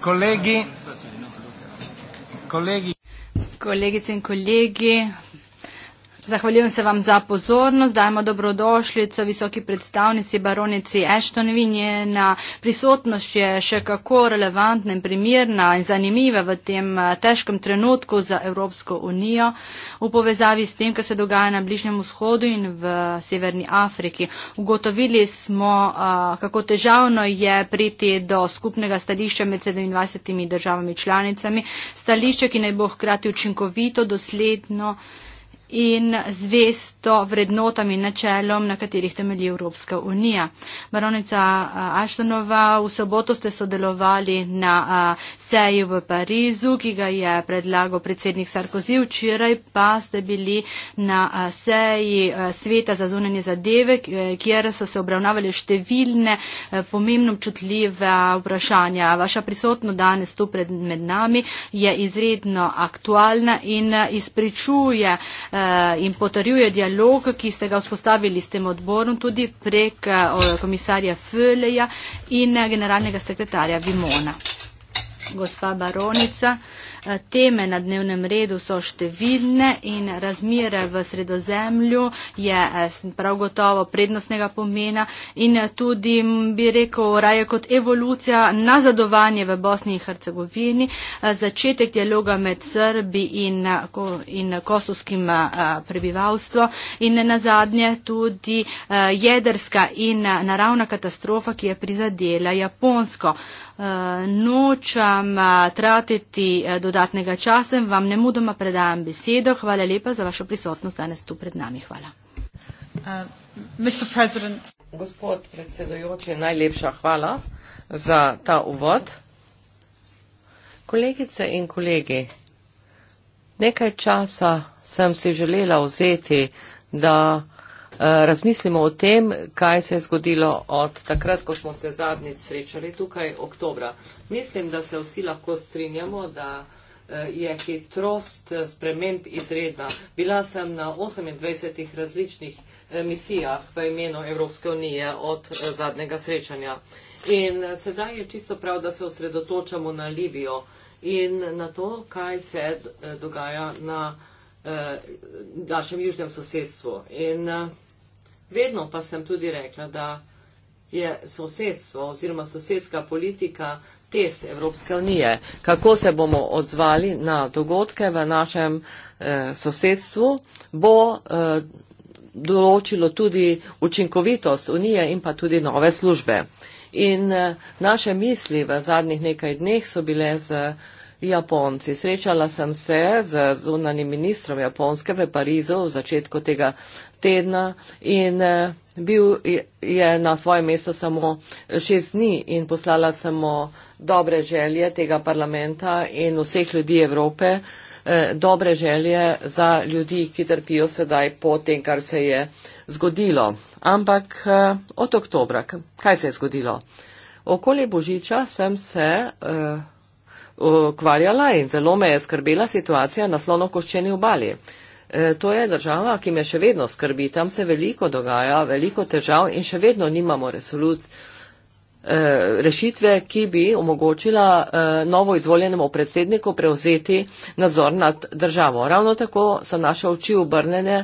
Kolegi, kolegi. Kolegice in kolegi, Zahvaljujem se vam za pozornost, dajmo dobrodošljico visoki predstavnici baronici Ashton. Njena prisotnost je še kako relevantna in primirna in zanimiva v tem eh, težkem trenutku za Evropsko unijo v povezavi s tem, kar se dogaja na Bližnjem vzhodu in v Severni Afriki. Ugotovili smo, eh, kako težavno je priti do skupnega stališča med 27 državami članicami, stališče, ki naj bo hkrati učinkovito, dosledno in zvesto vrednotam in načelom, na katerih temelji Evropska unija. Baronica Ašlanova, v soboto ste sodelovali na seju v Parizu, ki ga je predlagal predsednik Sarkozy, včeraj pa ste bili na seji Sveta za zunanje zadeve, kjer so se obravnavali številne pomembno občutljive vprašanja. Vaša prisotno danes tu pred med nami je izredno aktualna in izpričuje Eh, in potrjuje dialog, ki ste ga vzpostavili s tem odborom tudi prek eh, komisarja Föleja in eh, generalnega sekretarja Vimona. Gospa baronica. Eh, teme na dnevnem redu so številne in razmire v sredozemlju je eh, prav gotovo prednostnega pomena in eh, tudi, bi rekel, raje kot evolucija nazadovanje v Bosni in Hercegovini, začetek dialoga med Srbi in, in kosovskim prebivalstvom in na zadnje tudi jedrska in naravna katastrofa, ki je prizadela Japonsko. Eh, nočam eh, tratiti eh, dodatnega časa in vam ne mudoma predajam besedo. Hvala lepa za vašo prisotnost danes tu pred nami. Hvala. Uh, Gospod predsedujoči, najlepša hvala za ta uvod. Kolegice in kolegi, nekaj časa sem si želela vzeti, da razmislimo o tem, kaj se je zgodilo od takrat, ko smo se zadnjič srečali tukaj, oktobra. Mislim, da se vsi lahko strinjamo, da eh, je hitrost eh, sprememb izredna. Bila sem na 28 različnih eh, misijah v imenu Evropske unije od zadnjega srečanja. In sedaj je čisto prav, da se osredotočamo na Libijo in na to, kaj se dogaja na našem južnem sosedstvu. In Vedno pa sem tudi rekla, da je sosedstvo oziroma sosedska politika test Evropske unije, kako se bomo odzvali na dogodke v našem eh, sosedstvu, bo eh, določilo tudi učinkovitost unije in pa tudi nove službe. In eh, naše misli v zadnjih nekaj dneh so bile z eh, Japonci. Srečala sem se z zunanim ministrom Japonske v Parizu v začetku tega tedna in eh, bil je na svojem mestu samo šest dni in poslala sem mu dobre želje tega parlamenta in vseh ljudi Evrope, eh, dobre želje za ljudi, ki trpijo sedaj po tem, kar se je zgodilo. Ampak eh, od oktobra, kaj se je zgodilo? Okoli Božiča sem se uh, ukvarjala in zelo me je skrbela situacija na slonokoščeni obali. E, to je država, ki me še vedno skrbi. Tam se veliko dogaja, veliko težav in še vedno nimamo resolut, e, rešitve, ki bi omogočila e, novo izvoljenemu predsedniku prevzeti nadzor nad državo. Ravno tako so naše oči obrnene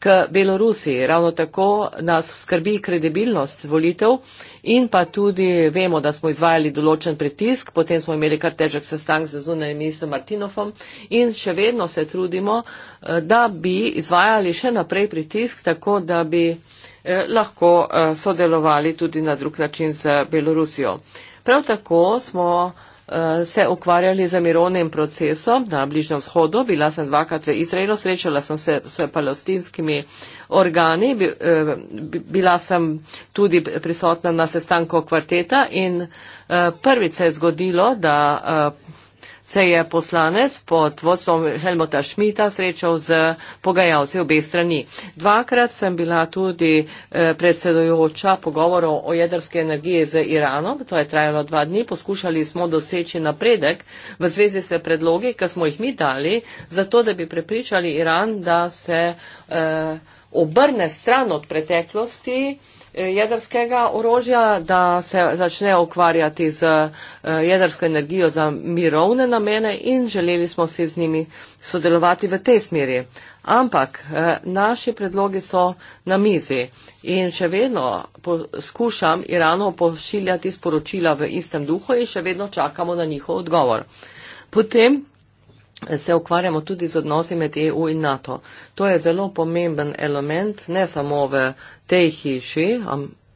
k Belorusiji. Ravno tako nas skrbi kredibilnost volitev in pa tudi vemo, da smo izvajali določen pritisk, potem smo imeli kar težek sestank z zunanjim ministrom Martinovom in še vedno se trudimo, eh, da bi izvajali še naprej pritisk, tako da bi eh, lahko eh, sodelovali tudi na drug način z Belorusijo. Prav tako smo Eh, se ukvarjali z mirovnim procesom na Bližnjem vzhodu. Bila sem dvakrat v Izraelu, srečala sem se s palestinskimi organi, eh, bila sem tudi prisotna na sestanku kvarteta in eh, prvič se je zgodilo, da se je poslanec pod vodstvom Helmota Šmita srečal z pogajalci obe strani. Dvakrat sem bila tudi eh, predsedojoča pogovorov o jedrske energije z Iranom, to je trajalo dva dni, poskušali smo doseči napredek v zvezi se predlogi, ki smo jih mi dali, zato da bi prepričali Iran, da se eh, obrne stran od preteklosti Eh, jedrskega orožja, da se začne ukvarjati z eh, jedrsko energijo za mirovne namene in želeli smo si z njimi sodelovati v tej smeri. Ampak eh, naši predlogi so na mizi in še vedno poskušam Iranu pošiljati sporočila v istem duhu in še vedno čakamo na njihov odgovor. Potem se ukvarjamo tudi z odnosi med EU in NATO. To je zelo pomemben element, ne samo v tej hiši,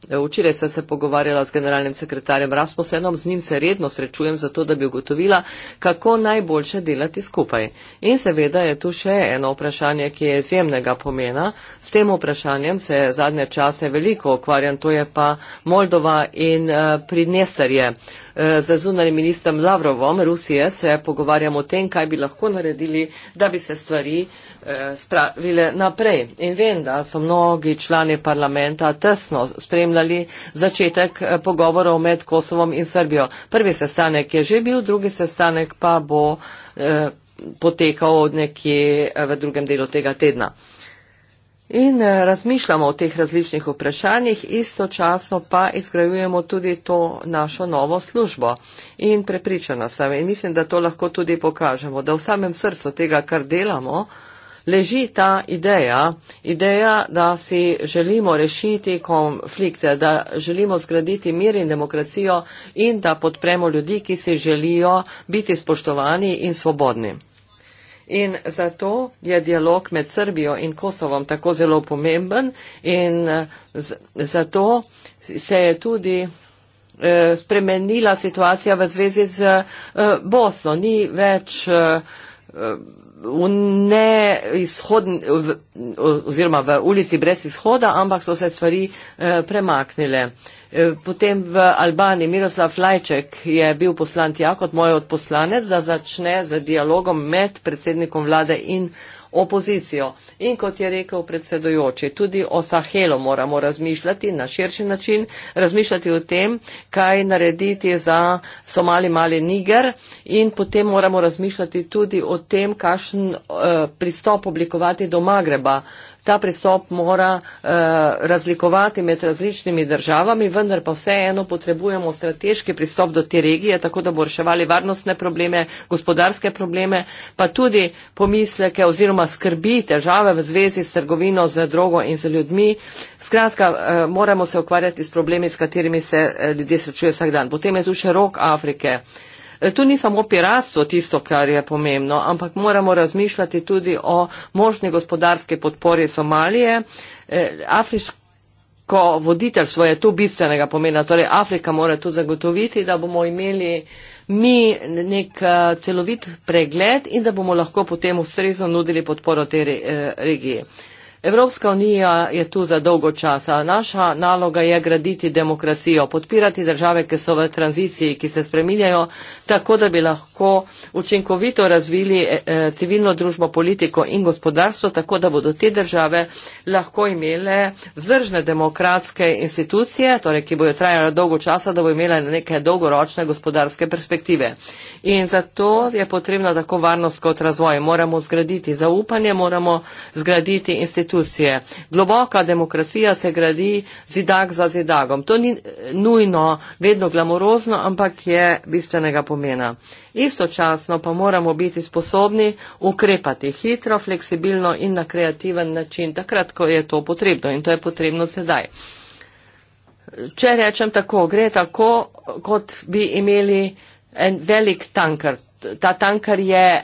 E, včeraj sem se pogovarjala z generalnim sekretarjem Rasmussenom, z njim se redno srečujem, zato da bi ugotovila, kako najboljše delati skupaj. In seveda je tu še eno vprašanje, ki je izjemnega pomena. S tem vprašanjem se zadnje čase veliko okvarjam, to je pa Moldova in e, Pridnesterje. E, Za zunanje ministrem Lavrovom Rusije se pogovarjam o tem, kaj bi lahko naredili, da bi se stvari spravile naprej. In vem, da so mnogi člani parlamenta tesno spremljali začetek eh, pogovorov med Kosovom in Srbijo. Prvi sestanek je že bil, drugi sestanek pa bo eh, potekal od nekje eh, v drugem delu tega tedna. In razmišljamo o teh različnih vprašanjih, istočasno pa izgrajujemo tudi to našo novo službo. In prepričana sem in mislim, da to lahko tudi pokažemo, da v samem srcu tega, kar delamo, leži ta ideja, ideja, da si želimo rešiti konflikte, da želimo zgraditi mir in demokracijo in da podpremo ljudi, ki si želijo biti spoštovani in svobodni. In zato je dialog med Srbijo in Kosovom tako zelo pomemben in zato se je tudi eh, spremenila situacija v zvezi z eh, Bosno. Ni več eh, v neizhodni, oziroma v ulici brez izhoda, ampak so se stvari eh, premaknile. Eh, potem v Albani Miroslav Lajček je bil poslan tja kot moj odposlanec, da začne z dialogom med predsednikom vlade in opozicijo. In kot je rekel predsedojoči, tudi o Sahelu moramo razmišljati na širši način, razmišljati o tem, kaj narediti za Somali mali Niger in potem moramo razmišljati tudi o tem, kakšen uh, pristop oblikovati do Magreba. Uh, ta pristop mora uh, razlikovati med različnimi državami, vendar pa vseeno potrebujemo strateški pristop do te regije, tako da bo reševali varnostne probleme, gospodarske probleme, pa tudi pomisleke oziroma skrbi, težave v zvezi s trgovino, z drogo in z ljudmi. Skratka, uh, moramo se ukvarjati s problemi, s katerimi se uh, ljudje srečujejo vsak dan. Potem je tu še rok Afrike. Eh, tu ni samo piratstvo tisto, kar je pomembno, ampak moramo razmišljati tudi o možni gospodarske podpori Somalije. Eh, afriško voditeljstvo je tu bistvenega pomena, torej Afrika mora tu zagotoviti, da bomo imeli mi nek eh, celovit pregled in da bomo lahko potem ustrezno nudili podporo tej regiji. Evropska unija je tu za dolgo časa. Naša naloga je graditi demokracijo, podpirati države, ki so v tranziciji, ki se spreminjajo, tako da bi lahko učinkovito razvili eh, eh, civilno družbo, politiko in gospodarstvo, tako da bodo te države lahko imele zdržne demokratske institucije, torej, ki bojo trajale dolgo časa, da bo imela neke dolgoročne gospodarske perspektive. In zato je potrebna tako varnost kot razvoj. Moramo zgraditi zaupanje, moramo zgraditi institucije, institucije. Globoka demokracija se gradi zidak za zidakom. To ni eh, nujno, vedno glamorozno, ampak je bistvenega pomena. Istočasno pa moramo biti sposobni ukrepati hitro, fleksibilno in na kreativen način, takrat, ko je to potrebno in to je potrebno sedaj. Če rečem tako, gre tako, kot bi imeli en velik tanker. Ta tanker je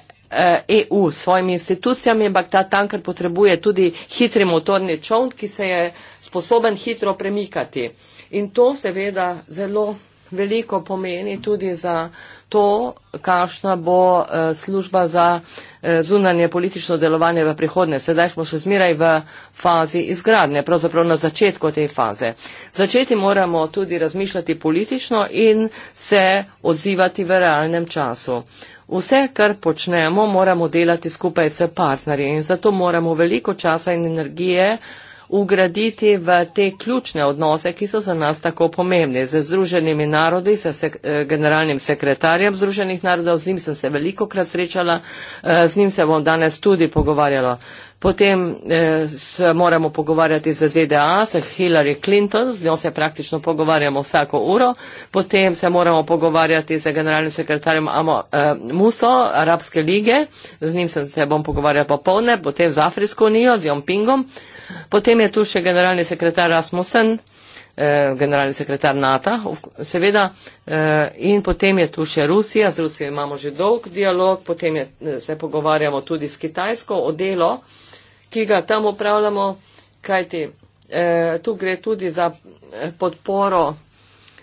EU eh, e s svojimi institucijami, ampak ta tanker potrebuje tudi hitri motorni čovn, ki se je sposoben hitro premikati. In to seveda zelo veliko pomeni tudi za to, kakšna bo eh, služba za eh, zunanje politično delovanje v prihodnje. Sedaj smo še zmeraj v fazi izgradnje, pravzaprav na začetku te faze. Začeti moramo tudi razmišljati politično in se odzivati v realnem času. Vse, kar počnemo, moramo delati skupaj s partnerji in zato moramo veliko časa in energije ugraditi v te ključne odnose, ki so za nas tako pomembni. Z Združenimi narodi, s se, eh, generalnim sekretarjem Združenih narodov, z njim sem se veliko krat srečala, eh, z njim se bom danes tudi pogovarjala. Potem eh, se moramo pogovarjati z ZDA, z Hillary Clinton, z njo se praktično pogovarjamo vsako uro. Potem se moramo pogovarjati z generalnim sekretarjem Amo, eh, Muso, Arabske lige, z njim sem, se bom pogovarjal popolne, potem z Afrijsko unijo, z Jompingom. Potem je tu še generalni sekretar Rasmussen, eh, generalni sekretar NATO, seveda. Eh, in potem je tu še Rusija, z Rusijo imamo že dolg dialog, potem je, eh, se pogovarjamo tudi s Kitajsko o delu ki ga tam upravljamo, kajti eh, tu gre tudi za eh, podporo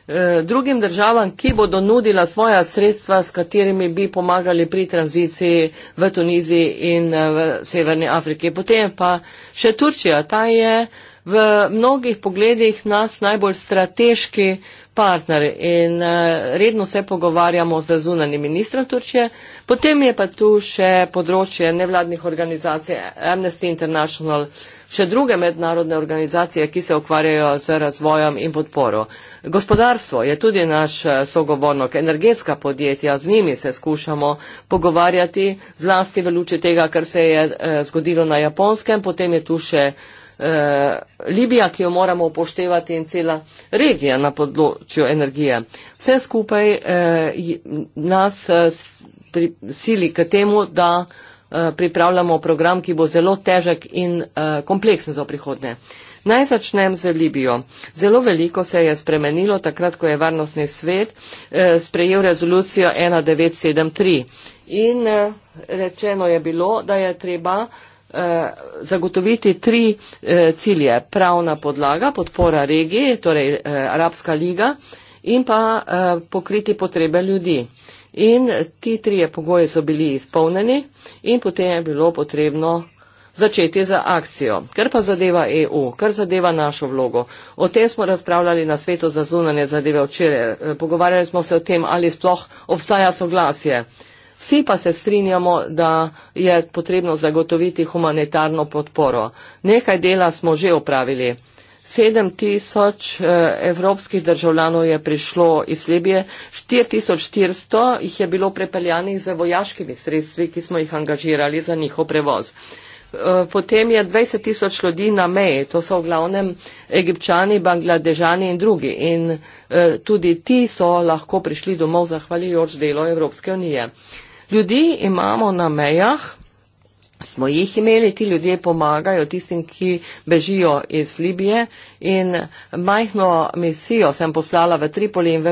eh, drugim državam, ki bodo nudila svoja sredstva, s katerimi bi pomagali pri tranziciji v Tuniziji in eh, v Severni Afriki. Potem pa še Turčija, ta je eh, v mnogih pogledih nas najbolj strateški partner in eh, redno se pogovarjamo z zunanim ministrom Turčije. Potem je pa tu še področje nevladnih organizacij Amnesty International, še druge mednarodne organizacije, ki se ukvarjajo z razvojem in podporo. Gospodarstvo je tudi naš eh, sogovornik, energetska podjetja, z njimi se skušamo pogovarjati, zlasti v luči tega, kar se je eh, zgodilo na Japonskem, potem je tu še Eh, Libija, ki jo moramo upoštevati in cela regija na področju energije. Vse skupaj eh, nas eh, sili k temu, da pripravljamo program, ki bo zelo težek in kompleksen za prihodne. Naj začnem z Libijo. Zelo veliko se je spremenilo takrat, ko je varnostni svet sprejel rezolucijo 1973 in rečeno je bilo, da je treba Eh, zagotoviti tri eh, cilje. Pravna podlaga, podpora regiji, torej eh, Arabska liga in pa pokriti potrebe ljudi. In ti trije pogoji so bili izpolneni in potem je bilo potrebno začeti za akcijo. Ker pa zadeva EU, ker zadeva našo vlogo. O tem smo razpravljali na svetu za zunanje zadeve včeraj. Pogovarjali smo se o tem, ali sploh obstaja soglasje. Vsi pa se strinjamo, da je potrebno zagotoviti humanitarno podporo. Nekaj dela smo že opravili. 7 tisoč eh, evropskih državljanov je prišlo iz Libije, 4400 jih je bilo prepeljanih z vojaškimi sredstvi, ki smo jih angažirali za njihov prevoz. Eh, potem je 20 tisoč ljudi na meji, to so v glavnem egipčani, bangladežani in drugi. In eh, tudi ti so lahko prišli domov zahvaljujoč delo Evropske unije. Ljudi imamo na mejah, smo jih imeli, ti ljudje pomagajo tistim, ki bežijo iz Libije in majhno misijo sem poslala v Tripoli in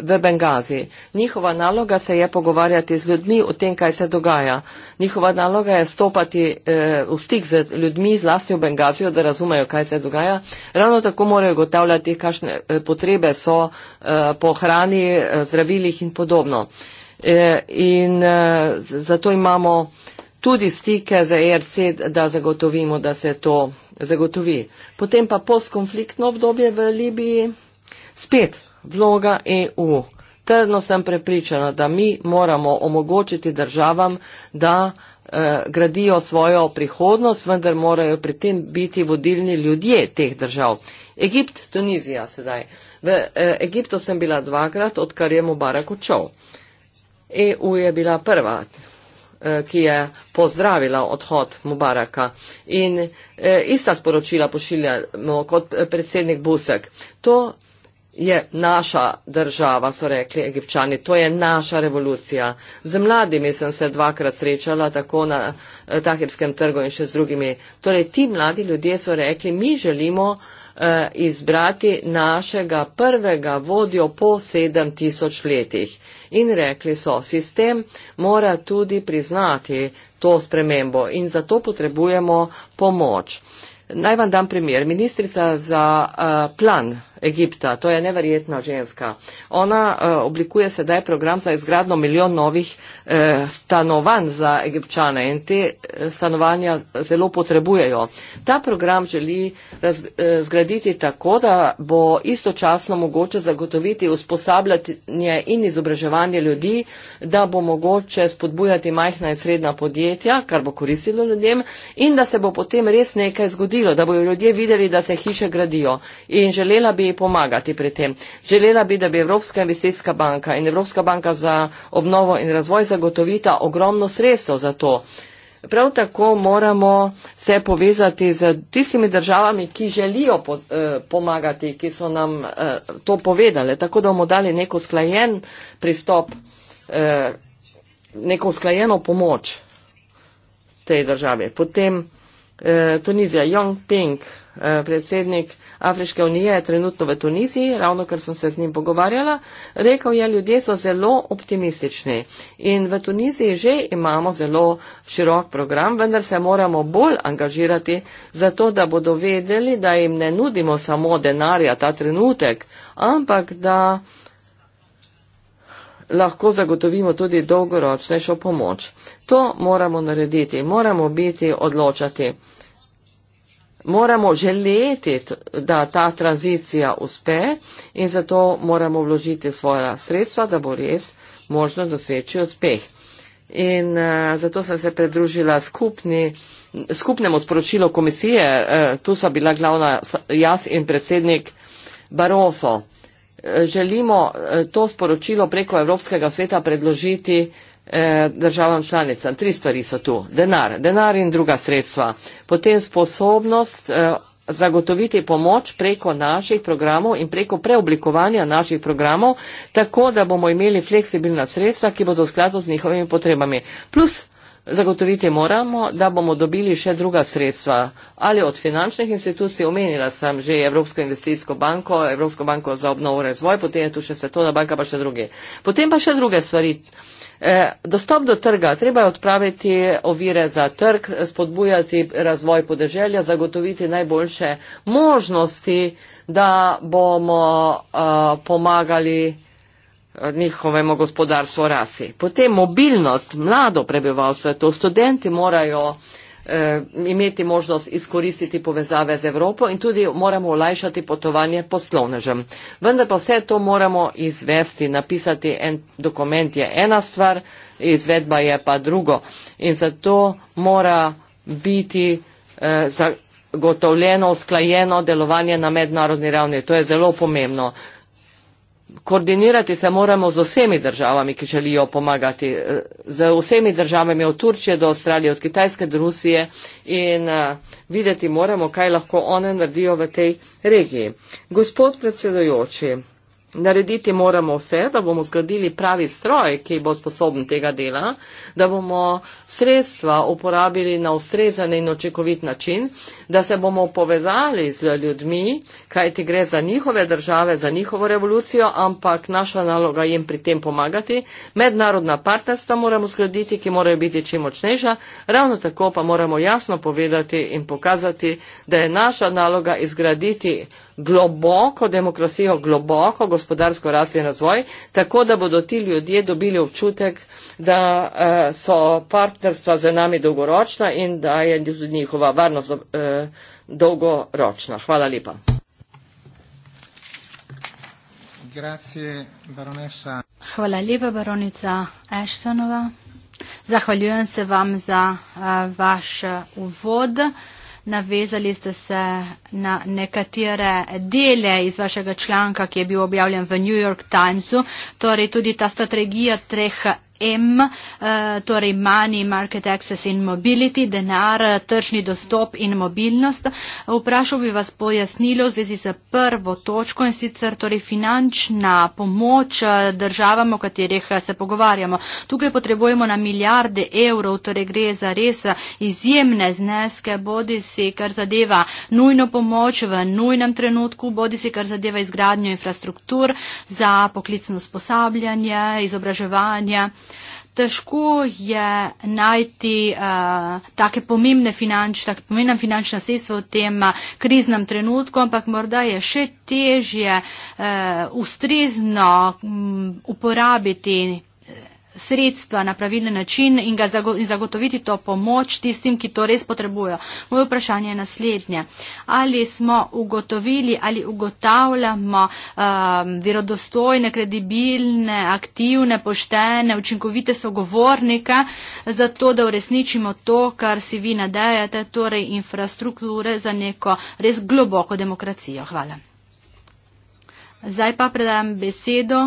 v Bengazi. Njihova naloga se je pogovarjati z ljudmi o tem, kaj se dogaja. Njihova naloga je stopati eh, v stik z ljudmi z lastni v Bengazijo, da razumejo, kaj se dogaja. Ravno tako morajo gotavljati, kakšne eh, potrebe so eh, po hrani, eh, zdravilih in podobno. Eh, E, in e, zato imamo tudi stike za ERC, da zagotovimo, da se to zagotovi. Potem pa postkonfliktno obdobje v Libiji, spet vloga EU. Trdno sem prepričana, da mi moramo omogočiti državam, da eh, gradijo svojo prihodnost, vendar morajo pri tem biti vodilni ljudje teh držav. Egipt, Tunizija sedaj. V eh, Egiptu sem bila dvakrat, odkar je Mubarak odšel. Eh, EU je bila prva, eh, ki je pozdravila odhod Mubaraka in eh, ista sporočila pošiljamo kot predsednik Busek. To je naša država, so rekli egipčani, to je naša revolucija. Z mladimi sem se dvakrat srečala, tako na eh, Tahirskem trgu in še z drugimi. Torej, ti mladi ljudje so rekli, mi želimo Eh, izbrati našega prvega vodjo po sedem tisoč letih. In rekli so, sistem mora tudi priznati to spremembo in zato potrebujemo pomoč. Naj vam dam primer. Ministrica za eh, plan Egipta. To je neverjetna ženska. Ona uh, oblikuje sedaj program za izgradno milijon novih uh, stanovanj za egipčane in te eh, stanovanja zelo potrebujejo. Ta program želi raz, uh, zgraditi tako, da bo istočasno mogoče zagotoviti usposabljanje in izobraževanje ljudi, da bo mogoče spodbujati majhna in srednja podjetja, kar bo koristilo ljudem in da se bo potem res nekaj zgodilo, da bojo ljudje videli, da se hiše gradijo. In želela bi pomagati pri tem. Želela bi, da bi Evropska investicijska banka in Evropska banka za obnovo in razvoj zagotovita ogromno sredstvo za to. Prav tako moramo se povezati z tistimi državami, ki želijo po, eh, pomagati, ki so nam eh, to povedali, tako da bomo dali neko sklajen pristop, eh, neko sklajeno pomoč tej državi. Potem eh, Tunizija, Jong Ping, eh, predsednik eh, Afriške unije je trenutno v Tuniziji, ravno kar sem se z njim pogovarjala, rekel je, ljudje so zelo optimistični in v Tuniziji že imamo zelo širok program, vendar se moramo bolj angažirati za to, da bodo vedeli, da jim ne nudimo samo denarja ta trenutek, ampak da lahko zagotovimo tudi dolgoročnejšo pomoč. To moramo narediti, moramo biti odločati moramo želeti, da ta tranzicija uspe in zato moramo vložiti svoja sredstva, da bo res možno doseči uspeh. In uh, zato sem se pridružila skupni, skupnemu sporočilu komisije, uh, tu so bila glavna jaz in predsednik Baroso. Uh, eh, želimo uh, to sporočilo preko Evropskega sveta predložiti uh, Eh, državam članicam. Tri stvari so tu. Denar, denar in druga sredstva. Potem sposobnost eh, zagotoviti pomoč preko naših programov in preko preoblikovanja naših programov, tako da bomo imeli fleksibilna sredstva, ki bodo v skladu z njihovimi potrebami. Plus zagotoviti moramo, da bomo dobili še druga sredstva ali od finančnih institucij, omenila sem že Evropsko investicijsko banko, Evropsko banko za obnovo in razvoj, potem je tu še Svetovna banka pa še druge. Potem pa še druge stvari. Eh, dostop do trga. Treba je odpraviti ovire za trg, spodbujati razvoj podeželja, zagotoviti najboljše možnosti, da bomo eh, pomagali eh, njihovemu gospodarstvu rasti. Potem mobilnost, mlado prebivalstvo, to študenti morajo eh, imeti možnost izkoristiti povezave z Evropo in tudi moramo olajšati potovanje poslovnežem. Vendar pa vse to moramo izvesti, napisati en dokument je ena stvar, izvedba je pa drugo. In zato mora biti eh, zagotovljeno, usklajeno delovanje na mednarodni ravni. To je zelo pomembno koordinirati se moramo z vsemi državami, ki želijo pomagati. Z vsemi državami od Turčije do Avstralije, od Kitajske do Rusije in uh, videti moramo, kaj lahko one naredijo v tej regiji. Gospod predsedujoči, Narediti moramo vse, da bomo zgradili pravi stroj, ki bo sposoben tega dela, da bomo sredstva uporabili na ustrezan in očekovit način, da se bomo povezali z ljudmi, kaj ti gre za njihove države, za njihovo revolucijo, ampak naša naloga je jim pri tem pomagati. Mednarodna partnerstva moramo zgraditi, ki morajo biti čim močnejša, ravno tako pa moramo jasno povedati in pokazati, da je naša naloga izgraditi globoko demokracijo, globoko gospodarsko rast in razvoj, tako da bodo ti ljudje dobili občutek, da uh, so partnerstva za nami dolgoročna in da je tudi njihova varnost uh, dolgoročna. Hvala lepa. Grazie, Hvala lepa, baronica Eštonova. Zahvaljujem se vam za uh, vaš uvod. Uh, navezali ste se na nekatere dele iz vašega članka, ki je bil objavljen v New York Timesu, torej tudi ta strategija treh M, eh, torej Money, Market Access in Mobility, denar, eh, tržni dostop in mobilnost. Vprašal bi vas pojasnilo v zvezi z prvo točko in sicer torej finančna pomoč eh, državam, o katerih se pogovarjamo. Tukaj potrebujemo na milijarde evrov, torej gre za res izjemne zneske, bodi si kar zadeva nujno pomoč v nujnem trenutku, bodi si kar zadeva izgradnjo infrastruktur za poklicno usposabljanje, izobraževanje. Težko je najti uh, take pomembne finanč, tak pomembna finančna sredstva v tem eh, kriznem trenutku, ampak morda je še težje uh, ustrezno um, uporabiti sredstva na pravilni način in, zago, in zagotoviti to pomoč tistim, ki to res potrebujo. Moje vprašanje je naslednje. Ali smo ugotovili ali ugotavljamo um, verodostojne, kredibilne, aktivne, poštene, učinkovite sogovornike za to, da uresničimo to, kar si vi nadejate, torej infrastrukture za neko res globoko demokracijo. Hvala. Zdaj pa predam besedo.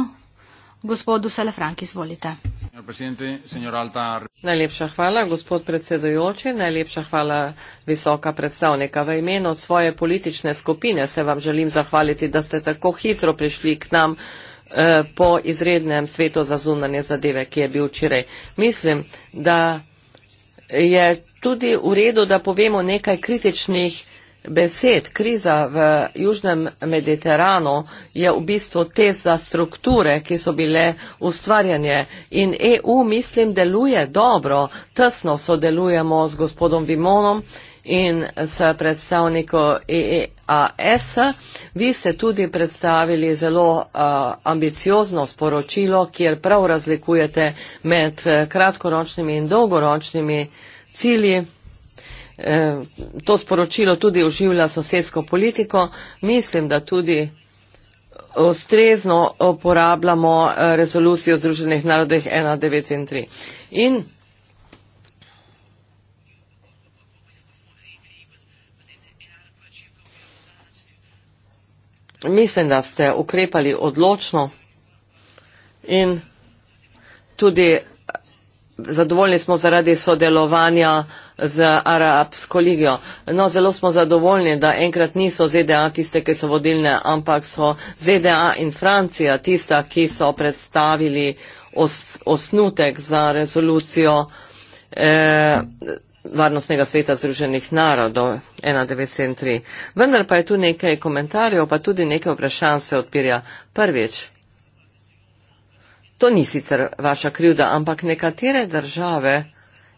Gospodu Salafranki, izvolite. Najlepša hvala, gospod predsedujoči, najlepša hvala visoka predstavnika. V imenu svoje politične skupine se vam želim zahvaliti, da ste tako hitro prišli k nam eh, po izrednem svetu za zunanje zadeve, ki je bil včeraj. Mislim, da je tudi v redu, da povemo nekaj kritičnih besed, kriza v Južnem Mediteranu je v bistvu test za strukture, ki so bile ustvarjanje in EU mislim deluje dobro, tesno sodelujemo z gospodom Vimonom in s predstavnikom EAS. E Vi ste tudi predstavili zelo uh, ambiciozno sporočilo, kjer prav razlikujete med eh, kratkoročnimi in dolgoročnimi cilji. Eh, to sporočilo tudi oživlja sosedsko politiko. Mislim, da tudi ustrezno uporabljamo eh, rezolucijo Združenih narodih 1.9.3. In mislim, da ste ukrepali odločno in tudi eh, zadovoljni smo zaradi sodelovanja uh, z Arabsko ligijo. No, zelo smo zadovoljni, da enkrat niso ZDA tiste, ki so vodilne, ampak so ZDA in Francija tista, ki so predstavili os, osnutek za rezolucijo eh, Varnostnega sveta Združenih narodov 1973. Vendar pa je tu nekaj komentarjev, pa tudi nekaj vprašanj se odpirja. Prvič. To ni sicer vaša krivda, ampak nekatere države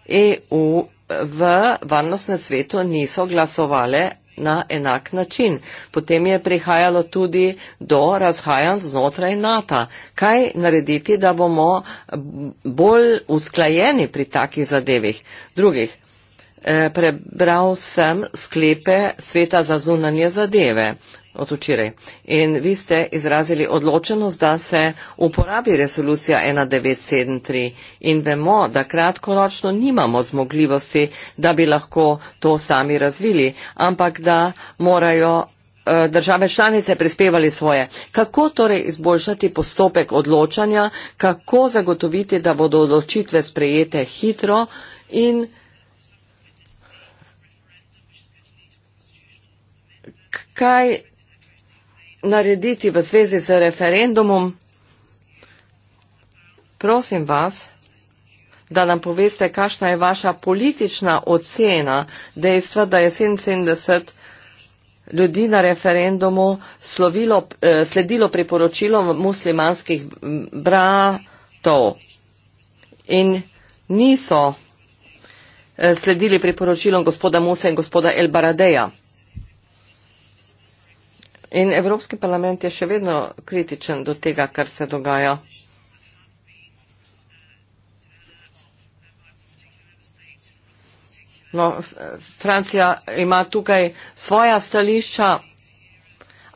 EU v varnostnem svetu niso glasovale na enak način. Potem je prihajalo tudi do razhajanj znotraj NATO. Kaj narediti, da bomo bolj usklajeni pri takih zadevih? Drugih, eh, prebral sem sklepe sveta za zunanje zadeve od včeraj. In vi ste izrazili odločenost, da se uporabi resolucija 1973 in vemo, da kratkoročno nimamo zmogljivosti, da bi lahko to sami razvili, ampak da morajo eh, države članice prispevali svoje. Kako torej izboljšati postopek odločanja, kako zagotoviti, da bodo odločitve sprejete hitro in kaj narediti v zvezi z referendumom, prosim vas, da nam poveste, kakšna je vaša politična ocena dejstva, da je 77 ljudi na referendumu slovilo, eh, sledilo priporočilo muslimanskih bratov in niso eh, sledili priporočilom gospoda Musa in gospoda El Baradeja. In Evropski parlament je še vedno kritičen do tega, kar se dogaja. No, Francija ima tukaj svoja stališča,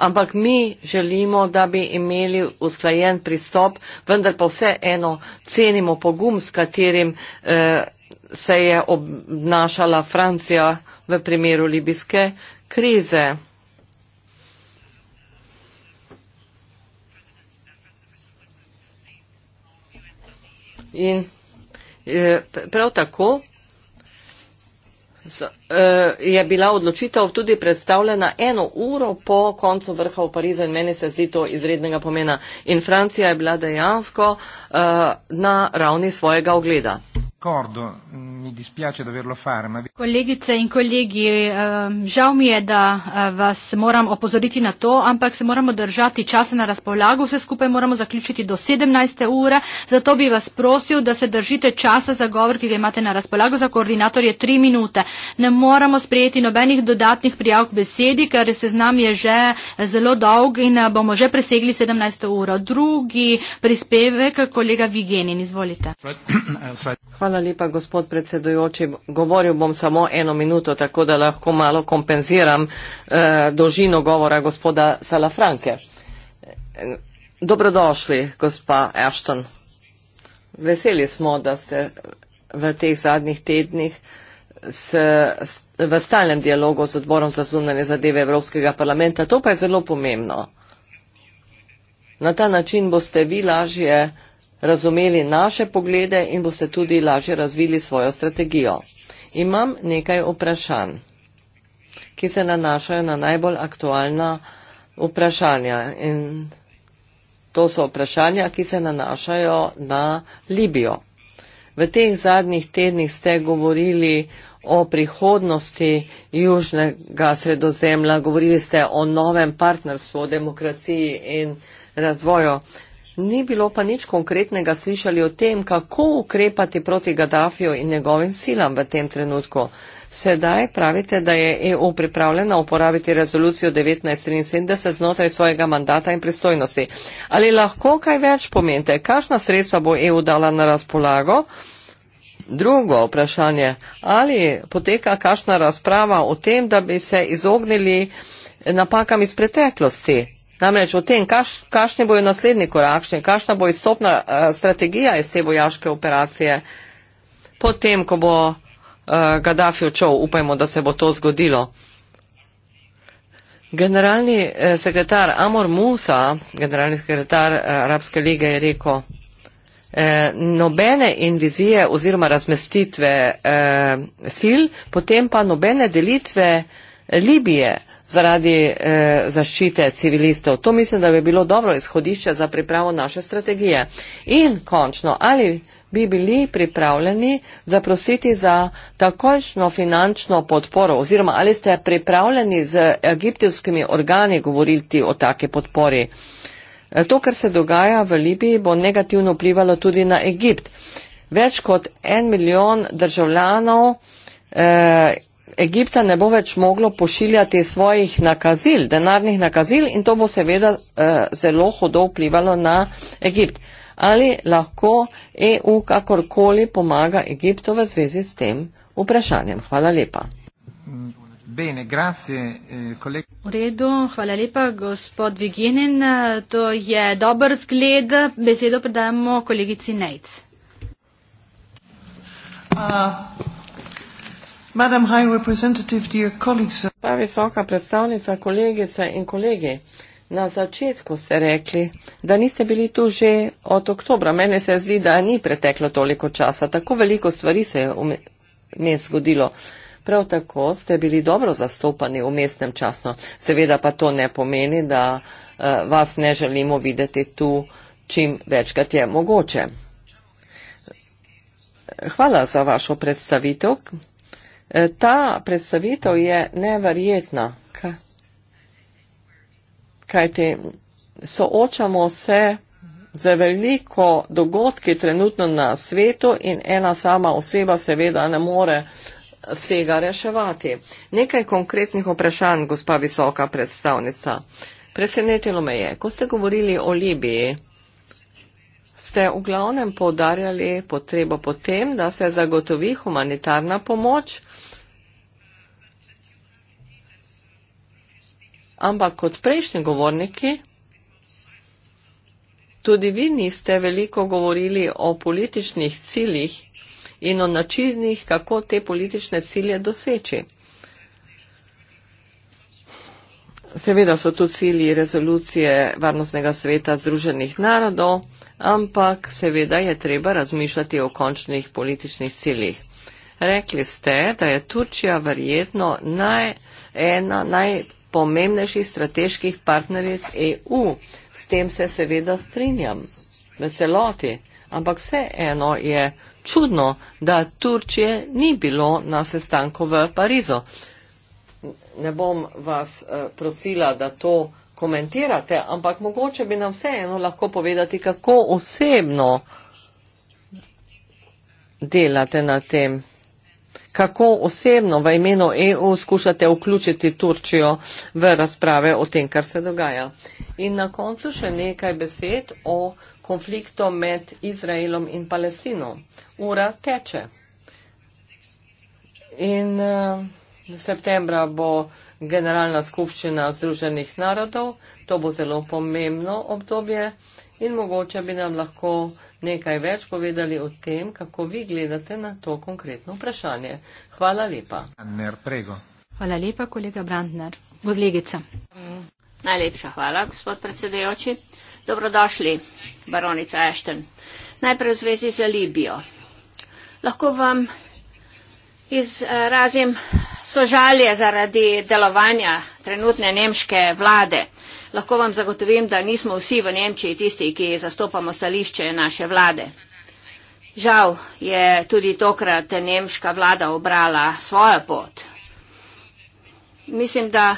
ampak mi želimo, da bi imeli usklajen pristop, vendar pa vse eno cenimo pogum, s katerim eh, se je obnašala Francija v primeru libijske krize. In e, prav tako e, je bila odločitev tudi predstavljena eno uro po koncu vrha v Parizu in meni se zdi to izrednega pomena. In Francija je bila dejansko e, na ravni svojega ogleda. D'accordo, mi dispiace doverlo fare. Ma... Kolegice in kolegi, ehm, žal mi je, da eh, vas moram opozoriti na to, ampak se moramo držati časa na razpolago, vse skupaj moramo zaključiti do 17. ure, zato bi vas prosil, da se držite časa za govor, ki ga imate na razpolago, za koordinator je 3 minute. Ne moramo sprejeti nobenih dodatnih prijav k besedi, ker se znam je že eh, zelo dolg in eh, bomo že presegli 17. uro. Drugi prispevek, kolega Vigenin, izvolite. Fred, uh, Fred. Hvala. Hvala lepa, gospod predsedujoči. Govoril bom samo eno minuto, tako da lahko malo kompenziram eh, dolžino govora gospoda Salafranke. Dobrodošli, gospa Ashton. Veseli smo, da ste v teh zadnjih tednih s, s, v stalnem dialogu z odborom za zunanje zadeve Evropskega parlamenta. To pa je zelo pomembno. Na ta način boste vi lažje razumeli naše poglede in boste tudi lažje razvili svojo strategijo. Imam nekaj vprašanj, ki se nanašajo na najbolj aktualna vprašanja. In to so vprašanja, ki se nanašajo na Libijo. V teh zadnjih tednih ste govorili o prihodnosti Južnega sredozemlja, govorili ste o novem partnerstvu, demokraciji in razvoju. Ni bilo pa nič konkretnega slišali o tem, kako ukrepati proti Gaddafiju in njegovim silam v tem trenutku. Sedaj pravite, da je EU pripravljena uporabiti rezolucijo 1973 znotraj svojega mandata in pristojnosti. Ali lahko kaj več pomente? Kakšna sredstva bo EU dala na razpolago? Drugo vprašanje. Ali poteka kakšna razprava o tem, da bi se izognili napakam iz preteklosti? Namreč o tem, kaš, kašni bojo naslednji korak, kašna bo izstopna uh, strategija iz te vojaške operacije, potem, ko bo uh, Gaddafi odšel, upajmo, da se bo to zgodilo. Generalni uh, sekretar Amor Musa, generalni sekretar uh, Arabske lige, je rekel, uh, nobene invizije oziroma razmestitve uh, sil, potem pa nobene delitve Libije zaradi eh, zaščite civilistov. To mislim, da bi bilo dobro izhodišče za pripravo naše strategije. In končno, ali bi bili pripravljeni zaprositi za takojšno finančno podporo oziroma ali ste pripravljeni z egiptovskimi organi govoriti o take podpori. Eh, to, kar se dogaja v Libiji, bo negativno vplivalo tudi na Egipt. Več kot en milijon državljanov eh, Egipta ne bo več moglo pošiljati svojih nakazil, denarnih nakazil in to bo seveda eh, zelo hodo vplivalo na Egipt. Ali lahko EU kakorkoli pomaga Egiptu v zvezi s tem vprašanjem? Hvala lepa. Bene, grazie, eh, v redu, hvala lepa, gospod Viginin. To je dober zgled. Besedo predajamo kolegici Nejc. Uh, pa visoka predstavnica, kolegice in kolegi, na začetku ste rekli, da niste bili tu že od oktobra. Mene se zdi, da ni preteklo toliko časa. Tako veliko stvari se je vmes zgodilo. Prav tako ste bili dobro zastopani v mestnem času. Seveda pa to ne pomeni, da uh, vas ne želimo videti tu čim večkrat je mogoče. Hvala za vašo predstavitev. E, ta predstavitev je neverjetna, kajte soočamo se za veliko dogodki trenutno na svetu in ena sama oseba seveda ne more vsega reševati. Nekaj konkretnih vprašanj, gospa visoka predstavnica. Presenetilo me je, ko ste govorili o Libiji, ste v glavnem povdarjali potrebo potem, da se zagotovi humanitarna pomoč, ampak kot prejšnji govorniki, tudi vi niste veliko govorili o političnih ciljih in o načinih, kako te politične cilje doseči. Seveda so tu cilji rezolucije Varnostnega sveta Združenih narodov, ampak seveda je treba razmišljati o končnih političnih ciljih. Rekli ste, da je Turčija verjetno naj, ena najpomembnejših strateških partneric EU. S tem se seveda strinjam v celoti, ampak vseeno je čudno, da Turčije ni bilo na sestanku v Parizu. Ne bom vas eh, prosila, da to komentirate, ampak mogoče bi nam vseeno lahko povedati, kako osebno delate na tem, kako osebno v imenu EU skušate vključiti Turčijo v razprave o tem, kar se dogaja. In na koncu še nekaj besed o konfliktu med Izraelom in Palestino. Ura teče. In uh, septembra bo generalna skupščina Združenih narodov, to bo zelo pomembno obdobje in mogoče bi nam lahko nekaj več povedali o tem, kako vi gledate na to konkretno vprašanje. Hvala lepa. Hvala lepa, kolega Brandner. Godlegica. Najlepša hvala, gospod predsedujoči. Dobrodošli, baronica Ešten. Najprej v zvezi z Libijo. Lahko vam Izrazim sožalje zaradi delovanja trenutne nemške vlade. Lahko vam zagotovim, da nismo vsi v Nemčiji tisti, ki zastopamo stališče naše vlade. Žal je tudi tokrat nemška vlada obrala svojo pot. Mislim, da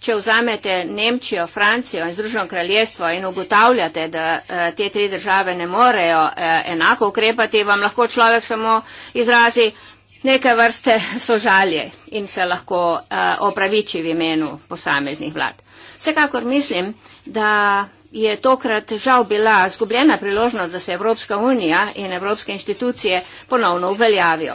če vzamete Nemčijo, Francijo in Združeno kraljestvo in ugotavljate, da eh, te tri države ne morejo eh, enako ukrepati, vam lahko človek samo izrazi nekaj vrste sožalje in se lahko uh, opraviči v imenu posameznih vlad. Vsekakor mislim, da je tokrat žal bila zgubljena priložnost, da se Evropska unija in Evropske inštitucije ponovno uveljavijo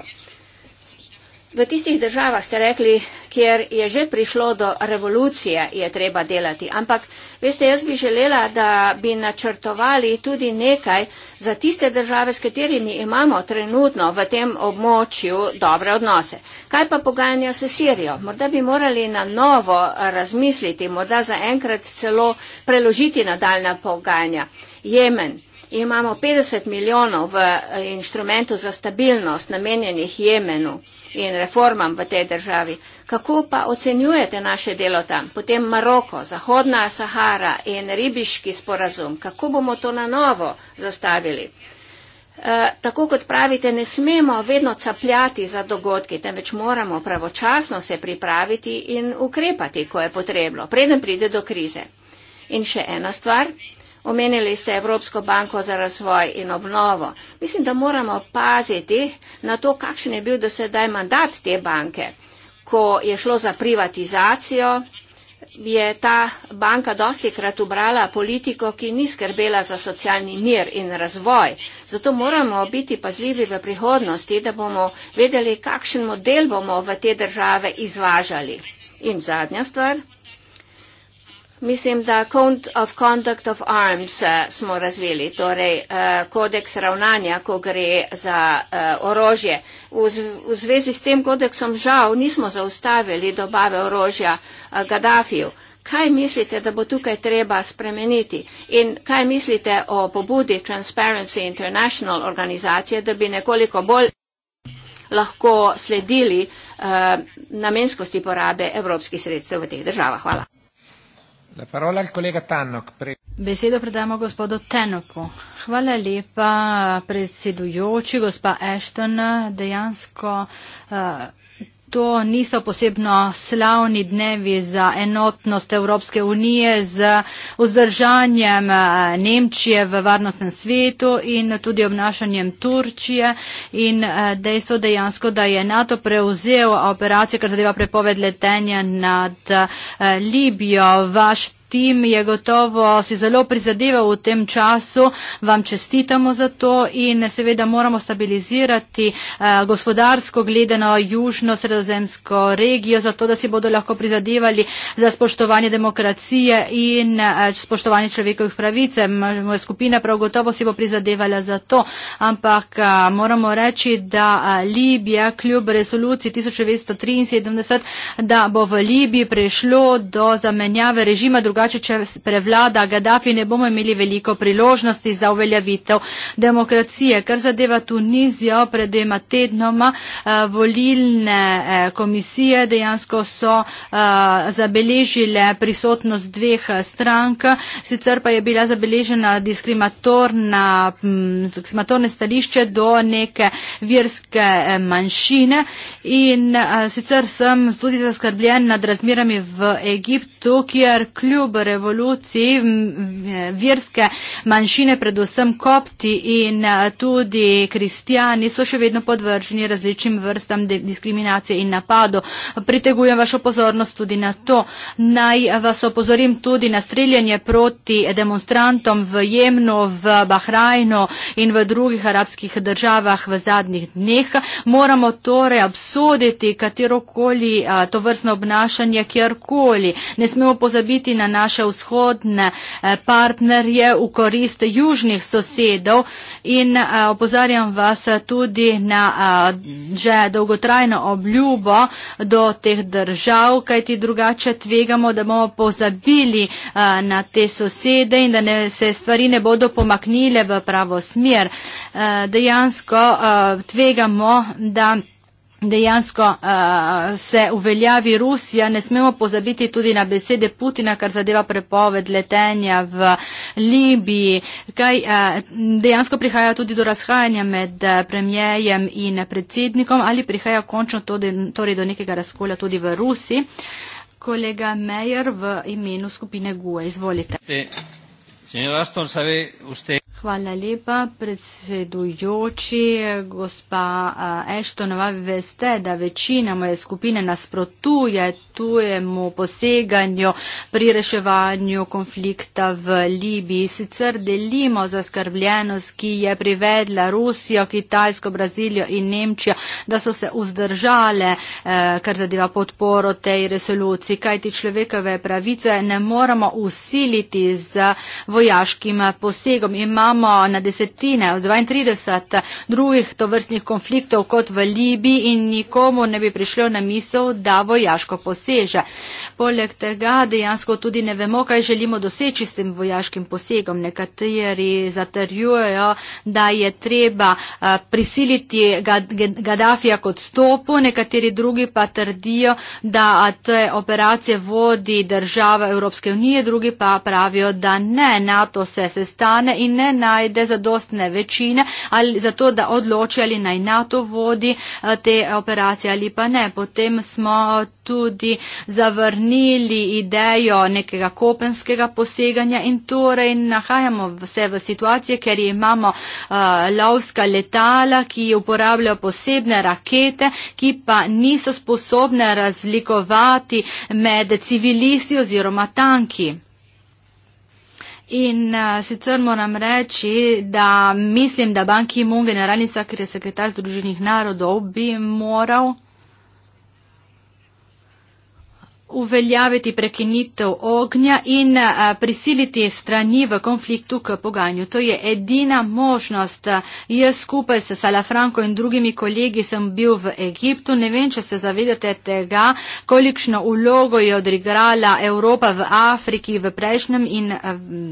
v tistih državah ste rekli, kjer je že prišlo do revolucije, je treba delati. Ampak, veste, jaz bi želela, da bi načrtovali tudi nekaj za tiste države, s katerimi imamo trenutno v tem območju dobre odnose. Kaj pa pogajanja s Sirijo? Morda bi morali na novo razmisliti, morda zaenkrat celo preložiti nadaljna pogajanja. Jemen. Imamo 50 milijonov v eh, inštrumentu za stabilnost namenjenih Jemenu in reformam v tej državi. Kako pa ocenjujete naše delo tam? Potem Maroko, Zahodna Sahara in ribiški sporazum. Kako bomo to na novo zastavili? E, tako kot pravite, ne smemo vedno capljati za dogodki, temveč moramo pravočasno se pripraviti in ukrepati, ko je potrebno, preden pride do krize. In še ena stvar. Omenili ste Evropsko banko za razvoj in obnovo. Mislim, da moramo paziti na to, kakšen je bil do sedaj mandat te banke. Ko je šlo za privatizacijo, je ta banka dosti krat ubrala politiko, ki ni skrbela za socialni mir in razvoj. Zato moramo biti pazljivi v prihodnosti, da bomo vedeli, kakšen model bomo v te države izvažali. In zadnja stvar. Mislim, da count of conduct of arms eh, smo razvili, torej eh, kodeks ravnanja, ko gre za eh, orožje. V zvezi s tem kodeksom žal nismo zaustavili dobave orožja Gaddafiju. Kaj mislite, da bo tukaj treba spremeniti? In kaj mislite o pobudi Transparency International organizacije, da bi nekoliko bolj lahko sledili uh, namenskosti porabe evropskih sredstev v teh državah? Hvala. La parola al kolega Tannok. Pre... Besedo predamo gospodu Tannoku. Hvala lepa predsedujoči, gospa Ashton. Dejansko uh, to niso posebno slavni dnevi za enotnost Evropske unije z vzdržanjem eh, Nemčije v varnostnem svetu in tudi obnašanjem Turčije in eh, dejstvo dejansko, da je NATO prevzel operacijo, kar zadeva prepoved letenja nad eh, Libijo. Vaš tim je gotovo si zelo prizadeval v tem času, vam čestitamo za to in seveda moramo stabilizirati eh, gospodarsko gledano južno-sredozemsko regijo, zato da si bodo lahko prizadevali za spoštovanje demokracije in eh, spoštovanje človekovih pravic. Moja skupina prav gotovo si bo prizadevala za to, ampak eh, moramo reči, da Libija kljub resoluciji 1973, da bo v Libiji prišlo do zamenjave režima. Druga drugače, če prevlada Gaddafi, ne bomo imeli veliko priložnosti za uveljavitev demokracije. Kar zadeva Tunizijo, pred dvema tednoma eh, volilne eh, komisije dejansko so eh, zabeležile prisotnost dveh strank, sicer pa je bila zabeležena diskriminatorna, diskriminatorne stališče do neke verske manjšine in sicer sem tudi zaskrbljen nad razmerami v Egiptu, kjer kljub oktober revoluciji virske manjšine, predvsem kopti in eh, tudi kristijani, so še vedno podvrženi različnim vrstam diskriminacije in napadov. Pritegujem vašo pozornost tudi na to. Naj vas opozorim tudi na streljanje proti demonstrantom v Jemnu, v Bahrajnu in v drugih arabskih državah v zadnjih dneh. Moramo torej obsoditi katerokoli eh, to vrstno obnašanje, kjerkoli. Ne smemo pozabiti na naše naše vzhodne eh, partnerje v korist južnih sosedov in eh, opozarjam vas tudi na eh, že dolgotrajno obljubo do teh držav, kajti drugače tvegamo, da bomo pozabili na te sosede in da ne, se stvari ne bodo pomaknile v pravo smer. Dejansko tvegamo, da dejansko uh, se uveljavi Rusija. Ne smemo pozabiti tudi na besede Putina, kar zadeva prepoved letenja v Libiji. Kaj, uh, dejansko prihaja tudi do razhajanja med eh, premijejem in predsednikom ali prihaja končno tudi, torej do nekega razkola tudi v Rusiji. Kolega Mejer v imenu skupine GUE, izvolite. E, Hvala lepa, predsedujoči, gospa Eštonova, veste, da večina moje skupine nasprotuje tujemu poseganju pri reševanju konflikta v Libiji. Sicer delimo zaskrbljenost, ki je privedla Rusijo, Kitajsko, Brazilijo in Nemčijo, da so se vzdržale, e, kar zadeva podporo tej resoluciji, kajti človekove pravice ne moramo usiliti z vojaškim posegom. Imamo imamo na desetine, 32 drugih tovrstnih konfliktov kot v Libiji in nikomu ne bi prišlo na misel, da vojaško poseže. Poleg tega dejansko tudi ne vemo, kaj želimo doseči s tem vojaškim posegom. Nekateri zatrjujejo, da je treba eh, prisiliti Gaddafija kot stopu, nekateri drugi pa trdijo, da te operacije vodi država Evropske unije, drugi pa pravijo, da ne, NATO se sestane in ne najde zadostne večine, ali, zato da odloči, ali naj NATO vodi eh, te eh, operacije ali pa ne. Potem smo eh, tudi zavrnili idejo nekega kopenskega poseganja in torej nahajamo vse v situacije, ker imamo uh, lovska letala, ki uporabljajo posebne rakete, ki pa niso sposobne razlikovati med civilisti oziroma tanki. In uh, sicer moram reči, da mislim, da Ban Ki-moon, generalni sekretar Združenih narodov, bi moral uveljaviti prekinitev ognja in eh, prisiliti strani v konfliktu k pogajanju. To je edina možnost. Jaz skupaj s Salafranko in drugimi kolegi sem bil v Egiptu. Ne vem, če se zavedate tega, kolikšno ulogo je odigrala Evropa v Afriki v prejšnjem in eh,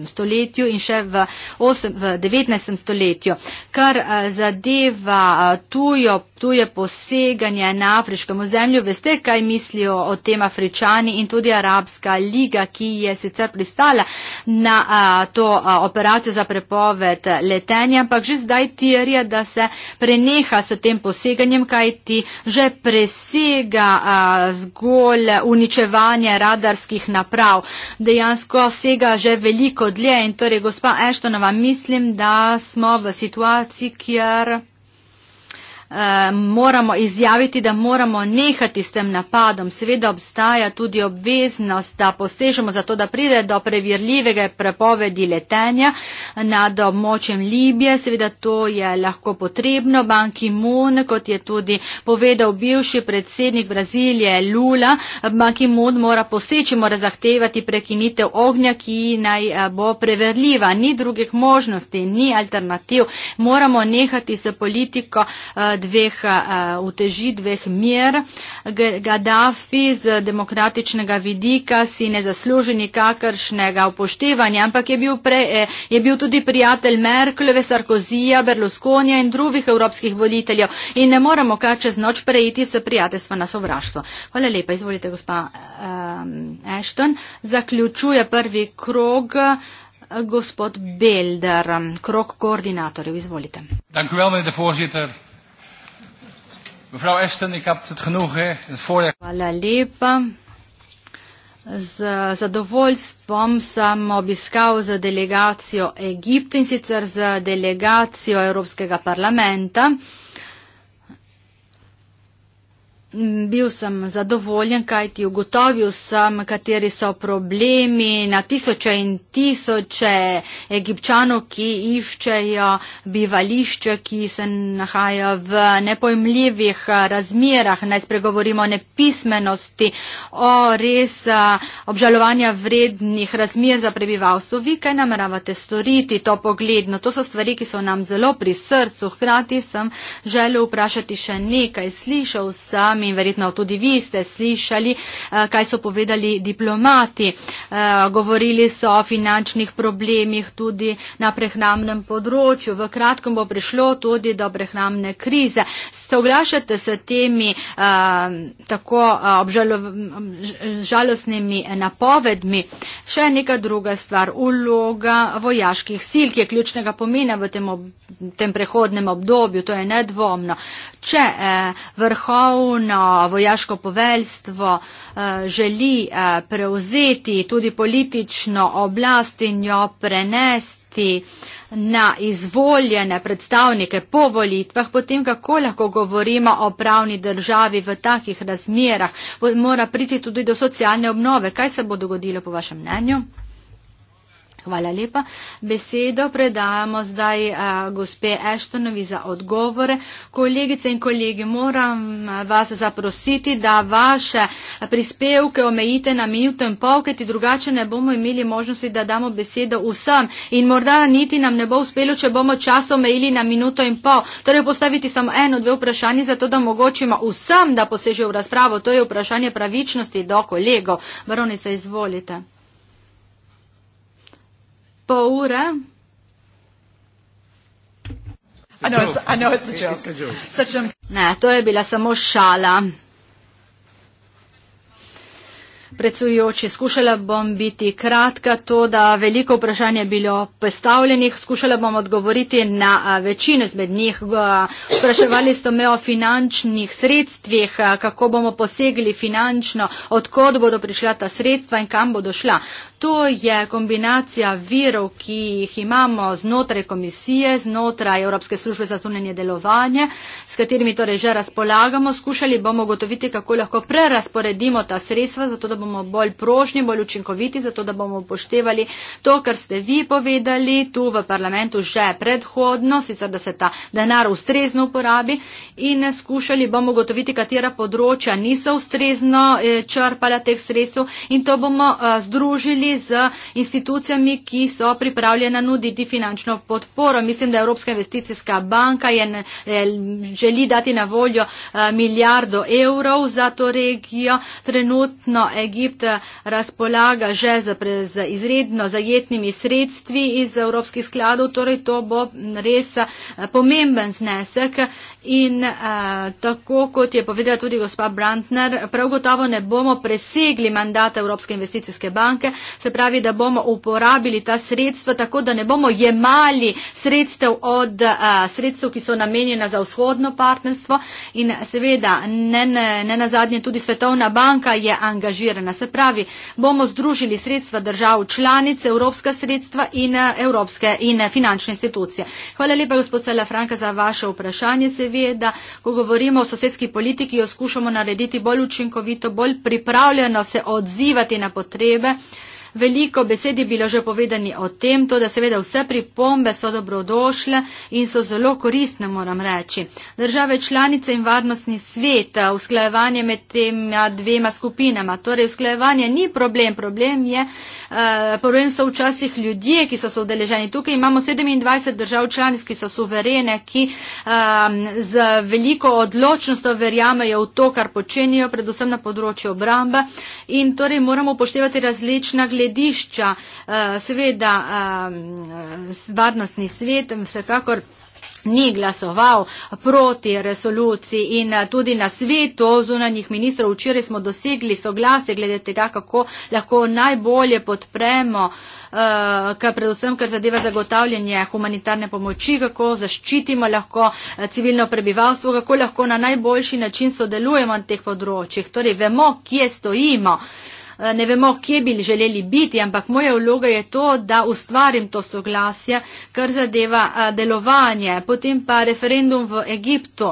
stoletju in še v, 8, v 19. stoletju. Kar eh, zadeva tujo, tuje poseganje na afriškem ozemlju, veste, kaj mislijo o tem afričanom? Američani in tudi Arabska liga, ki je sicer pristala na a, to a, operacijo za prepoved letenja, ampak že zdaj tirja, da se preneha s tem poseganjem, kaj ti že presega a, zgolj uničevanje radarskih naprav. Dejansko sega že veliko dlje in torej, gospa Eštonova, mislim, da smo v situaciji, kjer. Eh, moramo izjaviti, da moramo nehati s tem napadom. Seveda obstaja tudi obveznost, da posežemo za to, da pride do preverljivega prepovedi letenja nad območjem Libije. Seveda to je lahko potrebno. Ban Ki-moon, kot je tudi povedal bivši predsednik Brazilije Lula, Ban Ki-moon mora poseči, mora zahtevati prekinitev ognja, ki naj eh, bo preverljiva. Ni drugih možnosti, ni alternativ. Moramo nehati s politiko eh, dveh eh, uteži, dveh mir. Gaddafi z demokratičnega vidika si ne zasluži nikakršnega upoštevanja, ampak je bil, pre, eh, je bil tudi prijatelj Merkleve, Sarkozija, Berlusconija in drugih evropskih voditeljev in ne moramo kar čez noč prejiti s prijateljstva na sovraštvo. Hvala lepa, izvolite gospa um, Ashton. Zaključuje prvi krog. Gospod Belder, krok koordinatorjev, izvolite. Dank u wel, meneer de voorzitter. Mevrouw Esten, ik heb het genoegen. Het voorjaar. Hvala lepa. Z zadovoljstvom sem obiskal za delegacijo Egipta in sicer za delegacijo Evropskega parlamenta. Bil sem zadovoljen, kaj ti ugotovil sem, kateri so problemi na tisoče in tisoče egipčanov, ki iščejo bivališče, ki se nahaja v nepojmljivih razmerah. Naj spregovorimo o nepismenosti, o res obžalovanja vrednih razmer za prebivalstvo. Vi kaj nameravate storiti, to pogledno? To so stvari, ki so nam zelo pri srcu. Hrati sem želel vprašati še nekaj. Slišal sem vami in verjetno tudi vi ste slišali, eh, kaj so povedali diplomati. Eh, govorili so o finančnih problemih tudi na prehnamnem področju. V kratkem bo prišlo tudi do prehnamne krize. Soglašate se temi eh, tako obžalostnimi napovedmi. Še neka druga stvar, uloga vojaških sil, ki je ključnega pomena v tem, ob, tem prehodnem obdobju, to je nedvomno. Če eh, vrhovn vrhovno vojaško poveljstvo eh, želi eh, prevzeti tudi politično oblast in jo prenesti na izvoljene predstavnike po volitvah, potem kako lahko govorimo o pravni državi v takih razmerah, mora priti tudi do socialne obnove. Kaj se bo dogodilo po vašem mnenju? Hvala lepa. Besedo predajamo zdaj a, gospe Eštonovi za odgovore. Kolegice in kolegi, moram vas zaprositi, da vaše prispevke omejite na minuto in pol, kajti drugače ne bomo imeli možnosti, da damo besedo vsem. In morda niti nam ne bo uspelo, če bomo čas omejili na minuto in pol. Torej postaviti samo eno, dve vprašanje, zato da omogočimo vsem, da posežejo v razpravo. To je vprašanje pravičnosti do kolegov. Baronica, izvolite pol ure. Ne, to je bila samo šala. Predsujoči, skušala bom biti kratka, to da veliko vprašanje je bilo postavljenih, skušala bom odgovoriti na večino izmed njih. Spraševali ste me o finančnih sredstvih, kako bomo posegli finančno, odkot bodo prišla ta sredstva in kam bodo šla. To je kombinacija virov, ki jih imamo znotraj komisije, znotraj Evropske službe za tunenje delovanje, s katerimi torej že razpolagamo. Skušali bomo ugotoviti, kako lahko prerasporedimo ta sredstva, zato da bomo bolj prožni, bolj učinkoviti, zato da bomo upoštevali to, kar ste vi povedali tu v parlamentu že predhodno, sicer da se ta denar ustrezno uporabi in skušali bomo ugotoviti, katera področja niso ustrezno eh, črpala teh sredstev in to bomo eh, združili sodelovali z institucijami, ki so pripravljene nuditi finančno podporo. Mislim, da Evropska investicijska banka je, je, želi dati na voljo eh, milijardo evrov za to regijo. Trenutno Egipt eh, razpolaga že z, z izredno zajetnimi sredstvi iz evropskih skladov, torej to bo res eh, pomemben znesek In uh, tako kot je povedala tudi gospa Brantner, prav gotovo ne bomo presegli mandata Evropske investicijske banke, se pravi, da bomo uporabili ta sredstva tako, da ne bomo jemali sredstev od uh, sredstev, ki so namenjena za vzhodno partnerstvo. In seveda, ne, ne, ne na zadnje, tudi Svetovna banka je angažirana. Se pravi, bomo združili sredstva držav članic, evropska sredstva in, uh, evropske, in finančne institucije. Hvala lepa, gospod Sela Franka, za vaše vprašanje. Seveda, Srbije, da ko govorimo o sosedski politiki, jo skušamo narediti bolj učinkovito, bolj pripravljeno se odzivati na potrebe Veliko besedi bilo že povedani o tem, to da seveda vse pripombe so dobrodošle in so zelo koristne, moram reči. Države članice in varnostni svet, eh, usklajevanje med tema dvema skupinama, torej usklajevanje ni problem, problem, je, eh, problem so včasih ljudje, ki so sodeleženi. Tukaj imamo 27 držav članic, ki so suverene, ki ehm, z veliko odločnostjo verjamejo v to, kar počenijo, predvsem na področju obramba in torej moramo upoštevati različna glede gledišča, eh, seveda eh, varnostni svet vsekakor ni glasoval proti resoluciji in eh, tudi na svetu zunanjih ministrov včeraj smo dosegli soglase glede tega, kako lahko najbolje podpremo, kar predvsem, kar zadeva zagotavljanje humanitarne pomoči, kako zaščitimo lahko civilno prebivalstvo, kako lahko na najboljši način sodelujemo na teh področjih. Torej, vemo, kje stojimo. Eh, ne vemo, kje bi želeli biti, ampak moja vloga je to, da ustvarim to soglasje, kar zadeva eh, delovanje. Potem pa referendum v Egiptu.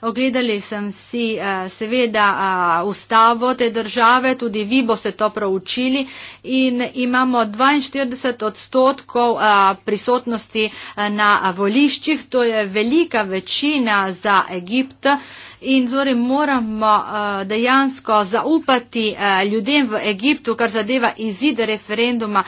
Ogledali sem si eh, seveda ustavo te države, tudi vi boste to proučili in imamo 42 odstotkov prisotnosti na voliščih, to je velika večina za Egipt in torej moramo dejansko zaupati ljudem v Egiptu, kar zadeva izide referenduma.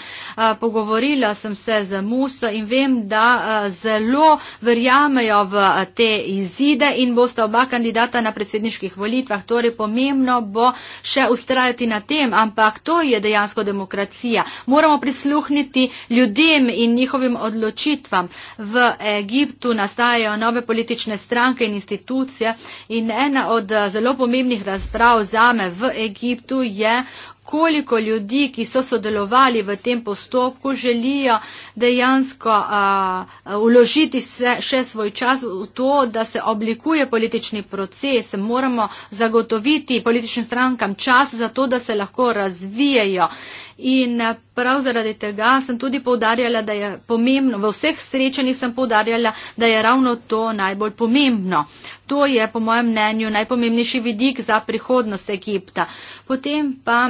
Pogovorila sem se z Musto in vem, da zelo verjamejo v te izide in boste oba kandidata na predsedniških volitvah. Torej, pomembno bo še ustrajati na tem, ampak to je dejansko demokracija. Moramo prisluhniti ljudem in njihovim odločitvam. V Egiptu nastajajo nove politične stranke in institucije in ena od zelo pomembnih razprav zame v Egiptu je koliko ljudi, ki so sodelovali v tem postopku, želijo dejansko a, uložiti se, še svoj čas v to, da se oblikuje politični proces. Moramo zagotoviti političnim strankam čas za to, da se lahko razvijajo. In prav zaradi tega sem tudi povdarjala, da je pomembno, v vseh srečanjih sem povdarjala, da je ravno to najbolj pomembno. To je, po mojem mnenju, najpomembnejši vidik za prihodnost Egipta. Potem pa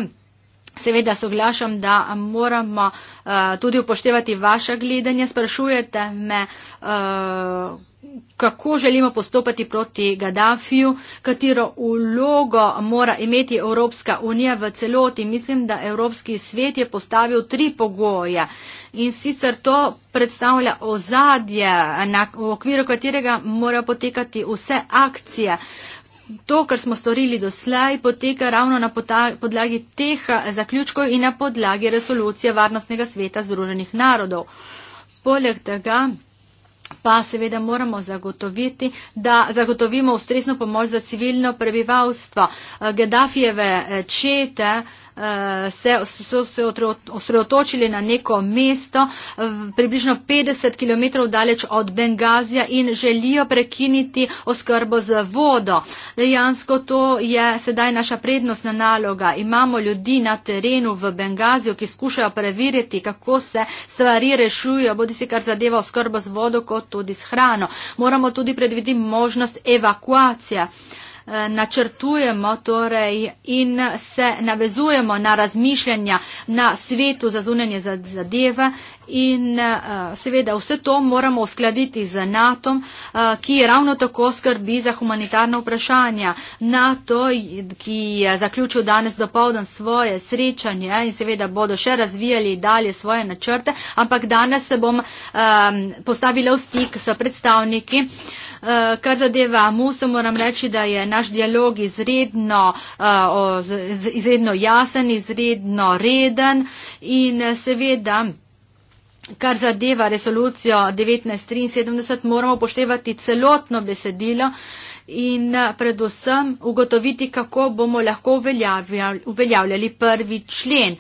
Seveda soglašam, da moramo uh, tudi upoštevati vaše gledanje. Sprašujete me, uh, kako želimo postopati proti Gaddafiju, katero ulogo mora imeti Evropska unija v celoti. Mislim, da Evropski svet je postavil tri pogoje. In sicer to predstavlja ozadje, na, v okviru katerega morajo potekati vse akcije. Uh, to, kar smo storili doslej, poteka ravno na podlagi teh eh, zaključkov in na podlagi resolucije Varnostnega sveta Združenih narodov. Poleg tega pa seveda moramo zagotoviti, da zagotovimo ustrezno pomoč za civilno prebivalstvo. Eh, Gaddafijeve eh, čete Eh, se, so se osredotočili na neko mesto približno 50 km daleč od Bengazija in želijo prekiniti oskrbo z vodo. Dejansko to je sedaj naša prednostna naloga. Imamo ljudi na terenu v Bengaziju, ki skušajo preveriti, kako se stvari rešujejo, bodi si kar zadeva oskrbo z vodo, kot tudi s hrano. Moramo tudi predvideti možnost evakuacije načrtujemo torej, in se navezujemo na razmišljanja na svetu za zunanje zadeve In eh, seveda vse to moramo uskladiti z NATO, eh, ki ravno tako skrbi za humanitarna vprašanja. NATO, ki je zaključil danes dopovdan svoje srečanje eh, in seveda bodo še razvijali dalje svoje načrte, ampak danes se bom ehm, postavila v stik s predstavniki. Kar zadeva MUS, moram reči, da je naš dialog izredno, izredno jasen, izredno reden in seveda kar zadeva resolucijo 1973, moramo poštevati celotno besedilo in predvsem ugotoviti, kako bomo lahko uveljavljali prvi člen.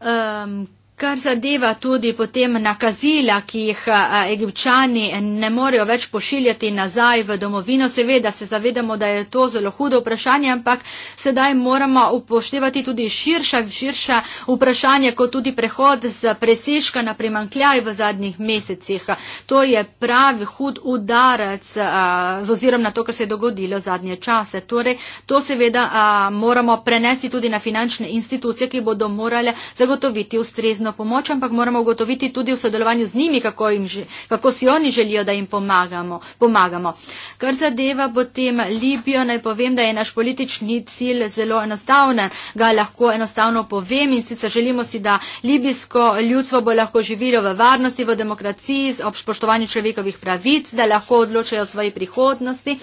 Um, Kar zadeva tudi potem nakazila, ki jih egipčani ne morejo več pošiljati nazaj v domovino, seveda se zavedamo, da je to zelo hudo vprašanje, ampak sedaj moramo upoštevati tudi širša, širša vprašanja, kot tudi prehod z preseška na primankljaj v zadnjih mesecih. To je pravi hud udarec z ozirom na to, kar se je dogodilo zadnje čase. Torej, to seveda moramo prenesti tudi na finančne institucije, ki bodo morale zagotoviti ustrezno posebno pomoč, ampak moramo ugotoviti tudi v sodelovanju z njimi, kako, že, kako si oni želijo, da jim pomagamo, pomagamo. Kar zadeva potem Libijo, naj povem, da je naš politični cilj zelo enostavnen. Ga lahko enostavno povem in sicer želimo si, da libijsko ljudstvo bo lahko živelo v varnosti, v demokraciji, ob spoštovanju človekovih pravic, da lahko odločajo o svoji prihodnosti.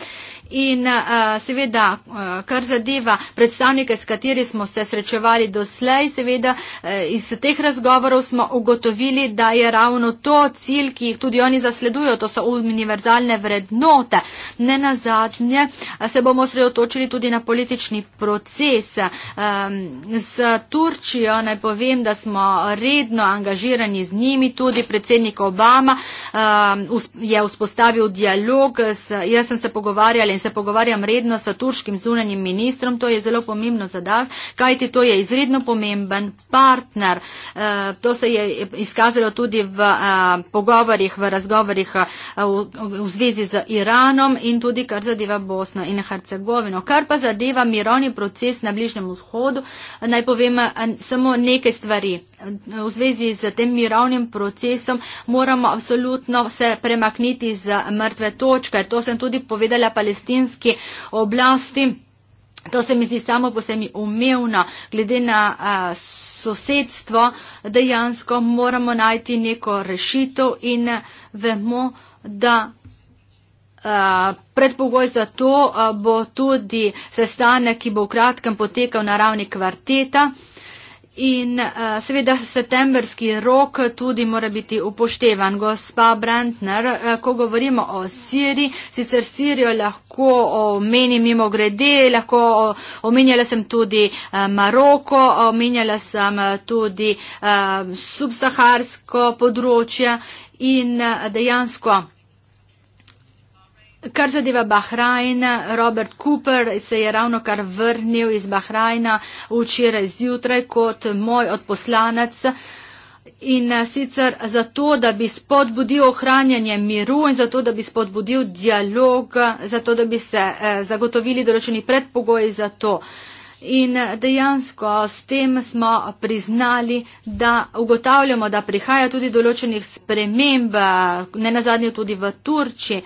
In uh, seveda, uh, kar zadeva predstavnike, s kateri smo se srečevali doslej, seveda uh, iz teh razgovorov smo ugotovili, da je ravno to cilj, ki jih tudi oni zasledujo, to so univerzalne vrednote. Ne na zadnje se bomo sredotočili tudi na politični proces. Um, s Turčijo naj povem, da smo redno angažirani z njimi, tudi predsednik Obama um, je vzpostavil dialog, s, jaz sem se pogovarjala in se pogovarjam redno s turškim zunanjim ministrom, to je zelo pomembno za nas, kajti to je izredno pomemben partner. Eh, to se je izkazalo tudi v eh, pogovorjih, v razgovorjih eh, v zvezi z Iranom in tudi kar zadeva Bosno in Hercegovino. Kar pa zadeva mirovni proces na Bližnjem vzhodu, naj povem samo nekaj stvari. V zvezi z tem mirovnim procesom moramo absolutno se premakniti z mrtve točke. To sem tudi povedala palestinskim palestinski oblasti. To se mi zdi samo posebej umevno, glede na a, sosedstvo, dejansko moramo najti neko rešitev in vemo, da a, predpogoj za to a, bo tudi sestanek, ki bo v kratkem potekal na ravni kvarteta. In uh, seveda septembrski rok tudi mora biti upoštevan. Gospa Brantner, uh, eh, ko govorimo o Siriji, sicer Sirijo lahko omenim mimo grede, lahko eh, omenjala sem tudi uh, Maroko, omenjala sem tudi uh, subsaharsko področje in uh, dejansko. Kar zadeva Bahrajn, Robert Cooper se je ravno kar vrnil iz Bahrajna včeraj zjutraj kot moj odposlanec. In eh, sicer zato, da bi spodbudil ohranjanje miru in zato, da bi spodbudil dialog, eh, zato, da bi se eh, zagotovili določeni predpogoji za to. In dejansko s tem smo priznali, da ugotavljamo, da prihaja tudi določenih sprememb, ne nazadnje tudi v Turčiji.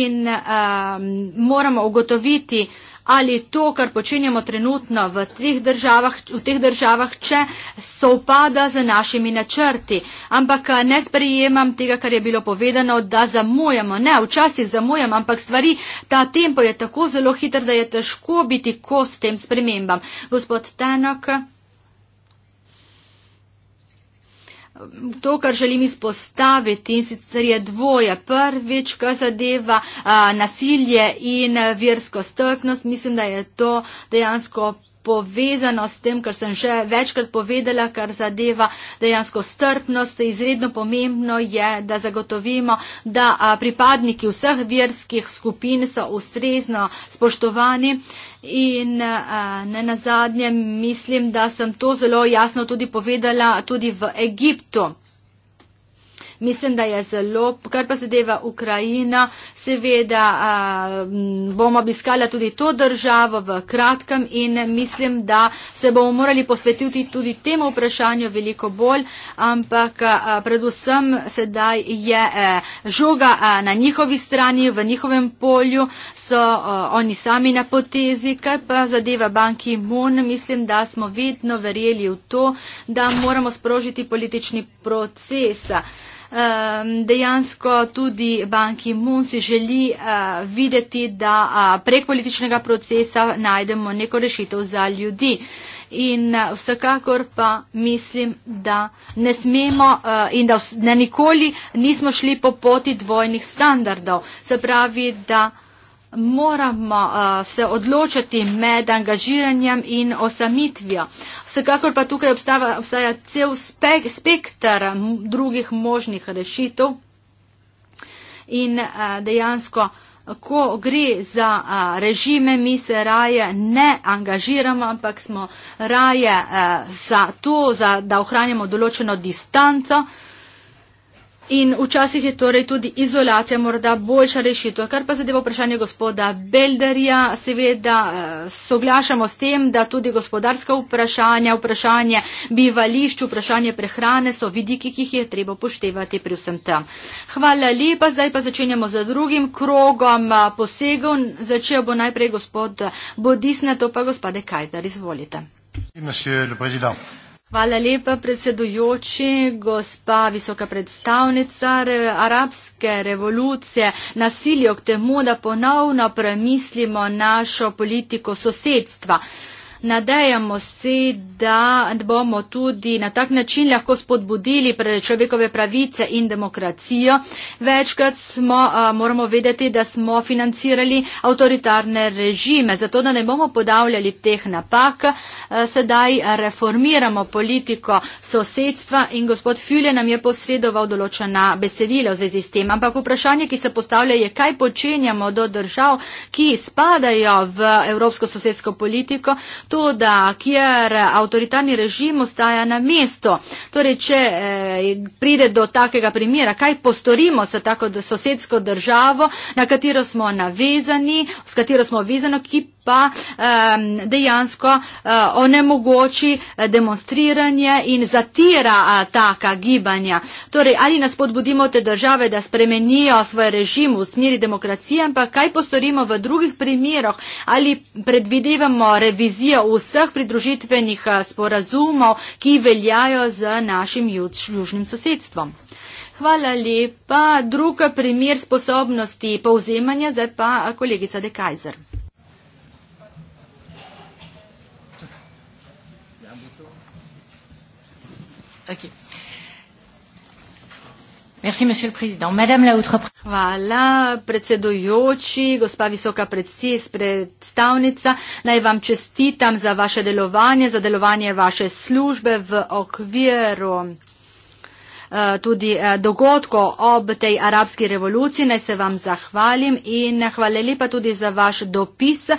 In um, moramo ugotoviti, ali to, kar počenjamo trenutno v, državah, v teh državah, če sovpada z našimi načrti. Ampak eh, ne sprejemam tega, kar je bilo povedano, da zamujamo. Ne, včasih zamujam, ampak stvari, ta tempo je tako zelo hiter, da je težko biti kos tem spremembam. Gospod Tenok. To, kar želim izpostaviti, in sicer je dvoje. Prvič, kar zadeva a, nasilje in versko strpnost, mislim, da je to dejansko povezano s tem, kar sem že večkrat povedala, kar zadeva dejansko strpnost. Izredno pomembno je, da zagotovimo, da a, pripadniki vseh verskih skupin so ustrezno spoštovani. In ne na zadnje, mislim, da sem to zelo jasno tudi povedala tudi v Egiptu mislim, da je zelo, kar pa zadeva Ukrajina, seveda a, bom obiskala tudi to državo v kratkem in mislim, da se bomo morali posvetiti tudi temu vprašanju veliko bolj, ampak a, predvsem sedaj je a, e, žoga a, na njihovi strani, v njihovem polju so a, oni sami na potezi, kar pa zadeva banki Moon, mislim, da smo vedno verjeli v to, da moramo sprožiti politični proces. Ehm, dejansko tudi banki Moon si želi eh, videti, da eh, prek političnega procesa najdemo neko rešitev za ljudi. In eh, vsekakor pa mislim, da ne smemo in da nikoli nismo šli po poti dvojnih standardov. Se pravi, da moramo uh, se odločiti med angažiranjem in osamitvijo. Vsekakor pa tukaj obstava, obstaja cel spek, spektr drugih možnih rešitev in uh, dejansko, ko gre za uh, režime, mi se raje ne angažiramo, ampak smo raje uh, za to, za, da ohranjamo določeno distanco. Uh, In včasih je torej tudi izolacija morda boljša rešitev. Kar pa zadeva vprašanje gospoda Belderja, seveda eh, soglašamo s tem, da tudi gospodarska vprašanja, vprašanje bivališč, vprašanje prehrane so vidiki, ki jih je treba poštevati pri vsem tem. Hvala lepa, zdaj pa začenjamo z drugim krogom eh, posegov. Začel bo najprej gospod Bodisna, to pa gospode Kajdar, izvolite. Monsieur, Hvala lepa, predsedujoči, gospa visoka predstavnica arabske revolucije. Nasilje k temu, da ponovno premislimo našo politiko sosedstva. Uh, Nadejamo si, da bomo tudi na tak način lahko spodbudili človekove pravice in demokracijo. Večkrat smo, moramo vedeti, da smo financirali avtoritarne režime. Zato, da ne bomo podavljali teh napak, sedaj reformiramo politiko sosedstva in gospod Fülje nam je posredoval določena besedila v zvezi s tem. Ampak vprašanje, ki se postavlja, je, kaj počenjamo do držav, ki spadajo v evropsko sosedsko politiko to, da kjer avtoritarni režim ostaja na mesto. Torej, če eh, pride do takega primera, kaj postorimo sa tako sosedsko državo, na katero smo navezani, s katero smo vezani, ki pa um, dejansko uh, onemogoči eh, demonstriranje in zatira uh, taka gibanja. Torej, ali nas podbudimo te države, da spremenijo svoj režim v smeri demokracije, ampak kaj postorimo v drugih primeroh, ali predvidevamo revizijo vseh pridružitvenih sporazumov, ki veljajo z našim južnim sosedstvom. Hvala lepa. Drugi primer sposobnosti povzemanja, zdaj pa kolegica De Kajzer. Okay. Merci, Madame la Haute Hvala, predsedujoči, gospa visoka predstavnica. Naj vam čestitam za vaše delovanje, za delovanje vaše službe v okviru. Eh, tudi eh, dogodkov ob tej arabski revoluciji. Naj se vam zahvalim in hvala lepa tudi za vaš dopis eh,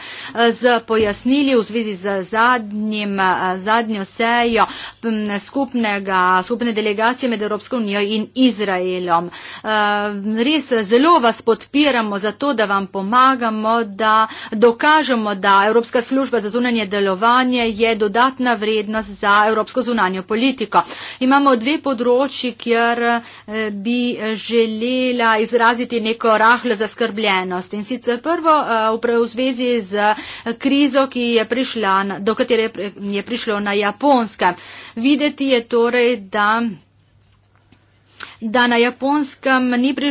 z pojasnili v zvezi z zadnjim, zadnjo sejo skupnega, skupne delegacije med Evropsko unijo in Izraelom. Res zelo vas podpiramo za to, da vam pomagamo, da dokažemo, da Evropska služba za zunanje delovanje je dodatna vrednost za Evropsko zunanjo politiko. Imamo dve področji, kjer eh, bi želela izraziti neko rahlo zaskrbljenost. In sicer prvo eh, v zvezi z eh, krizo, je prišla, do katere je prišlo na Japonska. Videti je torej, da da na japonskem ni pri,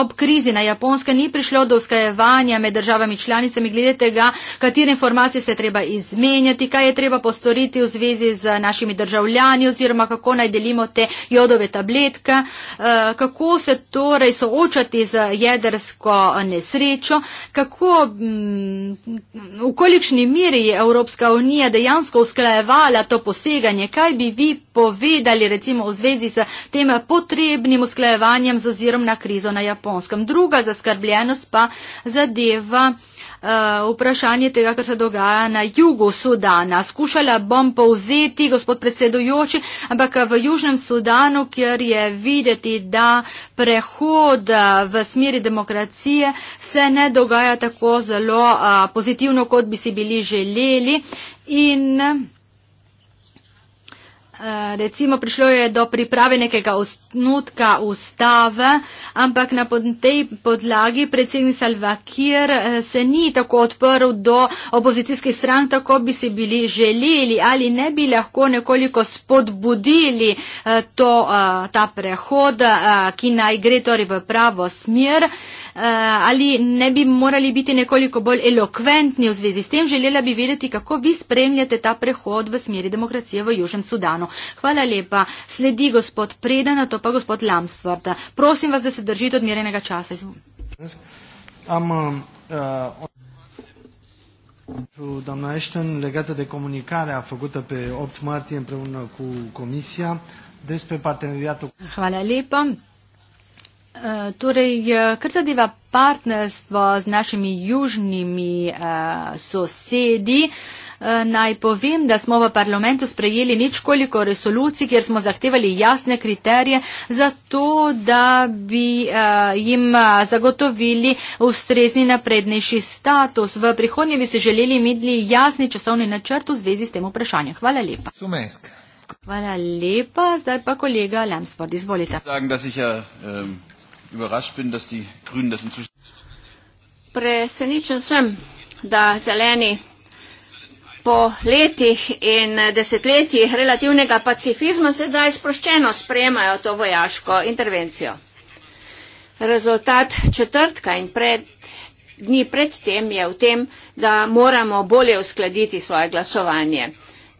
ob krizi na japonskem ni prišlo do uskajevanja med državami članicami glede tega, katere informacije se treba izmenjati, kaj je treba postoriti v zvezi z našimi državljani oziroma kako naj delimo te jodove tabletke, eh, kako se torej soočati z jedrsko nesrečo, kako, mm, v kolikšni miri je Evropska unija dejansko usklajevala to poseganje, kaj bi vi povedali recimo v zvezi s tem potrebom, osebnim usklajevanjem z ozirom na krizo na Japonskem. Druga zaskrbljenost pa zadeva Uh, vprašanje tega, kar se dogaja na jugu Sudana. Skušala bom povzeti, gospod predsedujoči, ampak v Južnem Sudanu, kjer je videti, da prehod eh, v smeri demokracije se ne dogaja tako zelo uh, pozitivno, kot bi si bili želeli. In, uh, Eh, recimo prišlo je do priprave nekega osnutka ustave, ampak na tej podlagi predsednik Salvakir eh, se ni tako odprl do opozicijskih strank, tako bi si bili želeli ali ne bi lahko nekoliko spodbudili eh, to, ta prehod, ki naj gre torej v pravo smer. Eh, ali ne bi morali biti nekoliko bolj elokventni v zvezi s tem. Želela bi vedeti, kako vi spremljate ta prehod v smeri demokracije v Južnem Sudanu. Hvala lepa. Sledi gospod Predana, to pa gospod Lamstvorda. Prosim vas, da se držite odmerenega časa. Eh, Doamnaștin, legată de comunicarea făcută pe 8 martie împreună cu Comisia despre parteneriatul. Hvala lepa. Eh, torej, eh, kar zadeva partnerstvo z našimi južnimi eh, sosedi, naj povem, da smo v parlamentu sprejeli ničkoliko resolucij, kjer smo zahtevali jasne kriterije za to, da bi jim zagotovili ustrezni naprednejši status. V prihodnje bi se želeli imeti jasni časovni načrt v zvezi s tem vprašanjem. Hvala lepa. Sumesk. Hvala lepa. Zdaj pa kolega Lamsford, izvolite. Sagen, überrascht bin, dass die Grünen das inzwischen. Presenečen sem, da zeleni po letih in desetletjih relativnega pacifizma sedaj sproščeno sprejemajo to vojaško intervencijo. Rezultat četrtka in pred, dni predtem je v tem, da moramo bolje uskladiti svoje glasovanje.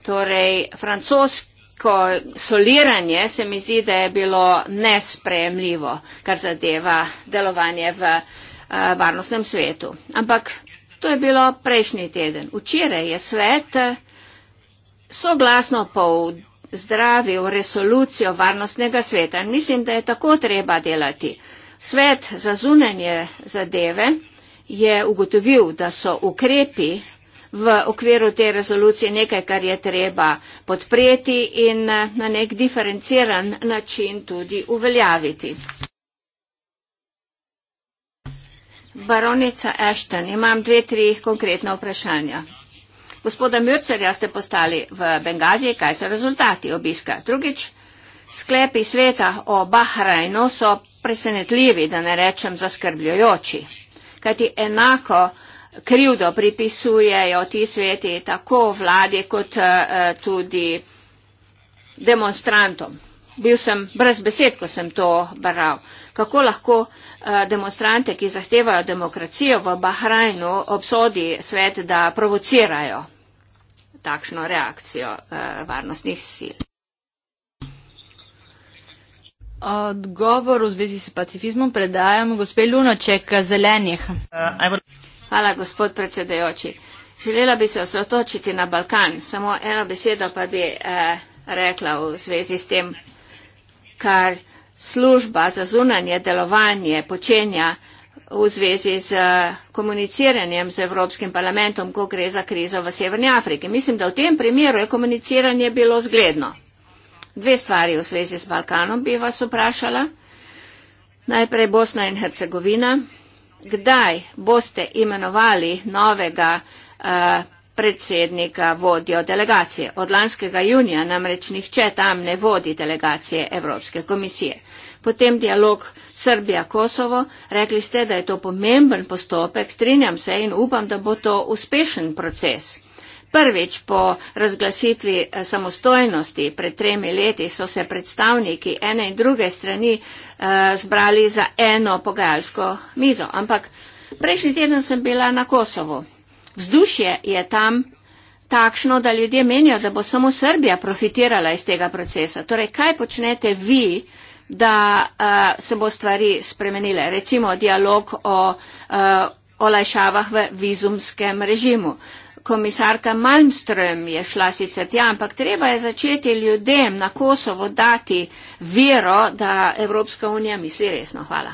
Torej, francoski neko soliranje se mi zdi, da je bilo nespremljivo, kar zadeva delovanje v eh, varnostnem svetu. Ampak to je bilo prejšnji teden. Včeraj je svet eh, soglasno pozdravil resolucijo varnostnega sveta in mislim, da je tako treba delati. Svet za zunanje zadeve je ugotovil, da so ukrepi v okviru te rezolucije nekaj, kar je treba podpreti in eh, na nek diferenciran način tudi uveljaviti. Baronica Ashton, imam dve, tri konkretna vprašanja. Gospoda Mürcerja ste postali v Bengaziji, kaj so rezultati obiska? Drugič, sklepi sveta o Bahrajnu so presenetljivi, da ne rečem zaskrbljujoči. Kajti enako krivdo pripisujejo ti sveti tako vladi kot eh, tudi demonstrantom. Bil sem brez besed, ko sem to bral. Kako lahko eh, demonstrante, ki zahtevajo demokracijo v Bahrajnu, obsodi svet, da provocirajo takšno reakcijo eh, varnostnih sil? Odgovor v zvezi s pacifizmom predajam gospe Lunoček Zelenih. Uh, Hvala, gospod predsedajoči. Želela bi se osredotočiti na Balkan. Samo eno besedo pa bi eh, rekla v zvezi s tem, kar služba za zunanje delovanje počenja v zvezi z eh, komuniciranjem z Evropskim parlamentom, ko gre za krizo v Severni Afriki. Mislim, da v tem primeru je komuniciranje bilo zgledno. Dve stvari v zvezi z Balkanom bi vas vprašala. Najprej Bosna in Hercegovina kdaj boste imenovali novega eh, predsednika vodjo delegacije. Od lanskega junija namreč nihče tam ne vodi delegacije Evropske komisije. Potem dialog Srbija-Kosovo. Rekli ste, da je to pomemben postopek. Strinjam se in upam, da bo to uspešen proces. Prvič po razglasitvi eh, samostojnosti pred tremi leti so se predstavniki ene in druge strani eh, zbrali za eno pogajalsko mizo. Ampak prejšnji teden sem bila na Kosovu. Vzdušje je tam takšno, da ljudje menijo, da bo samo Srbija profitirala iz tega procesa. Torej, kaj počnete vi, da eh, se bo stvari spremenile? Recimo dialog o eh, olajšavah v vizumskem režimu komisarka Malmström je šla sicer tja, ampak treba je začeti ljudem na Kosovo dati vero, da Evropska unija misli resno. Hvala.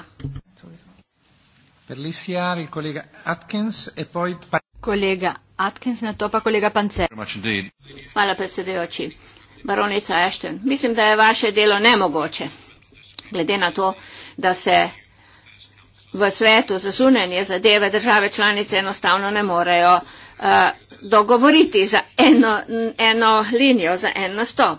E kolega Atkins, na to pa kolega Pancer. Hvala predsedujoči. Baronica Ešten, mislim, da je vaše delo nemogoče, glede na to, da se v svetu zasunenje zadeve države članice enostavno ne morejo uh, dogovoriti za eno, eno linijo, za en nastop.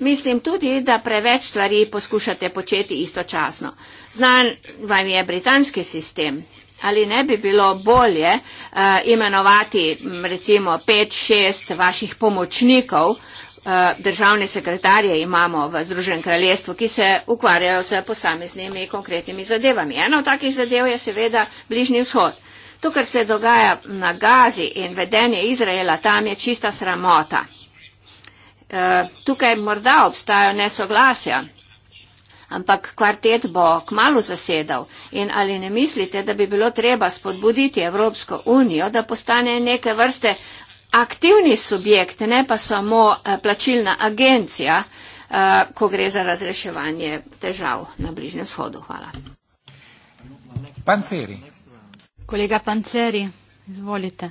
Mislim tudi, da preveč stvari poskušate početi istočasno. Znan vam je britanski sistem. Ali ne bi bilo bolje uh, imenovati recimo 5-6 vaših pomočnikov, uh, državne sekretarje imamo v Združenem kraljestvu, ki se ukvarjajo s posameznimi konkretnimi zadevami. Ena od takih zadev je seveda Bližnji vzhod. To, kar se dogaja na Gazi in vedenje Izraela, tam je čista sramota. E, tukaj morda obstajajo nesoglasja, ampak kvartet bo kmalo zasedal in ali ne mislite, da bi bilo treba spodbuditi Evropsko unijo, da postane neke vrste aktivni subjekt, ne pa samo e, plačilna agencija, e, ko gre za razreševanje težav na Bližnjem shodu. Hvala. Panceri. Kolega Panceri, izvolite.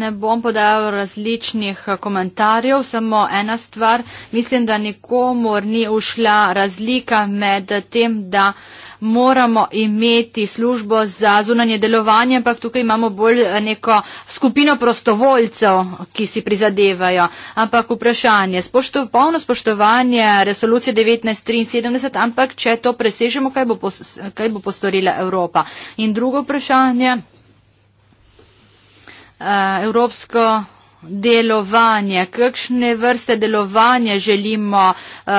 Ne bom podajal različnih eh, komentarjev, samo ena stvar. Mislim, da nikomor ni ušla razlika med tem, da uh, moramo imeti službo za zunanje delovanje, ampak tukaj imamo bolj eh, neko skupino prostovoljcev, ki si prizadevajo. Ampak vprašanje, spošto, polno spoštovanje resolucije 1973, ampak če to presežemo, kaj bo, pos, kaj bo postorila Evropa? In drugo vprašanje, eh, evropsko delovanje, kakšne vrste delovanja želimo uh,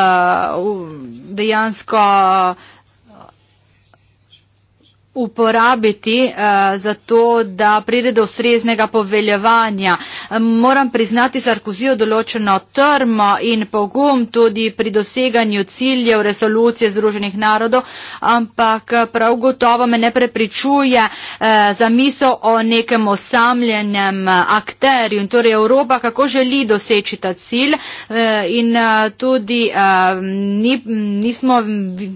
dejansko uh, uporabiti uh, za to, da pride do ustreznega poveljevanja. Moram priznati Sarkozijo določeno trmo in pogum tudi pri doseganju ciljev resolucije Združenih narodov, ampak eh, prav gotovo me ne prepričuje uh, eh, za misel o nekem osamljenem akterju. In torej Evropa kako želi doseči ta cilj uh, in uh, tudi uh, ni, nismo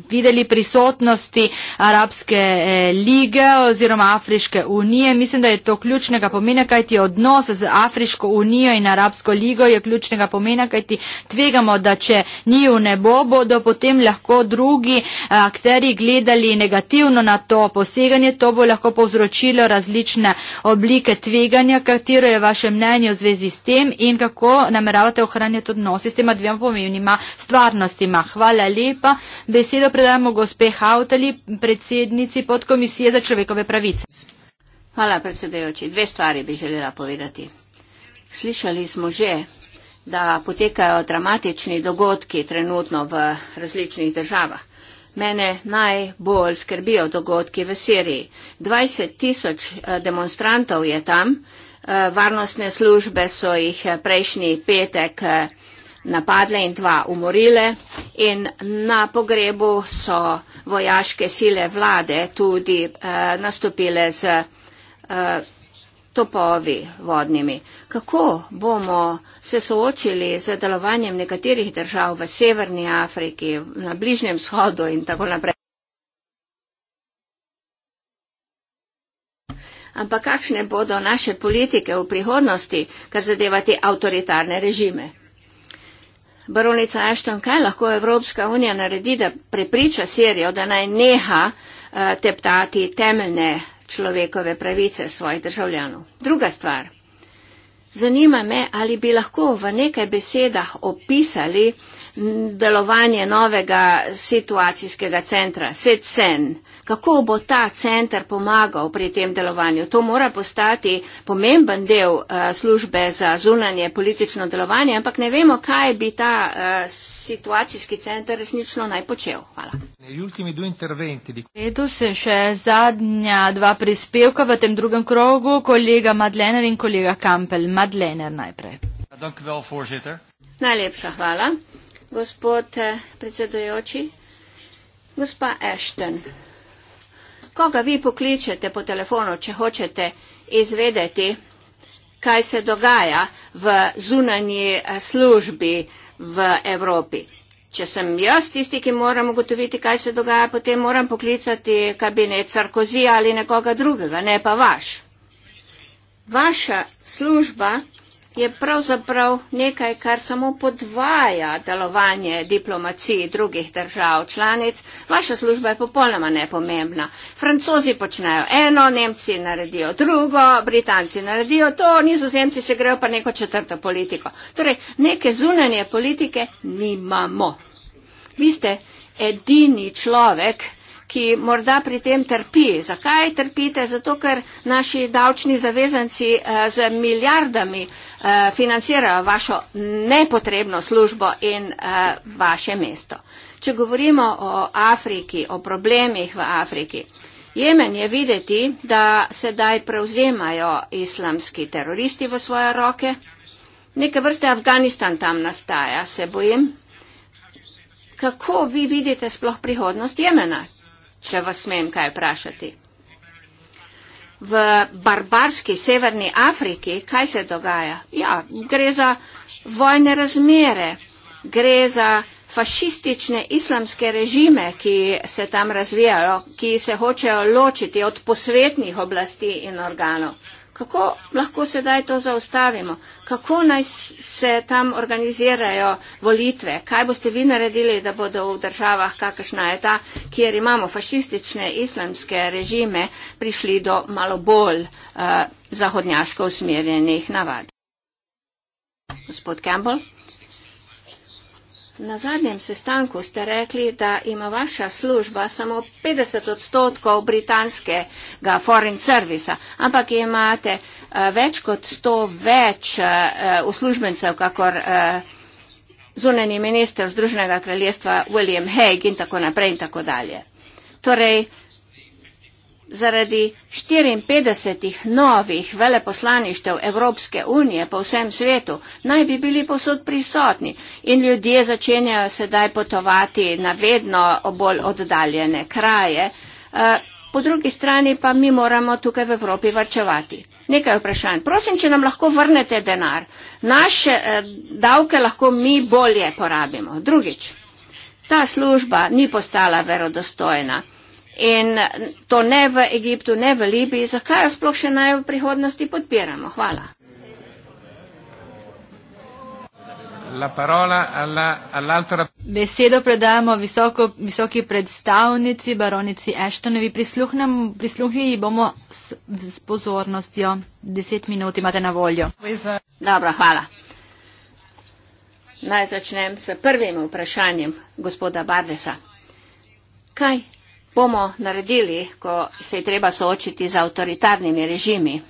videli prisotnosti arabske uh, lige oziroma Afriške unije. Mislim, da je to ključnega pomena, kajti odnos z Afriško unijo in Arabsko ligo je ključnega pomena, kajti tvegamo, da če njiju ne bo, bodo potem lahko drugi eh, akteri gledali negativno na to poseganje. To bo lahko povzročilo različne oblike tveganja, katero je vaše mnenje v zvezi s tem in kako nameravate ohranjati odnose s tema dvema pomembnima stvarnostima. Hvala lepa. Besedo predajamo gospe Hauteli, predsednici podkomisije. Komisije za človekove pravice. Hvala, predsedajoči. Dve stvari bi želela povedati. Slišali smo že, da potekajo dramatični dogodki trenutno v različnih državah. Mene najbolj skrbijo dogodki v Siriji. 20 tisoč eh, demonstrantov je tam, eh, varnostne službe so jih eh, prejšnji petek napadle in dva umorile. In na pogrebu so vojaške sile vlade tudi eh, nastopile z eh, topovi vodnimi. Kako bomo se soočili z delovanjem nekaterih držav v Severni Afriki, na Bližnjem shodu in tako naprej? Ampak kakšne bodo naše politike v prihodnosti, kar zadeva te avtoritarne režime? Baronica Ashton, kaj lahko Evropska unija naredi, da prepriča Sirijo, da naj neha uh, teptati temeljne človekove pravice svojih državljanov. Druga stvar. Zanima me, ali bi lahko v nekaj besedah opisali uh, delovanje novega situacijskega centra, SEDSEN. Kako bo ta centr pomagal pri tem delovanju? To mora postati pomemben del eh, službe za zunanje politično delovanje, ampak ne vemo, kaj bi ta eh, situacijski centr resnično naj počel. Hvala. Letos in še zadnja dva prispevka v tem drugem krogu, kolega Madlener in kolega Kampel. Madlener najprej. Najlepša hvala. Gospod eh, predsedujoči, gospa Ashton, koga vi pokličete po telefonu, če hočete izvedeti, kaj se dogaja v zunanji eh, službi v Evropi? Če sem jaz tisti, ki moram ugotoviti, kaj se dogaja, potem moram poklicati kabinet Sarkozy ali nekoga drugega, ne pa vaš. Vaša služba je pravzaprav nekaj, kar samo podvaja delovanje diplomacije drugih držav članic. Vaša služba je popolnoma nepomembna. Francozi počnejo eno, Nemci naredijo drugo, Britanci naredijo to, nizozemci se grejo pa neko četrto politiko. Torej, neke zunanje politike nimamo. Vi ste edini človek, ki morda pri tem trpi. Zakaj trpite? Zato, ker naši davčni zavezanci eh, z milijardami eh, financirajo vašo nepotrebno službo in eh, vaše mesto. Če govorimo o Afriki, o problemih v Afriki. Jemen je videti, da sedaj prevzemajo islamski teroristi v svoje roke. Neke vrste Afganistan tam nastaja, se bojim. Kako vi vidite sploh prihodnost Jemena? če vas smem kaj vprašati. V barbarski severni Afriki, kaj se dogaja? Ja, gre za vojne razmere, gre za fašistične islamske režime, ki se tam razvijajo, ki se hočejo ločiti od posvetnih oblasti in organov kako lahko sedaj to zaustavimo, kako naj se tam organizirajo volitve, kaj boste vi naredili, da bodo v državah, kakršna je ta, kjer imamo fašistične islamske režime, prišli do malo bolj uh, zahodnjaško usmerjenih navad. Gospod Campbell. Na zadnjem sestanku ste rekli, da ima vaša služba samo 50 odstotkov britanskega foreign servisa, ampak imate eh, več kot 100 več eh, uslužbencev, kakor eh, zunani minister Združenega kraljestva William Hague in tako naprej in tako dalje. Torej, zaradi 54 novih veleposlaništev Evropske unije po vsem svetu naj bi bili posod prisotni in ljudje začenjajo sedaj potovati na vedno bolj oddaljene kraje. Eh, po drugi strani pa mi moramo tukaj v Evropi varčevati. Nekaj vprašanj. Prosim, če nam lahko vrnete denar. Naše eh, davke lahko mi bolje porabimo. Drugič, ta služba ni postala verodostojna in to ne v Egiptu, ne v Libiji, zakaj jo sploh še naj v prihodnosti podpiramo. Hvala. Besedo predajamo visoko, visoki predstavnici baronici Eštonovi. Prisluhnili bomo s, s pozornostjo. Deset minut imate na voljo. Dobro, hvala. Naj začnem s prvim vprašanjem gospoda Bardesa. Kaj bomo naredili, ko se je treba soočiti z avtoritarnimi režimi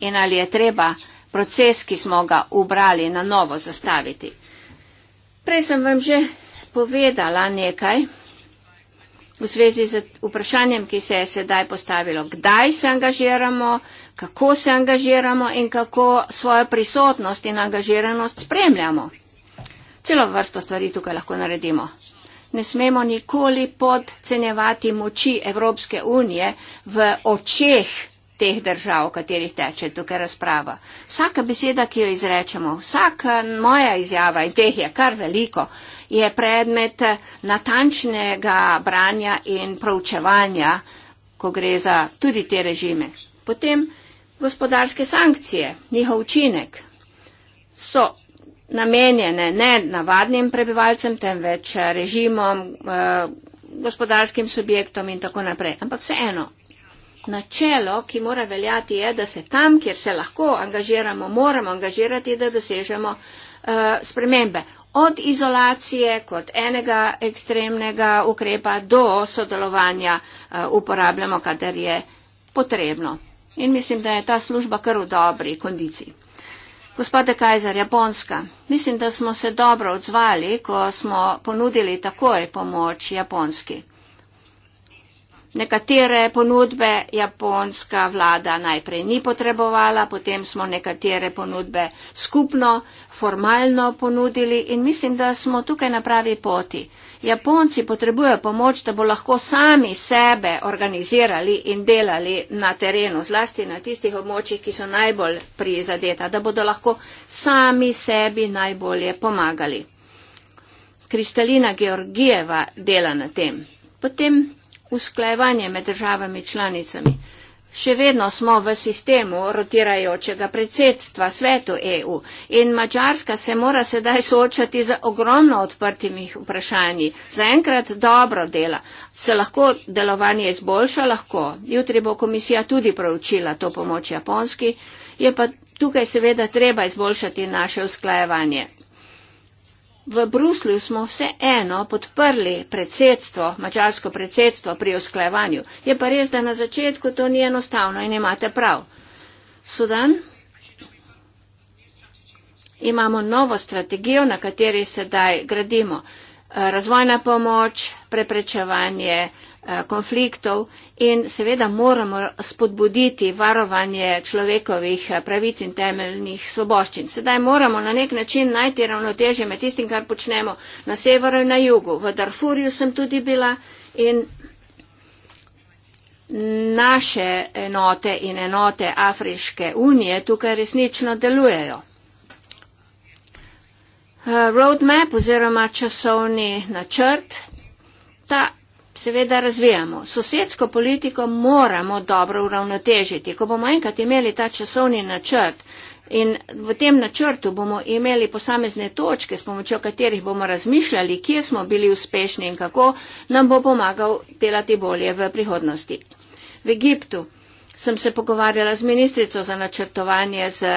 in ali je treba proces, ki smo ga ubrali, na novo zastaviti. Prej sem vam že povedala nekaj v zvezi z vprašanjem, ki se je sedaj postavilo, kdaj se angažiramo, kako se angažiramo in kako svojo prisotnost in angažiranost spremljamo. Celo vrsto stvari tukaj lahko naredimo ne smemo nikoli podcenjevati moči Evropske unije v očeh teh držav, v katerih teče tukaj razprava. Vsaka beseda, ki jo izrečemo, vsaka eh, moja izjava in teh je kar veliko, je predmet eh, natančnega branja in proučevanja, ko gre za tudi te režime. Potem gospodarske sankcije, njihov učinek so namenjene ne navadnim prebivalcem, temveč režimom, eh, gospodarskim subjektom in tako naprej. Ampak vseeno, načelo, ki mora veljati, je, da se tam, kjer se lahko angažiramo, moramo angažirati, da dosežemo eh, spremembe. Od izolacije kot enega ekstremnega ukrepa do sodelovanja eh, uporabljamo, kadar je potrebno. In mislim, da je ta služba kar v dobri kondiciji. Gospod Kajzer, Japonska. Mislim, da smo se dobro odzvali, ko smo ponudili takoj pomoč Japonski. Nekatere ponudbe japonska vlada najprej ni potrebovala, potem smo nekatere ponudbe skupno, formalno ponudili in mislim, da smo tukaj na pravi poti. Japonci potrebujejo pomoč, da bo lahko sami sebe organizirali in delali na terenu, zlasti na tistih območjih, ki so najbolj prizadeta, da bodo lahko sami sebi najbolje pomagali. Kristalina Georgijeva dela na tem. Potem usklajevanje med državami članicami. Še vedno smo v sistemu rotirajočega predsedstva svetu EU in Mačarska se mora sedaj soočati z ogromno odprtimi vprašanji. Zaenkrat dobro dela. Se lahko delovanje izboljša? Lahko. Jutri bo komisija tudi proučila to pomoč Japonski. Je pa tukaj seveda treba izboljšati naše usklajevanje v Bruslju smo vse eno podprli predsedstvo, mačarsko predsedstvo pri usklajevanju. Je pa res, da na začetku to ni enostavno in imate prav. Sudan. Imamo novo strategijo, na kateri sedaj gradimo. Eh, razvojna pomoč, preprečevanje eh, konfliktov In seveda moramo spodbuditi varovanje človekovih pravic in temeljnih svoboščin. Sedaj moramo na nek način najti ravnotežje med tistim, kar počnemo na severu in na jugu. V Darfurju sem tudi bila in naše enote in enote Afriške unije tukaj resnično delujejo. Roadmap oziroma časovni načrt. Ta seveda razvijamo. Sosedsko politiko moramo dobro uravnotežiti. Ko bomo enkrat imeli ta časovni načrt in v tem načrtu bomo imeli posamezne točke, s pomočjo katerih bomo razmišljali, kje smo bili uspešni in kako nam bo pomagal delati bolje v prihodnosti. V Egiptu sem se pogovarjala z ministrico za načrtovanje, z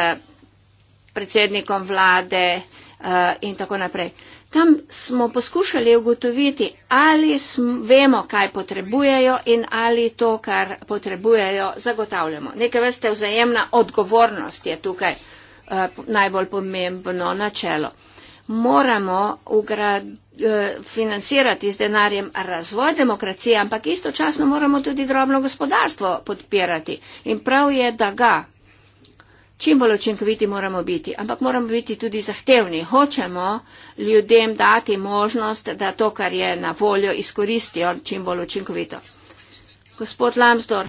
predsednikom vlade uh, in tako naprej. Tam smo poskušali ugotoviti, ali sm, vemo, kaj potrebujejo in ali to, kar potrebujejo, zagotavljamo. Nekaj veste, vzajemna odgovornost je tukaj eh, najbolj pomembno načelo. Moramo ugrad, eh, financirati z denarjem razvoj demokracije, ampak istočasno moramo tudi drobno gospodarstvo podpirati. In prav je, da ga čim bolj učinkoviti moramo biti, ampak moramo biti tudi zahtevni. Hočemo ljudem dati možnost, da to, kar je na voljo, izkoristijo čim bolj učinkovito. Gospod Lamsdor,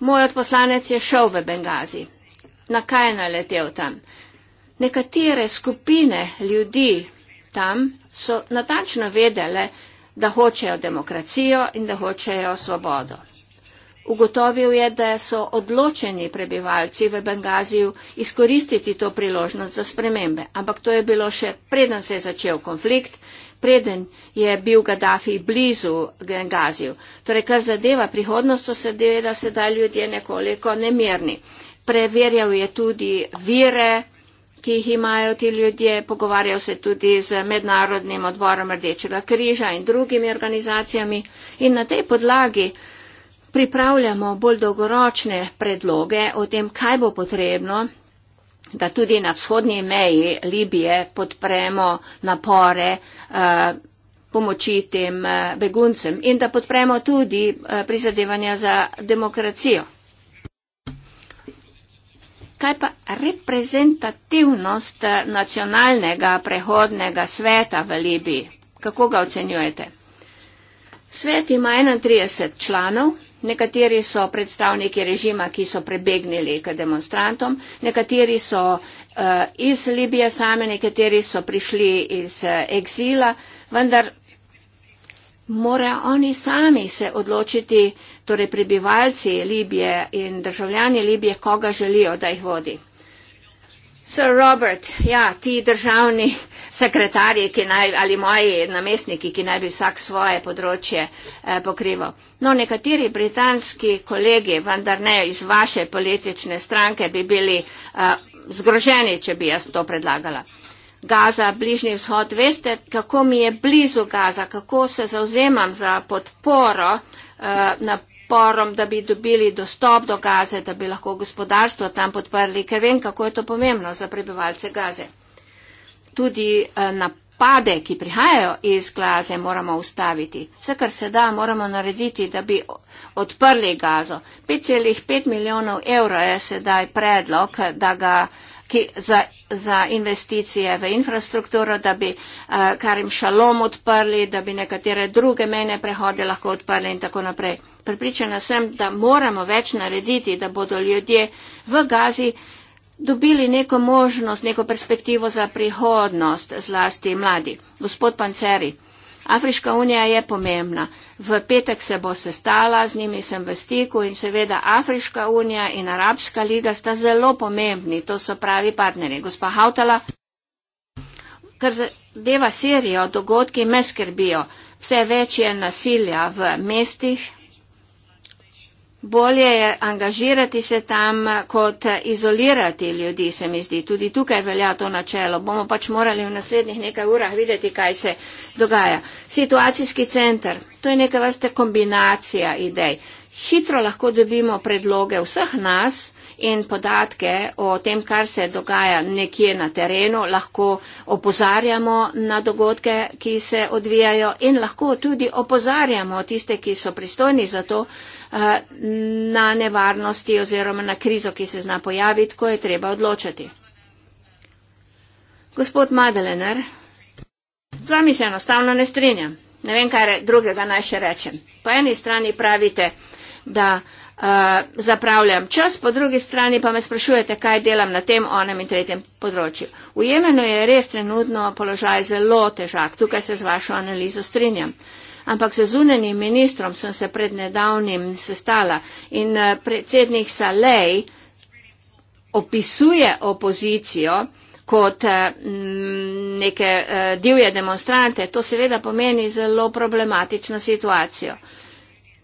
moj odposlanec je šel v Bengazi. Na kaj je naletel tam? Nekatere skupine ljudi tam so natančno vedele, da hočejo demokracijo in da hočejo svobodo. Ugotovil je, da so odločeni prebivalci v Bengaziju izkoristiti to priložnost za spremembe, ampak to je bilo še preden se je začel konflikt, preden je bil Gaddafi blizu Bengaziju. Torej, kar zadeva prihodnost, so se deveda sedaj ljudje nekoliko nemirni. Preverjal je tudi vire, ki jih imajo ti ljudje, pogovarjal se tudi z Mednarodnim odborom Rdečega križa in drugimi organizacijami in na tej podlagi pripravljamo bolj dolgoročne predloge o tem, kaj bo potrebno, da tudi na vzhodnji meji Libije podpremo napore eh, pomoči tem eh, beguncem in da podpremo tudi eh, prizadevanja za demokracijo. Kaj pa reprezentativnost nacionalnega prehodnega sveta v Libiji? Kako ga ocenjujete? Svet ima 31 članov, nekateri so predstavniki režima, ki so prebegnili k demonstrantom, nekateri so uh, iz Libije same, nekateri so prišli iz uh, eh, eksila, vendar morajo oni sami se odločiti, torej prebivalci Libije in državljani Libije, koga želijo, da jih vodi. Sir Robert, ja, ti državni sekretarji naj, ali moji namestniki, ki naj bi vsak svoje področje eh, pokrival. No, nekateri britanski kolegi, vendar ne iz vaše politične stranke, bi bili eh, zgroženi, če bi jaz to predlagala. Gaza, Bližnji vzhod, veste, kako mi je blizu Gaza, kako se zauzemam za podporo eh, na podporom, da bi dobili dostop do gaze, da bi lahko gospodarstvo tam podprli, ker vem, kako je to pomembno za prebivalce gaze. Tudi eh, napade, ki prihajajo iz gaze, moramo ustaviti. Vse, kar se da, moramo narediti, da bi odprli gazo. 5,5 milijonov evrov je sedaj predlog, da ga. Ki, za, za investicije v infrastrukturo, da bi uh, Karim Šalom odprli, da bi nekatere druge mene prehode lahko odprli in tako naprej. Pripričana sem, da moramo več narediti, da bodo ljudje v Gazi dobili neko možnost, neko perspektivo za prihodnost, zlasti mladi. Gospod Panceri, Afriška unija je pomembna. V petek se bo sestala, z njimi sem v stiku in seveda Afriška unija in Arabska liga sta zelo pomembni, to so pravi partneri. Gospa Hautala, kar zadeva Sirijo, dogodki me skrbijo. Vse več je nasilja v mestih, bolje je angažirati se tam, kot izolirati ljudi, se mi zdi. Tudi tukaj velja to načelo. Bomo pač morali v naslednjih nekaj urah videti, kaj se dogaja. Situacijski center, to je neka vrsta kombinacija idej. Hitro lahko dobimo predloge vseh nas in podatke o tem, kar se dogaja nekje na terenu, lahko opozarjamo na dogodke, ki se odvijajo in lahko tudi opozarjamo tiste, ki so pristojni za to, Eh, na nevarnosti oziroma na krizo, ki se zna pojaviti, ko je treba odločati. Gospod Madelener, z vami se enostavno ne strinjam. Ne vem, kaj drugega naj še rečem. Po eni strani pravite, da uh, zapravljam čas, po drugi strani pa me sprašujete, kaj delam na tem, onem in tretjem področju. V Jemenu je res trenutno položaj zelo težak. Tukaj se z vašo analizo strinjam. Uh, ampak se zunenim ministrom sem se pred nedavnim sestala in eh, predsednik Salej opisuje opozicijo kot eh, neke eh, divje demonstrante. To seveda pomeni zelo problematično situacijo.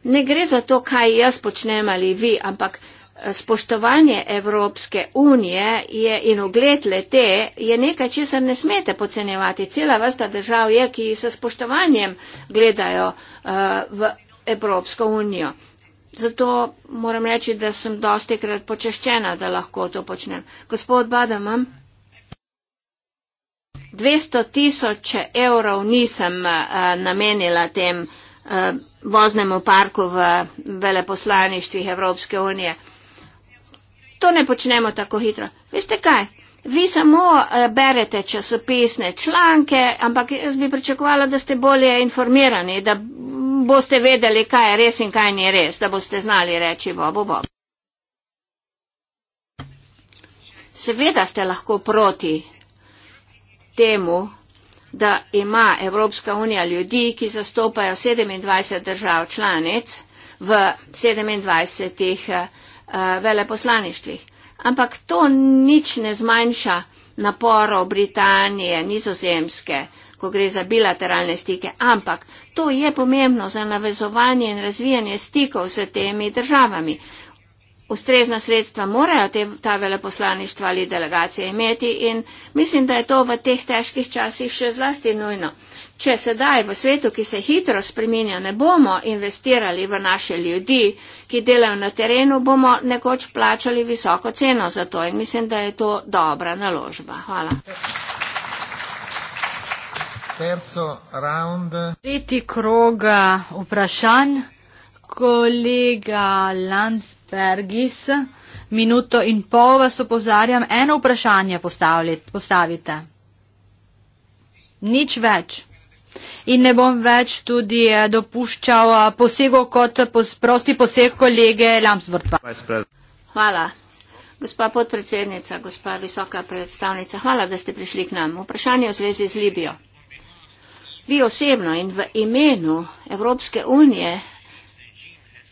Ne gre za to, kaj jaz počnem ali vi, ampak spoštovanje Evropske unije je, in ogled lete je nekaj, česar ne smete pocenjevati. Cela vrsta držav je, ki se spoštovanjem gledajo uh, v Evropsko unijo. Zato moram reči, da sem dosti krat počaščena, da lahko to počnem. Gospod Badamam. 200 tisoč evrov nisem uh, namenila tem uh, voznemu parku v veleposlaništvih Evropske unije to ne počnemo tako hitro. Veste kaj? Vi samo eh, berete časopisne članke, ampak jaz bi pričakovala, da ste bolje informirani, da boste vedeli, kaj je res in kaj ni res, da boste znali reči bobo bob. Seveda ste lahko proti temu, da ima Evropska unija ljudi, ki zastopajo 27 držav članic v 27. Eh, veleposlaništvih. Ampak to nič ne zmanjša naporov Britanije, nizozemske, ko gre za bilateralne stike. Ampak to je pomembno za navezovanje in razvijanje stikov s temi državami. Ustrezna sredstva morajo te, ta veleposlaništva ali delegacije imeti in mislim, da je to v teh težkih časih še zlasti nujno. Če sedaj v svetu, ki se hitro spreminja, ne bomo investirali v naše ljudi, ki delajo na terenu, bomo nekoč plačali visoko ceno za to in mislim, da je to dobra naložba. Hvala. Tretji krog eh, vprašanj. Kolega Landsbergis, minuto in pol vas opozarjam, eno vprašanje postavite. Nič več in ne bom več tudi eh, dopuščal eh, posegov kot prosti poseg kolege Lambsvrtva. Hvala. Gospa podpredsednica, gospa visoka predstavnica, hvala, da ste prišli k nam. Vprašanje v zvezi z Libijo. Vi osebno in v imenu Evropske unije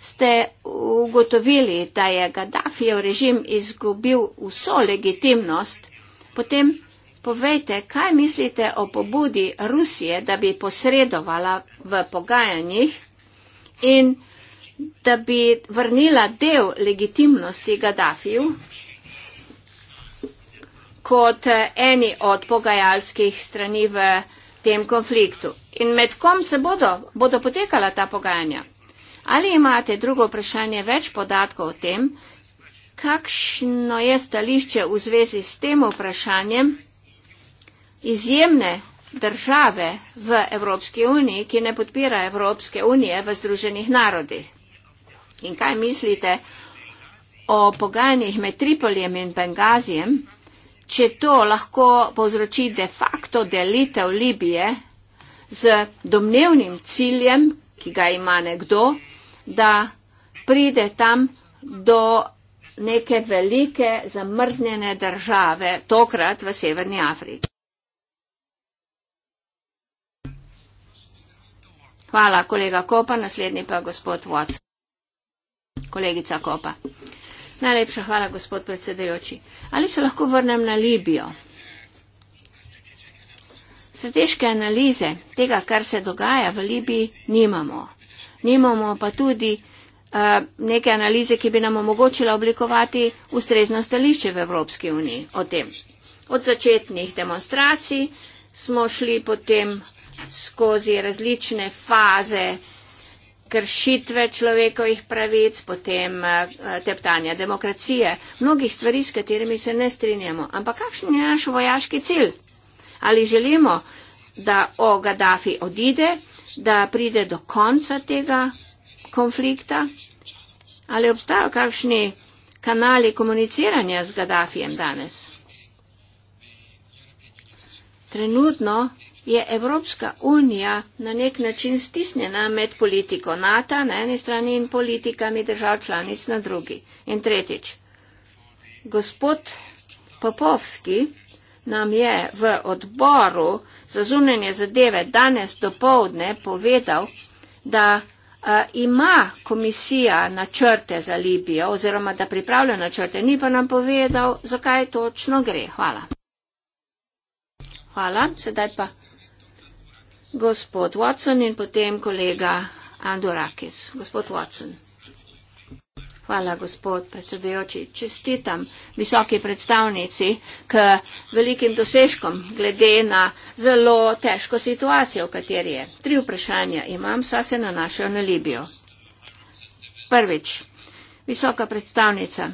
ste ugotovili, da je Gaddafijev režim izgubil vso legitimnost, potem Povejte, kaj mislite o pobudi Rusije, da bi posredovala v pogajanjih in da bi vrnila del legitimnosti Gaddafiju kot eni od pogajalskih strani v tem konfliktu. In med kom se bodo, bodo potekala ta pogajanja? Ali imate drugo vprašanje več podatkov o tem, kakšno je stališče v zvezi s tem vprašanjem? izjemne države v Evropski uniji, ki ne podpira Evropske unije v Združenih narodih. In kaj mislite o pogajanjih med Tripolijem in Bengazijem, če to lahko povzroči de facto delitev Libije z domnevnim ciljem, ki ga ima nekdo, da pride tam do neke velike zamrznjene države, tokrat v Severni Afriki. Hvala, kolega Kopa. Naslednji pa gospod Vodc. Kolegica Kopa. Najlepša hvala, gospod predsedajoči. Ali se lahko vrnem na Libijo? Strateške analize tega, kar se dogaja v Libiji, nimamo. Nimamo pa tudi uh, neke analize, ki bi nam omogočila oblikovati ustrezno stališče v Evropski uniji o tem. Od začetnih demonstracij smo šli potem skozi različne faze kršitve človekovih pravic, potem eh, teptanja demokracije, mnogih stvari, s katerimi se ne strinjamo. Ampak kakšen je naš vojaški cilj? Ali želimo, da o Gaddafi odide, da pride do konca tega konflikta? Ali obstajajo kakšni kanali komuniciranja z Gaddafijem danes? Trenutno je Evropska unija na nek način stisnjena med politiko NATO na eni strani in politikami držav članic na drugi. In tretjič, gospod Popovski nam je v odboru za zunanje zadeve danes dopovdne povedal, da a, ima komisija načrte za Libijo oziroma da pripravlja načrte, ni pa nam povedal, zakaj točno gre. Hvala. Hvala, sedaj pa gospod Watson in potem kolega Andorakis. Gospod Watson. Hvala, gospod predsedujoči. Čestitam visoki predstavnici k velikim dosežkom glede na zelo težko situacijo, v kateri je. Tri vprašanja imam, sa se nanašajo na Libijo. Prvič, visoka predstavnica,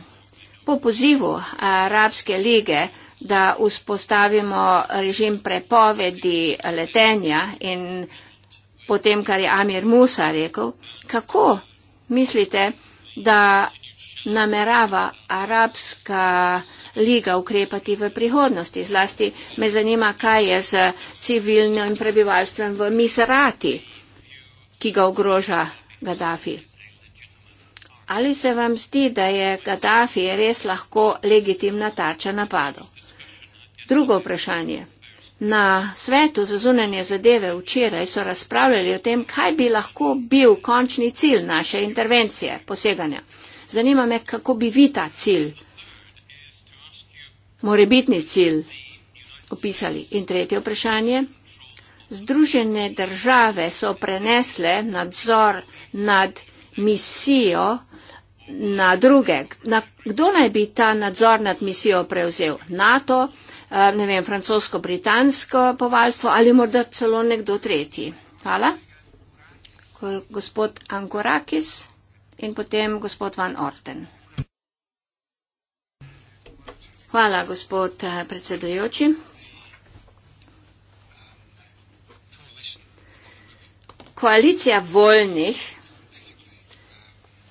po pozivu Arabske lige da vzpostavimo režim prepovedi letenja in potem, kar je Amir Musa rekel, kako mislite, da namerava Arabska liga ukrepati v prihodnosti. Zlasti me zanima, kaj je z civilnim prebivalstvom v Misrati, ki ga ogroža Gaddafi. Ali se vam zdi, da je Gaddafi res lahko legitimna tarča napadov? Drugo vprašanje. Na svetu za zunanje zadeve včeraj so razpravljali o tem, kaj bi lahko bil končni cilj naše intervencije, poseganja. Zanima me, kako bi vi ta cilj, morebitni cilj, opisali. In tretje vprašanje. Združene države so prenesle nadzor nad misijo na druge. Na, kdo naj bi ta nadzor nad misijo prevzel? NATO? Eh, ne vem, francosko-britansko povalstvo ali morda celo nekdo tretji. Hvala. Gospod Ankorakis in potem gospod Van Orten. Hvala, gospod eh, predsedujoči. Koalicija voljnih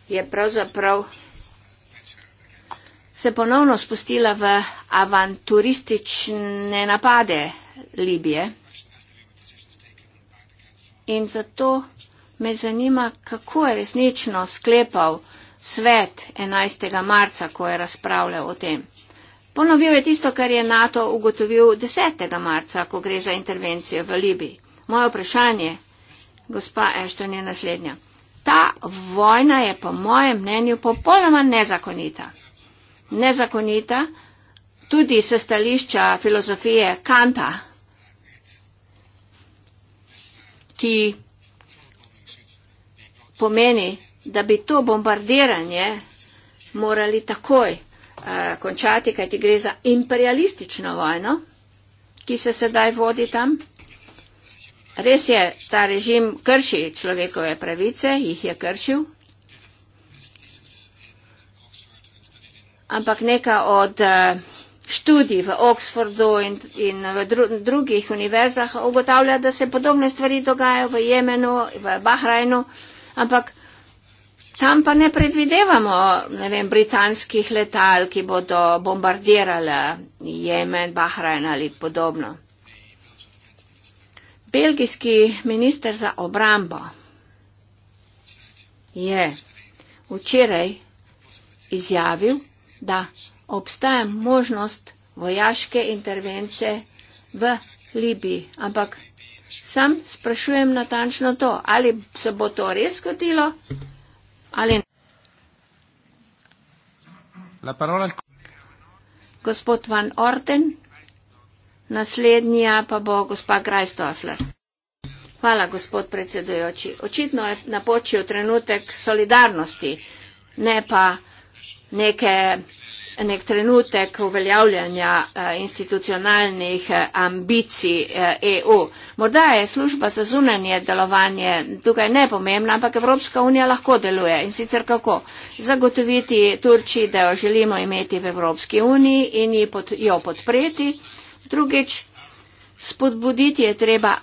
je pravzaprav se ponovno spustila v avanturistične napade Libije. In zato me zanima, kako je resnično sklepal svet 11. marca, ko je razpravljal o tem. Ponovil je tisto, kar je NATO ugotovil 10. marca, ko gre za intervencijo v Libiji. Moje vprašanje, gospa Ešton, je naslednja. Ta vojna je po mojem mnenju popolnoma nezakonita nezakonita, tudi se stališča filozofije Kanta, ki pomeni, da bi to bombardiranje morali takoj uh, končati, kajti gre za imperialistično vojno, ki se sedaj vodi tam. Res je, ta režim krši človekove pravice, jih je kršil, ampak neka od eh, študij v Oxfordu in, in v dru, drugih univerzah ugotavlja, da se podobne stvari dogajajo v Jemenu, v Bahrajnu, ampak tam pa ne predvidevamo, ne vem, britanskih letal, ki bodo bombardirale Jemen, Bahrajn ali podobno. Belgijski minister za obrambo je včeraj izjavil, da obstaja možnost vojaške intervencije v Libiji. Ampak sam sprašujem natančno to, ali se bo to res zgodilo ali ne. Gospod Van Orden, naslednja ja pa bo gospa Greistofler. Hvala, gospod predsedujoči. Očitno je napočil trenutek solidarnosti, ne pa neke, nek trenutek uveljavljanja eh, institucionalnih eh, ambicij EU. Eh, e Morda je služba za zunanje delovanje tukaj nepomembna, ampak Evropska unija lahko deluje in sicer kako? Zagotoviti Turčiji, da jo želimo imeti v Evropski uniji in jo podpreti. Drugič, spodbuditi je treba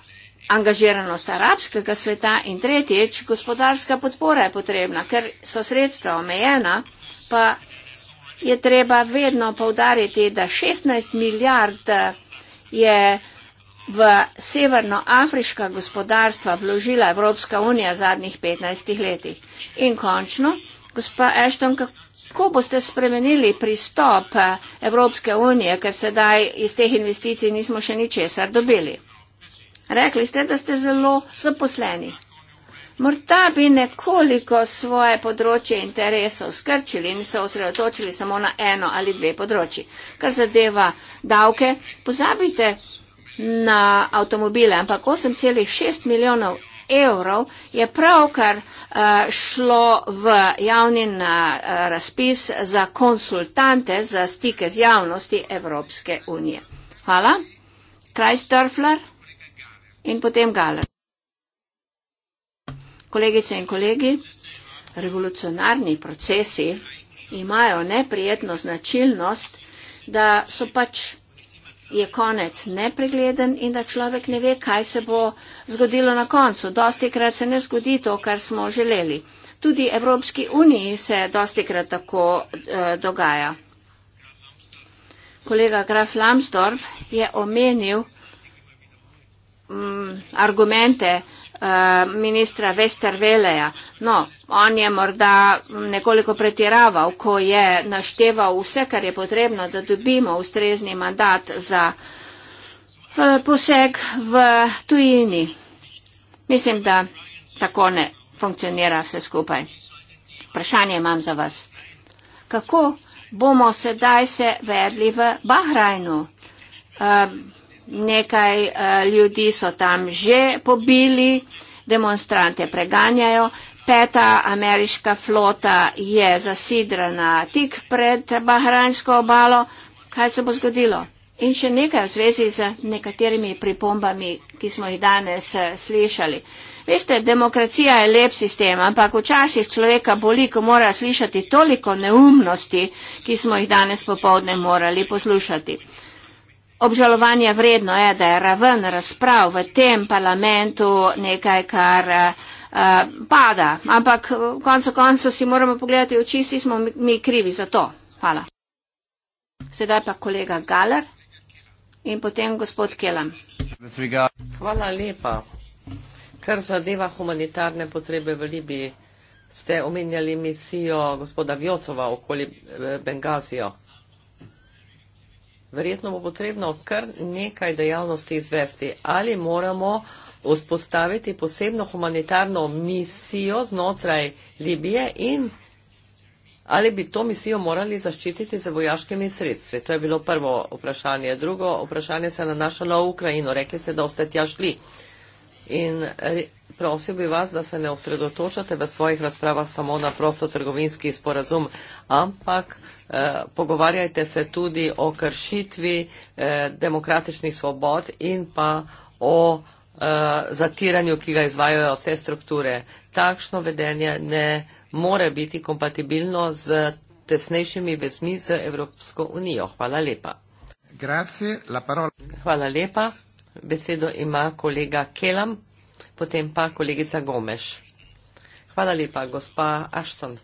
angažiranost arabskega sveta in tretjič, gospodarska podpora je potrebna, ker so sredstva omejena pa je treba vedno povdariti, da 16 milijard eh, je v severnoafriška gospodarstva vložila Evropska unija zadnjih 15 letih. In končno, gospa Ashton, kako boste spremenili pristop eh, Evropske unije, ker sedaj iz teh investicij nismo še ničesar dobili? Rekli ste, da ste zelo zaposleni morda bi nekoliko svoje področje interesov skrčili in se osredotočili samo na eno ali dve področji. Kar zadeva davke, pozabite na avtomobile, ampak 8,6 milijonov evrov je pravkar eh, šlo v javni eh, razpis za konsultante za stike z javnosti Evropske unije. Hvala. Kreisdorfler in potem Galer. Kolegice in kolegi, revolucionarni procesi imajo neprijetno značilnost, da so pač je konec nepregleden in da človek ne ve, kaj se bo zgodilo na koncu. Dosti krat se ne zgodi to, kar smo želeli. Tudi Evropski uniji se dosti krat tako eh, dogaja. Kolega Graf Lambsdorff je omenil mm, argumente Eh, ministra Westerveleja. No, on je morda nekoliko pretiraval, ko je našteval vse, kar je potrebno, da dobimo ustrezni mandat za eh, poseg v tujini. Mislim, da tako ne funkcionira vse skupaj. Vprašanje imam za vas. Kako bomo sedaj se vedli v Bahrajnu? Uh, nekaj eh, ljudi so tam že pobili, demonstrante preganjajo. Peta ameriška flota je zasidrana tik pred Bahrajnsko obalo. Kaj se bo zgodilo? In še nekaj v zvezi z nekaterimi pripombami, ki smo jih danes eh, slišali. Veste, demokracija je lep sistem, ampak včasih človeka boli, ko mora slišati toliko neumnosti, ki smo jih danes popovdne morali poslušati. Obžalovanja vredno je, da je raven razprav v tem parlamentu nekaj, kar uh, pada. Ampak v koncu koncu si moramo pogledati oči, si smo mi krivi za to. Hvala. Sedaj pa kolega Galer in potem gospod Kelam. Hvala lepa. Kar zadeva humanitarne potrebe v Libiji, ste omenjali misijo gospoda Vjocova okoli eh, Bengazijo verjetno bo potrebno kar nekaj dejavnosti izvesti. Ali moramo vzpostaviti posebno humanitarno misijo znotraj Libije in ali bi to misijo morali zaščititi z vojaškimi sredstvi? To je bilo prvo vprašanje. Drugo vprašanje se nanašalo v Ukrajino. Rekli ste, da ste tja šli. In eh, prosil bi vas, da se ne osredotočate v svojih razpravah samo na prosto trgovinski sporazum, ampak Eh, pogovarjajte se tudi o kršitvi eh, demokratičnih svobod in pa o eh, zatiranju, ki ga izvajajo vse strukture. Takšno vedenje ne more biti kompatibilno z tesnejšimi vezmi z Evropsko unijo. Hvala lepa. Grazie, la parola. Hvala lepa. Besedo ima kolega Kelam, potem pa kolegica Gomeš. Hvala lepa, gospa Ashton.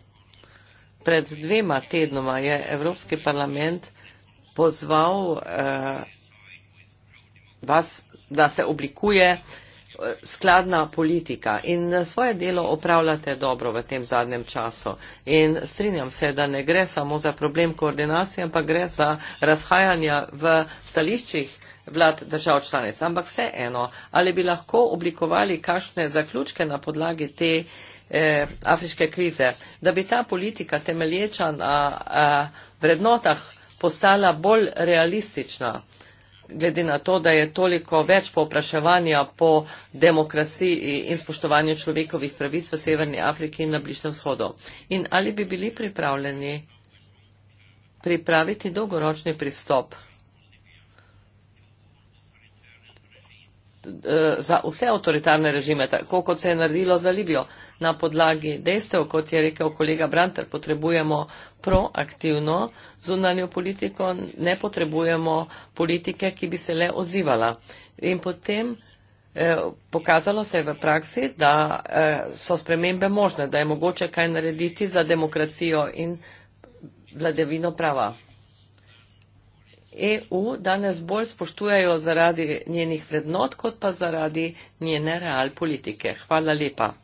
Pred dvema tednoma je Evropski parlament pozval eh, vas, da se oblikuje eh, skladna politika in eh, svoje delo opravljate dobro v tem zadnjem času. In strinjam se, da ne gre samo za problem koordinacije, ampak gre za razhajanja v stališčih vlad držav članic. Ampak vseeno, ali bi lahko oblikovali kakšne zaključke na podlagi te eh, eh, afriške krize, da bi ta politika temelječa na eh, vrednotah postala bolj realistična, glede na to, da je toliko več popraševanja po demokraciji in spoštovanju človekovih pravic v Severni Afriki in na Bližnjem vzhodu. In ali bi bili pripravljeni pripraviti dolgoročni pristop? Eh, za vse avtoritarne režime, tako kot se je naredilo za Libijo. Na podlagi dejstev, kot je rekel kolega Branter, potrebujemo proaktivno zunanjo politiko, ne potrebujemo politike, ki bi se le odzivala. In potem eh, pokazalo se je v praksi, da eh, so spremembe možne, da je mogoče kaj narediti za demokracijo in vladevino prava. EU danes bolj spoštujejo zaradi njenih vrednot, kot pa zaradi njene real politike. Hvala lepa.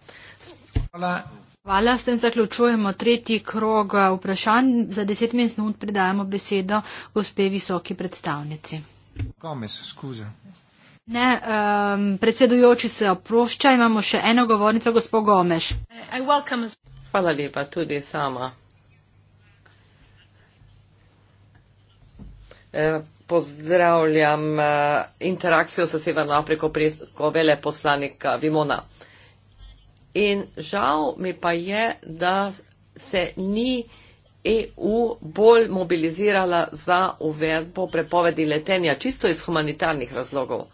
Hvala. Hvala, s tem zaključujemo tretji krog eh, vprašanj. Za deset minut predajamo besedo gospe visoki predstavnici. Ne, um, predsedujoči se oprošča, imamo še eno govornico, gospod Gomeš. Hvala lepa, tudi sama. Eh, pozdravljam eh, interakcijo s Severno Afriko preko veleposlanika Vimona. In žal mi pa je, da se ni EU bolj mobilizirala za uvedbo prepovedi letenja, čisto iz humanitarnih razlogov.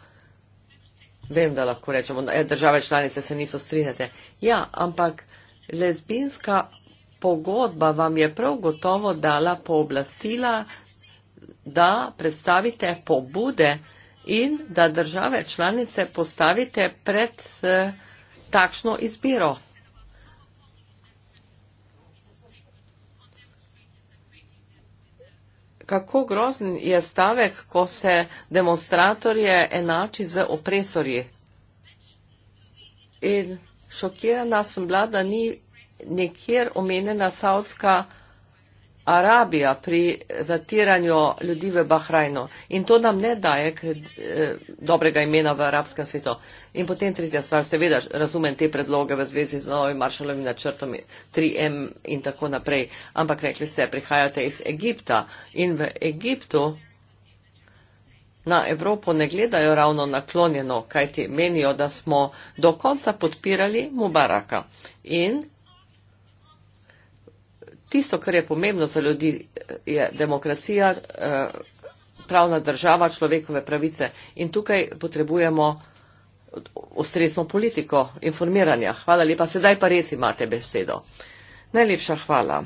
Vem, da lahko rečemo, da eh, države članice se niso strinjate. Ja, ampak lezbinska pogodba vam je prav gotovo dala pooblastila, da predstavite pobude in da države članice postavite pred eh, takšno izbiro. Kako grozen je stavek, ko se demonstratorje enači z opresorji. In šokirana sem bila, da ni nekjer omenjena savska vsega, Arabija pri zatiranju ljudi v Bahrajnu in to nam ne daje eh, dobrega imena v arabskem svetu. In potem tretja stvar, seveda razumem te predloge v zvezi z novim maršalovim načrtom 3M in tako naprej, ampak rekli ste, prihajate iz Egipta in v Egiptu na Evropo ne gledajo ravno naklonjeno, kajti menijo, da smo do konca podpirali Mubaraka. In Tisto, kar je pomembno za ljudi, je demokracija, eh, pravna država, človekove pravice in tukaj potrebujemo ustrezno politiko informiranja. Hvala lepa, sedaj pa res imate besedo. Najlepša hvala.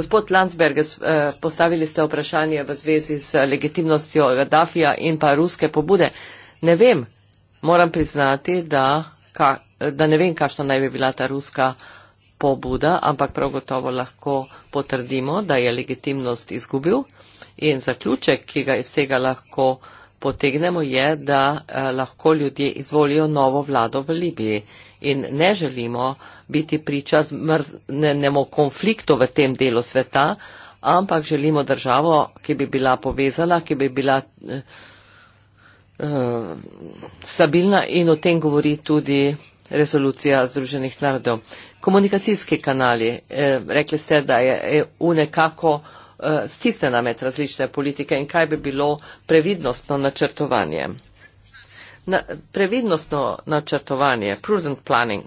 Gospod Landsberg, eh, postavili ste vprašanje v zvezi s legitimnostjo Gaddafija in pa ruske pobude. Ne vem, moram priznati, da da ne vem, kakšna naj bi bila ta ruska pobuda, ampak prav gotovo lahko potrdimo, da je legitimnost izgubil. In zaključek, ki ga iz tega lahko potegnemo, je, da eh, lahko ljudje izvolijo novo vlado v Libiji. In ne želimo biti priča zmrznenemu konfliktu v tem delu sveta, ampak želimo državo, ki bi bila povezana, ki bi bila eh, eh, stabilna in o tem govori tudi rezolucija Združenih narodov. Komunikacijski kanali, eh, rekli ste, da je EU nekako eh, stisnjena med različne politike in kaj bi bilo previdnostno načrtovanje. Na, previdnostno načrtovanje, prudent planning,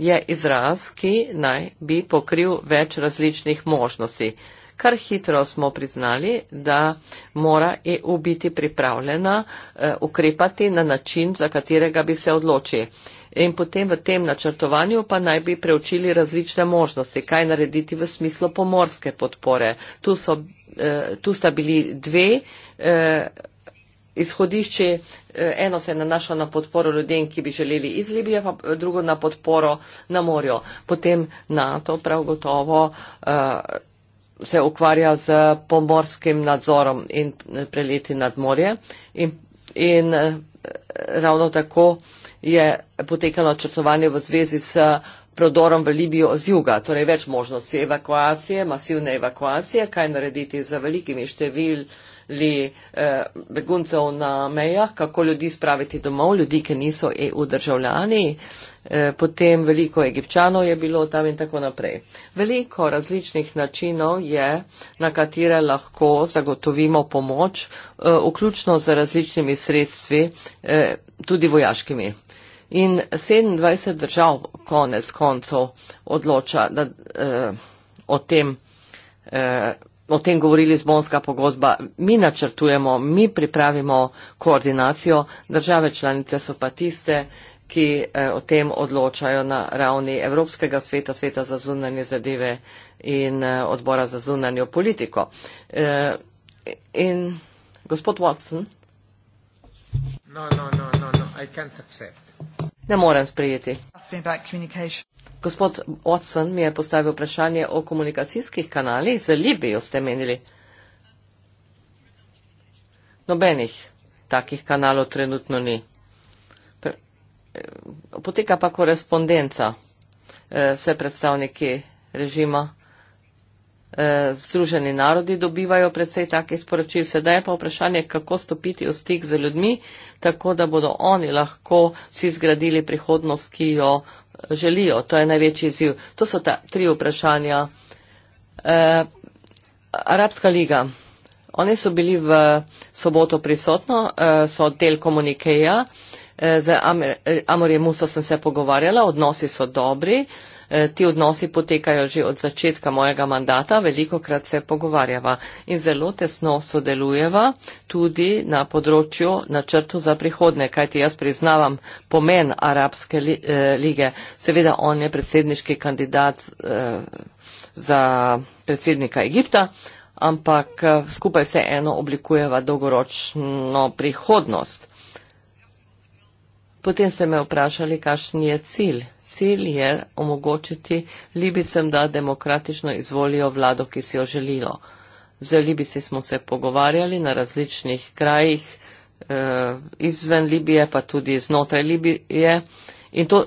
je izraz, ki naj bi pokril več različnih možnosti. Eh, kar hitro smo priznali, da mora EU biti pripravljena eh, ukrepati na način, za katerega bi se odloči. In potem v tem načrtovanju pa naj bi preučili različne možnosti, kaj narediti v smislu pomorske podpore. Tu, so, eh, tu sta bili dve eh, izhodišči. Eno se je nanašalo na podporo ljudem, ki bi želeli iz Libije, pa drugo na podporo na morju. Potem NATO prav gotovo se ukvarja z pomorskim nadzorom in preleti nad morje. In, in eh, ravno tako je potekalo črtovanje v zvezi s prodorom v Libijo z juga. Torej več možnosti evakuacije, masivne evakuacije, kaj narediti za velikimi številmi ali eh, beguncev na mejah, kako ljudi spraviti domov, ljudi, ki niso EU državljani, eh, potem veliko egipčanov je bilo tam in tako naprej. Veliko različnih načinov je, na katere lahko zagotovimo pomoč, eh, vključno z različnimi sredstvi, eh, tudi vojaškimi. In 27 držav konec koncov odloča da, eh, o tem, eh, o tem govori Lizbonska pogodba, mi načrtujemo, mi pripravimo koordinacijo, države članice so pa tiste, ki eh, o tem odločajo na ravni Evropskega sveta, sveta za zunanje zadeve in eh, odbora za zunanjo politiko. Eh, in gospod Watson. No, no, no, no, no ne morem sprejeti. Gospod Watson mi je postavil vprašanje o komunikacijskih kanalih z Libijo, ste menili. Nobenih takih kanalov trenutno ni. Eh, poteka pa korespondenca, eh, vse predstavniki režima Eh, Združeni narodi dobivajo predvsej takih sporočil. Sedaj pa vprašanje, kako stopiti v stik z ljudmi, tako da bodo oni lahko vsi zgradili prihodnost, ki jo eh, želijo. To je največji izziv. To so ta tri vprašanja. E, Arabska liga. Oni so bili v soboto prisotno, so del komunikeja. Z Amorje Muso sem se pogovarjala, odnosi so dobri. Eh, ti odnosi potekajo že od začetka mojega mandata, veliko krat se pogovarjava in zelo tesno sodelujeva tudi na področju načrtu za prihodne, kajti jaz priznavam pomen Arabske eh, lige. Seveda on je predsedniški kandidat eh, za predsednika Egipta, ampak skupaj vse eno oblikujeva dolgoročno prihodnost. Potem ste me vprašali, kakšen je cilj cilj je omogočiti Libicem, da demokratično izvolijo vlado, ki si jo želijo. Z Libici smo se pogovarjali na različnih krajih eh, izven Libije, pa tudi znotraj Libije. In to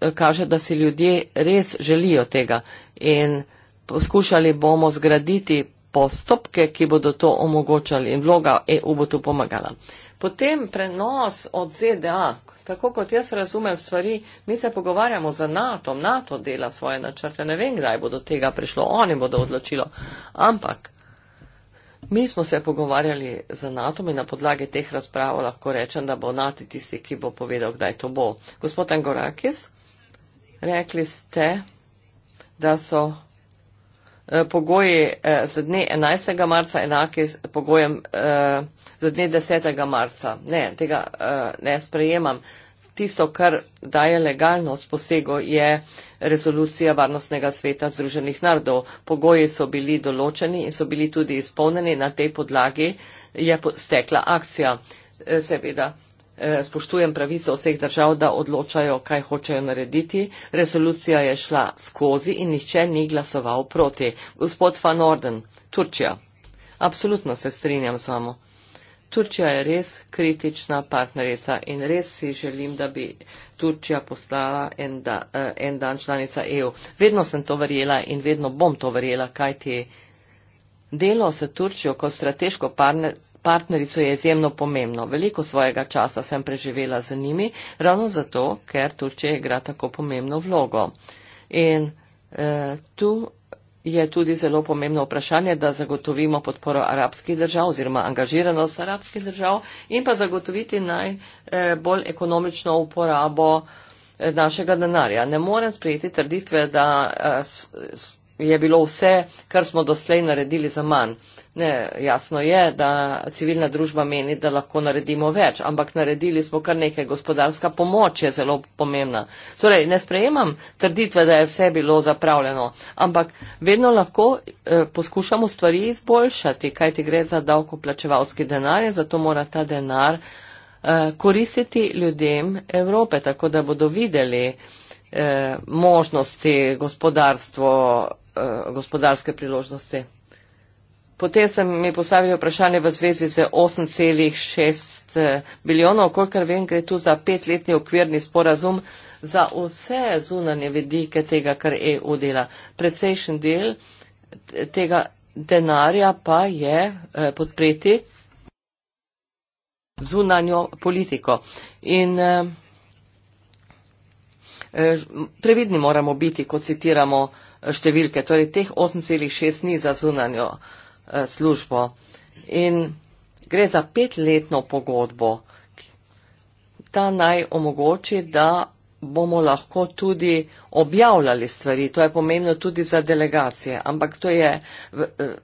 eh, kaže, da si ljudje res želijo tega. In poskušali bomo zgraditi postopke, ki bodo to omogočali in vloga EU bo tu pomagala. Potem prenos od ZDA, tako kot jaz razumem stvari, mi se pogovarjamo za NATO, NATO dela svoje načrte, ne vem, kdaj bo do tega prišlo, oni bodo odločilo. Ampak mi smo se pogovarjali za NATO in na podlagi teh razprav lahko rečem, da bo NATO tisti, ki bo povedal, kdaj to bo. Gospod Angorakis, rekli ste, da so Eh, pogoji eh, z dne 11. marca enaki pogojem eh, z dne 10. marca. Ne, tega ne sprejemam. Tisto, kar daje legalnost posegu, je rezolucija Varnostnega sveta Združenih narodov. Pogoji so bili določeni in so bili tudi izpolneni. Na tej podlagi je stekla akcija. Seveda, Eh, spoštujem pravico vseh držav, da odločajo, kaj hočejo narediti. Resolucija je šla skozi in nihče ni glasoval proti. Gospod Van Orden, Turčija. Absolutno se strinjam z vamo. Turčija je res kritična partnerica in res si želim, da bi Turčija postala en, da, eh, en dan članica EU. Vedno sem to verjela in vedno bom to verjela, kaj ti delo se Turčijo kot strateško partnerico partnerico je izjemno pomembno. Veliko svojega časa sem preživela z njimi, ravno zato, ker Turčija igra tako pomembno vlogo. In eh, tu je tudi zelo pomembno vprašanje, da zagotovimo podporo arabskih držav oziroma angažiranost arabskih držav in pa zagotoviti najbolj eh, ekonomično uporabo eh, našega denarja. Ne morem sprejeti trditve, da. Eh, s, je bilo vse, kar smo doslej naredili za manj. Ne, jasno je, da civilna družba meni, da lahko naredimo več, ampak naredili smo kar nekaj. Gospodarska pomoč je zelo pomembna. Torej, ne sprejemam trditve, da je vse bilo zapravljeno, ampak vedno lahko eh, poskušamo stvari izboljšati, kaj ti gre za davkoplačevalski denar in zato mora ta denar eh, koristiti ljudem Evrope, tako da bodo videli eh, možnosti gospodarstvo. Eh, gospodarske priložnosti. Potem ste mi postavili vprašanje v zvezi z 8,6 eh, milijonov, kolikor vem, gre tu za petletni okvirni sporazum za vse zunanje vidike tega, kar EU dela. Precejšen del tega denarja pa je eh, podpreti zunanjo politiko. In previdni moramo biti, ko citiramo številke, torej teh 8,6 ni za zunanjo eh, službo. In gre za petletno pogodbo, ta naj omogoči, da bomo lahko tudi objavljali stvari, to je pomembno tudi za delegacije, ampak to je eh,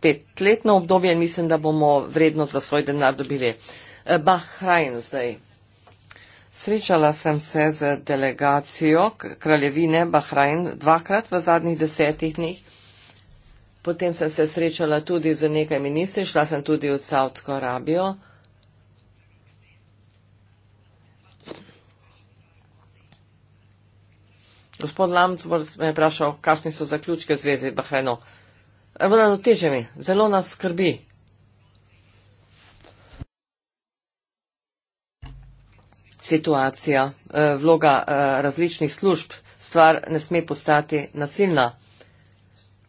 petletno obdobje in mislim, da bomo vrednost za svoj denar dobili. Eh, Bahrajn zdaj. Srečala sem se z delegacijo kraljevine Bahrajn dvakrat v zadnjih desetih dneh. Potem sem se srečala tudi z nekaj ministri, šla sem tudi v Saudsko Arabijo. Gospod Lamsburg me je vprašal, kakšni so zaključke v zvezi z Bahrajnom. Voda, dotiče mi, zelo nas skrbi, situacija, eh, vloga eh, različnih služb, stvar ne sme postati nasilna.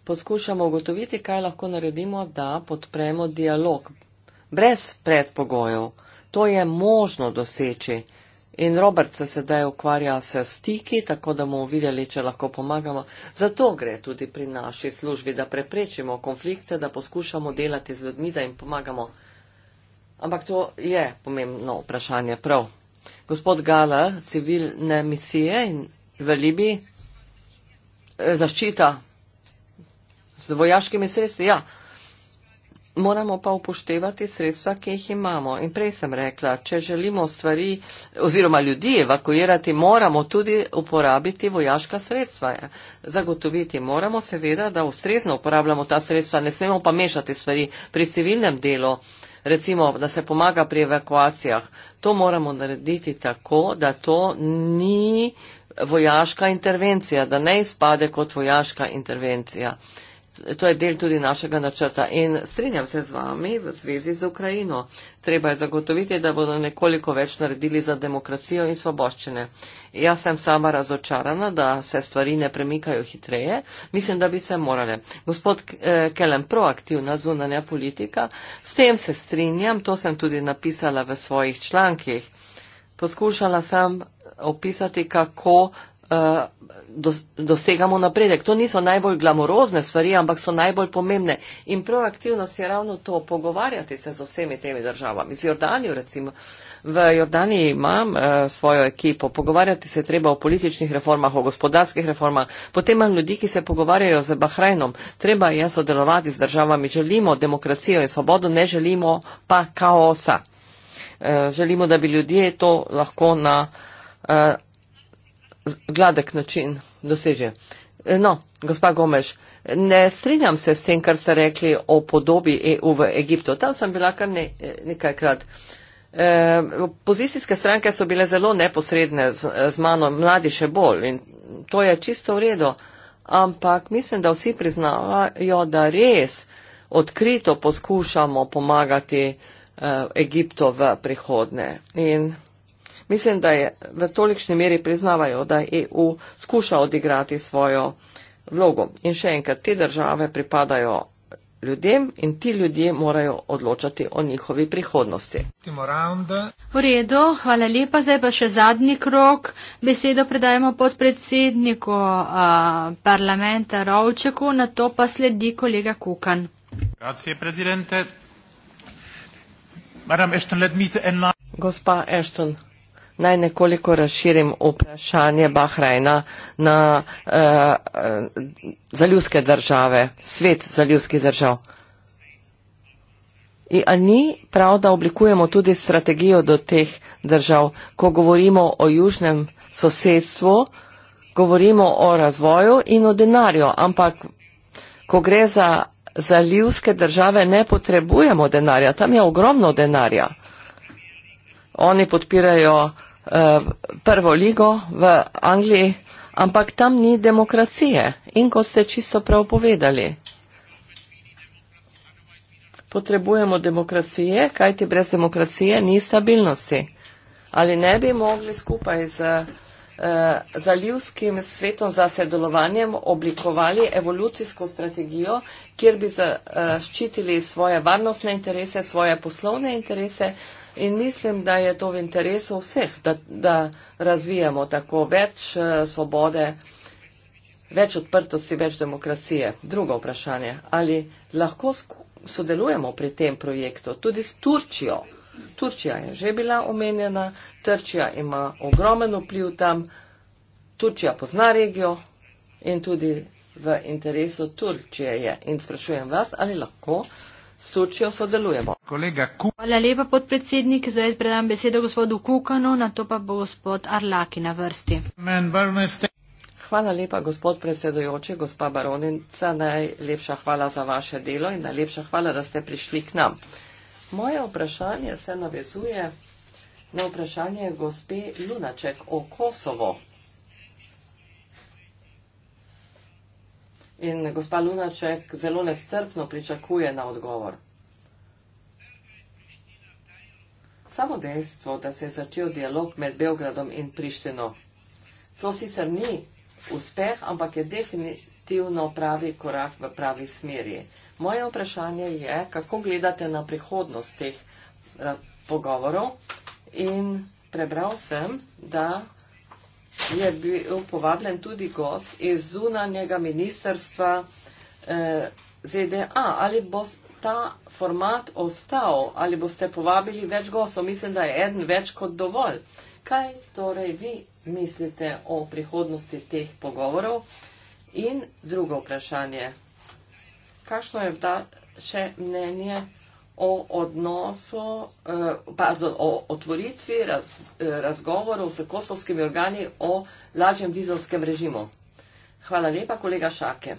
Poskušamo ugotoviti, kaj lahko naredimo, da podpremo dialog brez predpogojev. To je možno doseči. In Robert se sedaj ukvarja se s tiki, tako da mu videli, če lahko pomagamo. Zato gre tudi pri naši službi, da preprečimo konflikte, da poskušamo delati z ljudmi, da jim pomagamo. Ampak to je pomembno vprašanje, prav. Gospod Gala, civilne misije in v Libiji, e, zaščita z vojaškimi sredstvi, ja. Moramo pa upoštevati sredstva, ki jih imamo. In prej sem rekla, če želimo stvari oziroma ljudi evakuirati, moramo tudi uporabiti vojaška sredstva. Zagotoviti moramo seveda, da ustrezno uporabljamo ta sredstva, ne smemo pa mešati stvari pri civilnem delu, recimo, da se pomaga pri evakuacijah to moramo narediti tako, da to ni vojaška intervencija, da ne izpade kot vojaška intervencija. Uh, To je del tudi našega načrta in strinjam se z vami v zvezi z Ukrajino. Treba je zagotoviti, da bodo nekoliko več naredili za demokracijo in svoboščine. Jaz sem sama razočarana, da se stvari ne premikajo hitreje. Mislim, da bi se morale. Gospod eh, Kelem, proaktivna zunanja politika, s tem se strinjam, to sem tudi napisala v svojih člankih. Poskušala sem opisati, kako. Uh, dosegamo napredek. To niso najbolj glamorozne stvari, ampak so najbolj pomembne. In proaktivnost je ravno to, pogovarjati se z vsemi temi državami. Z Jordanijo recimo. V Jordaniji imam uh, svojo ekipo. Pogovarjati se treba o političnih reformah, o gospodarskih reformah. Potem imam ljudi, ki se pogovarjajo z Bahrajnom. Treba je sodelovati z državami. Želimo demokracijo in svobodo, ne želimo pa kaosa. Uh, želimo, da bi ljudje to lahko na eh, gladek način doseže. No, gospa Gomeš, ne strinjam se s tem, kar ste rekli o podobi EU v Egiptu. Tam sem bila kar ne, nekajkrat. E, ehm, pozicijske stranke so bile zelo neposredne z, z mano, mladi še bolj in to je čisto v redu. Ampak mislim, da vsi priznavajo, da res odkrito poskušamo pomagati e, Egiptu v prihodne. In Mislim, da je v tolikšni meri priznavajo, da EU skuša odigrati svojo vlogo. In še enkrat, te države pripadajo ljudem in ti ljudje morajo odločati o njihovi prihodnosti. V redu, hvala lepa. Zdaj pa še zadnji krok. Besedo predajamo podpredsedniku uh, parlamenta Rovčeku, na to pa sledi kolega Kukan. Gospa Ashton, naj nekoliko razširim vprašanje Bahrajna na eh, eh za ljudske države, svet za ljudskih držav. In a ni prav, da oblikujemo tudi strategijo do teh držav, ko govorimo o južnem sosedstvu, govorimo o razvoju in o denarju, ampak ko gre za zalivske države, ne potrebujemo denarja, tam je ogromno denarja. Oni podpirajo Eh, prvo ligo v Angliji, ampak tam ni demokracije. In ko ste čisto prav povedali, potrebujemo demokracije, kajti brez demokracije ni stabilnosti. Ali ne bi mogli skupaj z eh, zaljivskim svetom za sedelovanjem oblikovali evolucijsko strategijo, kjer bi zaščitili svoje varnostne interese, svoje poslovne interese, In mislim, da je to v interesu vseh, da, da razvijamo tako več eh, svobode, več odprtosti, več demokracije. Drugo vprašanje, ali lahko sodelujemo pri tem projektu tudi s Turčijo? Turčija je že bila omenjena, Turčija ima ogromen vpliv tam, Turčija pozna regijo in tudi v interesu Turčije je. In sprašujem vas, ali lahko s Turčijo sodelujemo. Ku... Hvala lepa podpredsednik, zdaj predam besedo gospodu Kukanu, na to pa bo gospod Arlaki na vrsti. Hvala lepa, gospod predsedujoči, gospa baronica, najlepša hvala za vaše delo in najlepša hvala, da ste prišli k nam. Moje vprašanje se navezuje na vprašanje gospe Lunaček o Kosovo. In gospa Lunaček zelo nestrpno pričakuje na odgovor. Samo dejstvo, da se je začel dialog med Belgradom in Prištino. To sicer ni uspeh, ampak je definitivno pravi korak v pravi smeri. Moje vprašanje je, kako gledate na prihodnost teh eh, pogovorov in prebral sem, da je bil povabljen tudi gost iz zunanjega ministrstva eh, ZDA. Ali bo ta format ostal, ali boste povabili več gostov? Mislim, da je eden več kot dovolj. Kaj torej vi mislite o prihodnosti teh pogovorov? In drugo vprašanje. Kakšno je vda še mnenje o odnosu, eh, pardon, o otvoritvi raz, eh, razgovorov s kosovskimi organi o lažjem vizovskem režimu. Hvala lepa, kolega Šake.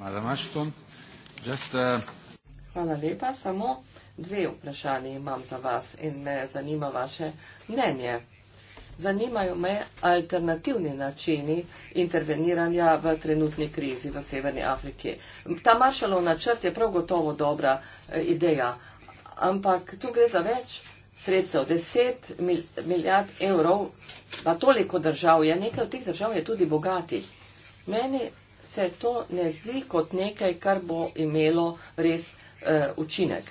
Eh, Hvala lepa, samo dve vprašanje imam za vas in me zanima vaše mnenje. Zanimajo me alternativni načini interveniranja v trenutni krizi v Severni Afriki. Ta maršalov načrt je prav gotovo dobra ideja, ampak tu gre za več sredstev, 10 milijard evrov, pa toliko držav, ja nekaj od teh držav je tudi bogatih. Meni se to ne zdi kot nekaj, kar bo imelo res eh, učinek.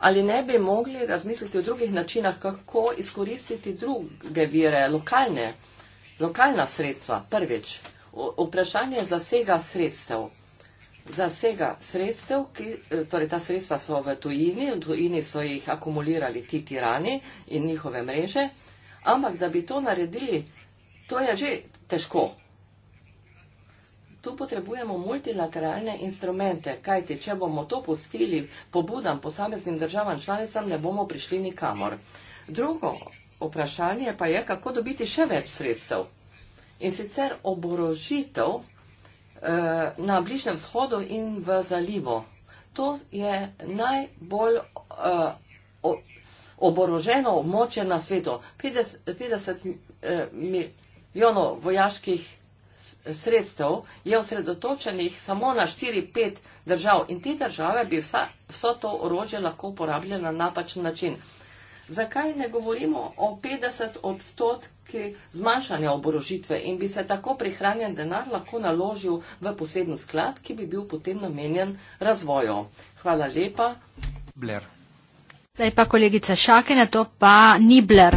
Ali ne bi mogli razmisliti o drugih načinah, kako izkoristiti druge vire, lokalne, lokalna sredstva, prvič. Vprašanje zasega sredstev zasega sredstev, ki, eh, torej ta sredstva so v tujini, v tujini so jih akumulirali ti tirani in njihove mreže, ampak da bi to naredili, to je že težko. Tu potrebujemo multilateralne instrumente, kajti če bomo to pustili pobudam posameznim državam članicam, ne bomo prišli nikamor. Drugo vprašanje pa je, kako dobiti še več sredstev. In sicer oborožitev Eh, na Bližnem vzhodu in v zalivu. To je najbolj eh, oboroženo območje na svetu. 50 eh, milijonov vojaških sredstev je osredotočenih samo na 4-5 držav in te države bi vsa, vso to orožje lahko uporabljali na napačen način zakaj ne govorimo o 50 odstotki zmanjšanja oborožitve in bi se tako prihranjen denar lahko naložil v posebno sklad, ki bi bil potem namenjen razvoju. Hvala lepa. Blair. Zdaj pa kolegica Šakena, to pa Nibler.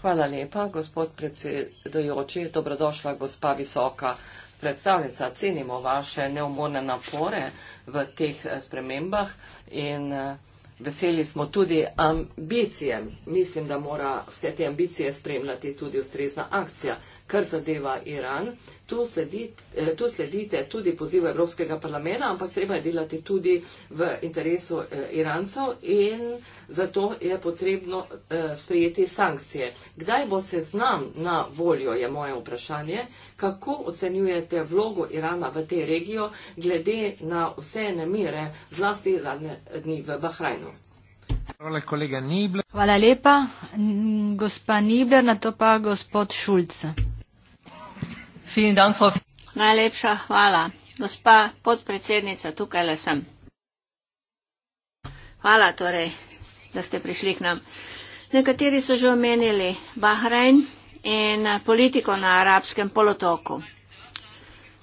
Hvala lepa, gospod predsedujoči. Dobrodošla, gospa visoka predstavnica. Cenimo vaše neumorne napore v teh eh, spremembah in eh, veseli smo tudi ambicije. Mislim, da mora vse te ambicije spremljati tudi ustrezna akcija, kar zadeva Iran. Tu, sledi, eh, tu sledite tudi pozivu Evropskega parlamenta, ampak treba je delati tudi v interesu eh, Irancev in zato je potrebno eh, sprejeti sankcije. Kdaj bo seznam na voljo, je moje vprašanje. Kako ocenjujete vlogo Irana v tej regiji, glede na vse nemire, zlasti zadnje dni v Bahrajnu? Hvala, kolega Nibler. Hvala lepa, gospa Nibler, na to pa gospod Šulc. Najlepša hvala, gospa podpredsednica, tukaj le sem. Hvala torej, da ste prišli k nam. Nekateri so že omenili Bahrajn, in eh, politiko na arabskem polotoku.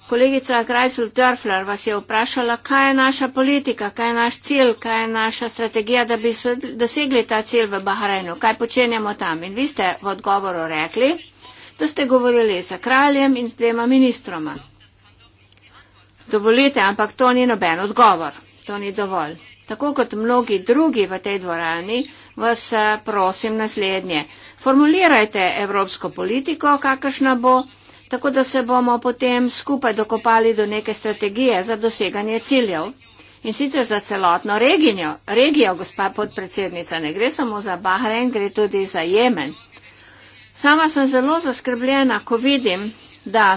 Kolegica Kreisel Dörfler vas je vprašala, kaj je naša politika, kaj je naš cilj, kaj je naša strategija, da bi dosegli ta cilj v Bahrajnu, kaj počenjamo tam. In vi ste v odgovoru rekli, da ste govorili z kraljem in z dvema ministroma. Dovolite, ampak to ni noben odgovor, to ni dovolj. Tako kot mnogi drugi v tej dvorani, vas eh, prosim naslednje. Formulirajte evropsko politiko, kakršna bo, tako da se bomo potem skupaj dokopali do neke strategije za doseganje ciljev. In sicer za celotno reginjo, regijo, gospa podpredsednica, ne gre samo za Bahrein, gre tudi za Jemen. Sama sem zelo zaskrbljena, ko vidim, da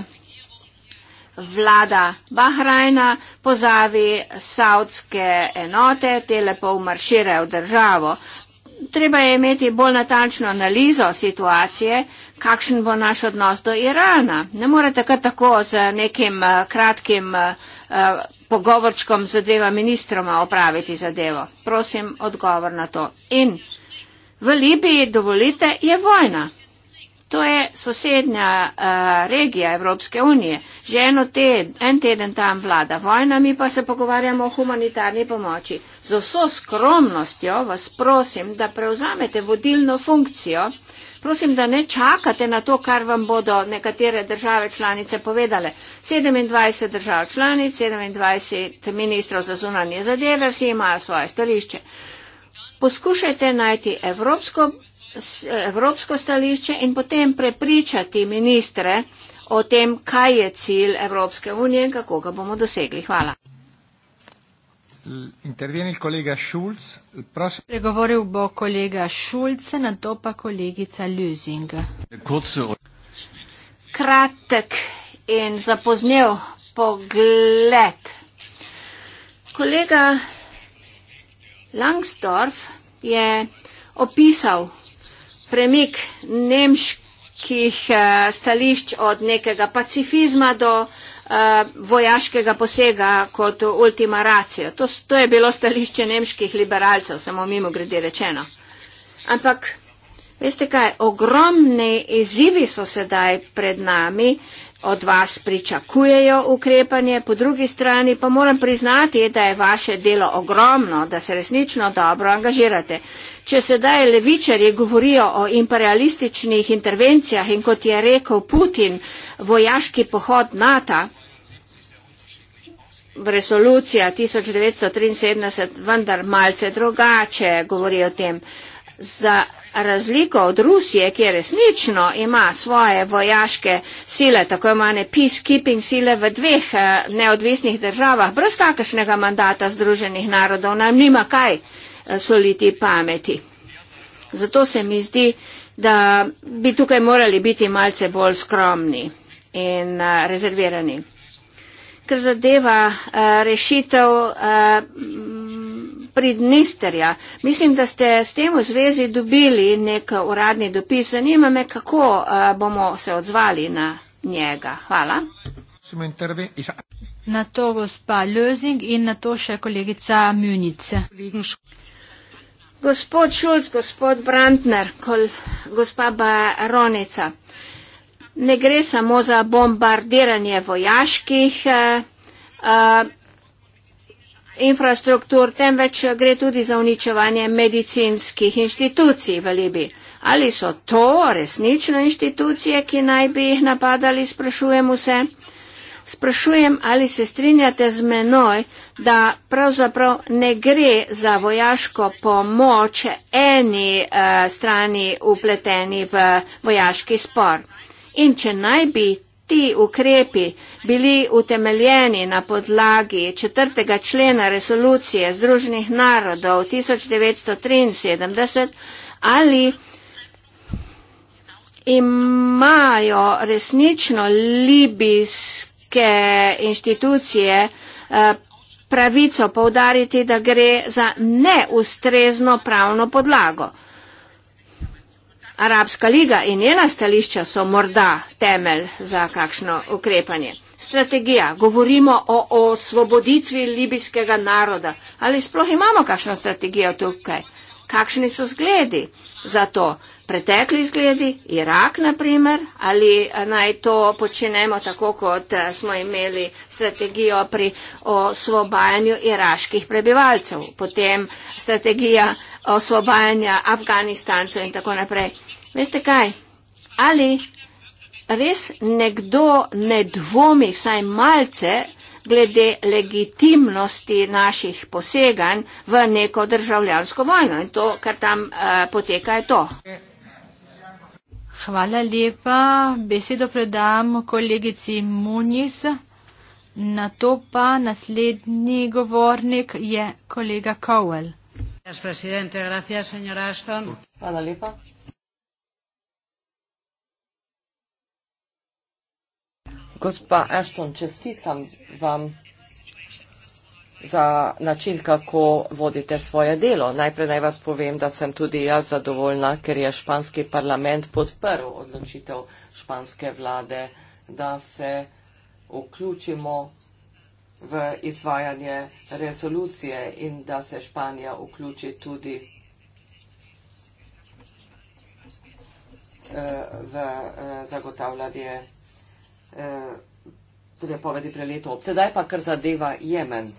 vlada Bahrajna pozavi savdske enote, telepov marširajo v državo. Treba je imeti bolj natančno analizo situacije, kakšen bo naš odnos do Irana. Ne morete kar tako z nekim eh, kratkim eh, pogovorčkom z dvema ministroma opraviti zadevo. Prosim, odgovor na to. In v Libiji, dovolite, je vojna. To je sosednja uh, regija Evropske unije. Že eno ted, en teden tam vlada vojna, mi pa se pogovarjamo o humanitarni pomoči. Z vso skromnostjo vas prosim, da prevzamete vodilno funkcijo. Prosim, da ne čakate na to, kar vam bodo nekatere države članice povedale. 27 držav članic, 27 ministrov za zunanje zadeve, vsi imajo svoje stališče. Poskušajte najti evropsko evropsko stališče in potem prepričati ministre o tem, kaj je cilj Evropske unije in kako ga bomo dosegli. Hvala. Pregovoril bo kolega Šulc, na to pa kolegica Ljuzing. Kratek in zapoznel pogled. Kolega Langsdorf je opisal premik nemških eh, stališč od nekega pacifizma do eh, vojaškega posega kot ultima racijo. To, to je bilo stališče nemških liberalcev, samo mimo grede rečeno. Ampak, veste kaj, ogromni izzivi so sedaj pred nami, od vas pričakujejo ukrepanje, po drugi strani pa moram priznati, da je vaše delo ogromno, da se resnično dobro angažirate. Če sedaj levičarji govorijo o imperialističnih intervencijah in kot je rekel Putin, vojaški pohod NATO, v resolucija 1973 vendar malce drugače govori o tem. Za razliko od Rusije, ki resnično ima svoje vojaške sile, tako imane peacekeeping sile v dveh eh, neodvisnih državah, brez kakršnega mandata Združenih narodov, nam nima kaj eh, soliti pameti. Zato se mi zdi, da bi tukaj morali biti malce bolj skromni in eh, rezervirani. Ker zadeva rešitev Pridnisterja. Mislim, da ste s tem v zvezi dobili nek uradni dopis. Zanima me, kako eh, bomo se odzvali na njega. Hvala. Na to gospa Lözing in na to še kolegica Münice. Gospod Šulc, gospod Brandner, kol, gospa Baronica, ne gre samo za bombardiranje vojaških. Uh, uh, infrastruktur, temveč gre tudi za uničevanje medicinskih inštitucij v Libiji. Ali so to resnično inštitucije, ki naj bi jih napadali, sprašujem vse. Sprašujem, ali se strinjate z menoj, da pravzaprav ne gre za vojaško pomoč eni uh, strani upleteni v vojaški spor. In če naj bi ti ukrepi bili utemeljeni na podlagi četrtega člena resolucije Združenih narodov 1973 ali imajo resnično libijske inštitucije eh, pravico povdariti, da gre za neustrezno pravno podlago. Arabska liga in njena stališča so morda temelj za kakšno ukrepanje. Strategija. Govorimo o osvoboditvi libijskega naroda. Ali sploh imamo kakšno strategijo tukaj? Kakšni so zgledi za to? Pretekli zgledi, Irak naprimer, ali naj to počnemo tako, kot smo imeli strategijo pri osvobajanju iraških prebivalcev, potem strategija osvobajanja Afganistancev in tako naprej. Veste kaj? Ali res nekdo ne dvomi vsaj malce glede legitimnosti naših poseganj v neko državljansko vojno? In to, kar tam uh, poteka, je to. Hvala lepa. Besedo predam kolegici Muniz. Na to pa naslednji govornik je kolega Cowell. Hvala lepa. Gospa Ashton, čestitam vam za način, kako vodite svoje delo. Najprej naj vas povem, da sem tudi jaz zadovoljna, ker je španski parlament podprl odločitev španske vlade, da se vključimo v izvajanje rezolucije in da se Španija vključi tudi eh, v eh, zagotavljanje Eh, tudi povedi preleto. Sedaj pa, kar zadeva Jemen.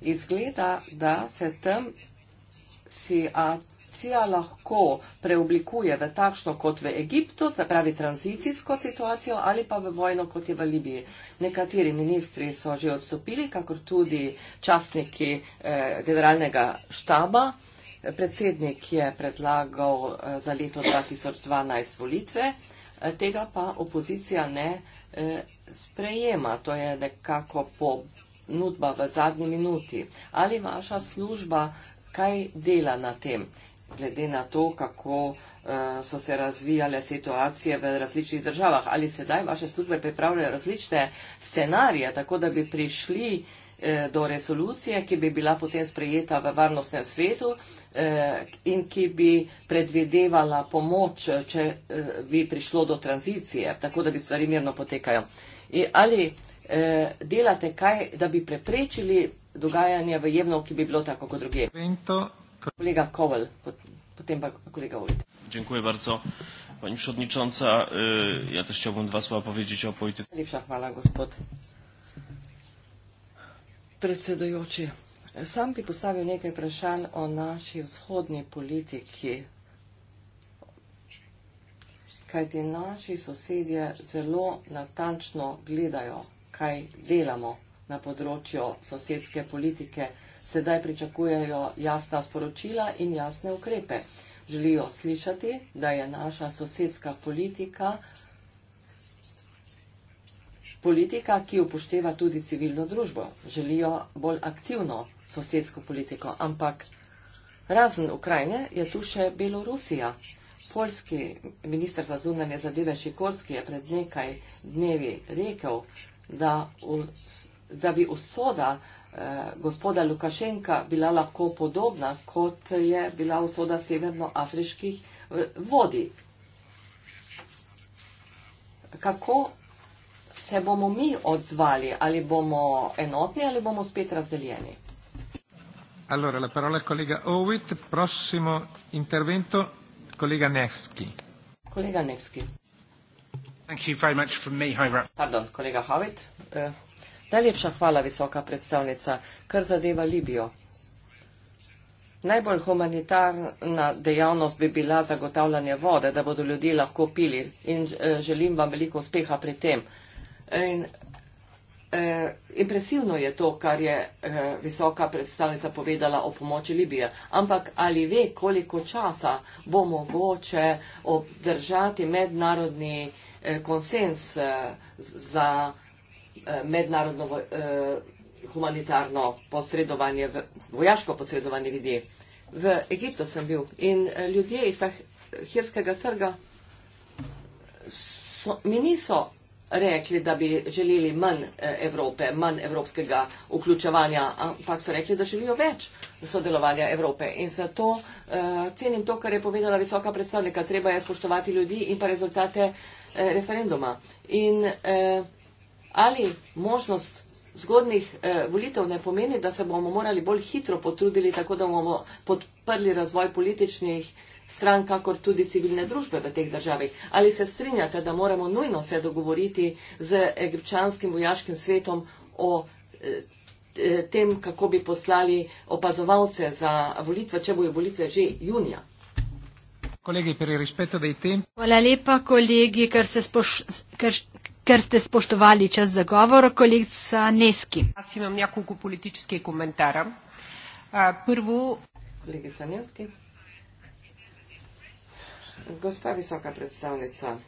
Izgleda, da se tam situacija lahko preoblikuje v takšno kot v Egiptu, se pravi tranzicijsko situacijo ali pa v vojno kot je v Libiji. Nekateri ministri so že odstopili, kakor tudi častniki eh, generalnega štaba. Predsednik je predlagal eh, za leto 2012 volitve, eh, tega pa opozicija ne sprejema, to je nekako ponudba v zadnji minuti. Ali vaša služba kaj dela na tem, glede na to, kako eh, so se razvijale situacije v različnih državah? Ali sedaj vaše službe pripravljajo različne scenarije, tako da bi prišli eh, do resolucije, ki bi bila potem sprejeta v varnostnem svetu, Eh, in ki bi predvidevala pomoč, če eh, bi prišlo do tranzicije, tako da bi stvari mirno potekajo. E, ali eh, delate kaj, da bi preprečili dogajanje v Jemnu, ki bi bilo tako kot druge? Kolega Kovel, potem pa kolega Ulit. Dziękuję bardzo. Pani przewodnicząca, e, ja też chciałbym dwa słowa powiedzieć o polityce. Najlepsza chwała, gospod. Przewodniczący. Sam bi postavil nekaj vprašanj o naši vzhodni politiki, kajti naši sosedje zelo natančno gledajo, kaj delamo na področju sosedske politike. Sedaj pričakujejo jasna sporočila in jasne ukrepe. Želijo slišati, da je naša sosedska politika politika, ki upošteva tudi civilno družbo. Želijo bolj aktivno sosedsko politiko, ampak razen Ukrajine je tu še Belorusija. Poljski minister za zunanje zadeve Šikorski je pred nekaj dnevi rekel, da, v, da bi usoda eh, gospoda Lukašenka bila lahko podobna, kot je bila usoda severnoafriških eh, vodi. Kako se bomo mi odzvali, ali bomo enotni ali bomo spet razdeljeni? Allora, la parola al collega Howitt. Prossimo intervento, collega Nevsky. Collega Nevsky. Thank you very much from me, Hi, Pardon, collega Howitt. Uh, najlepša hvala, visoka predstavnica, kar zadeva Libijo. Najbolj humanitarna dejavnost bi bila zagotavljanje vode, da bodo ljudje lahko pili in eh, želim vam veliko uspeha pri tem. In Eh, impresivno je to, kar je eh, visoka predstavnica povedala o pomoči Libije, ampak ali ve, koliko časa bo mogoče obdržati mednarodni eh, konsens eh, za eh, mednarodno eh, humanitarno posredovanje, v, vojaško posredovanje ljudi. V Egiptu sem bil in eh, ljudje iz tahirskega trga so, mi niso rekli, da bi želeli manj eh, Evrope, manj evropskega vključevanja, ampak so rekli, da želijo več sodelovanja Evrope. In zato uh, cenim to, kar je povedala visoka predstavnika. Treba je spoštovati ljudi in pa rezultate uh, referenduma. In uh, ali možnost zgodnih uh, volitev ne pomeni, da se bomo morali bolj hitro potruditi, tako da bomo podprli razvoj političnih uh, stran, kakor tudi civilne družbe v teh državah. Ali se strinjate, da moramo nujno se dogovoriti z egipčanskim vojaškim svetom o eh, eh, tem, kako bi poslali opazovalce za volitve, če bojo volitve že junija? Kolegi, dei Hvala lepa, kolegi, ker, se spoš, ker, ker ste spoštovali čas za govor, kolegica Neski. Jaz imam nekoliko političnih komentarjev. Eh, prvo. Kolegica Neski. Gospa visoka predstavnica,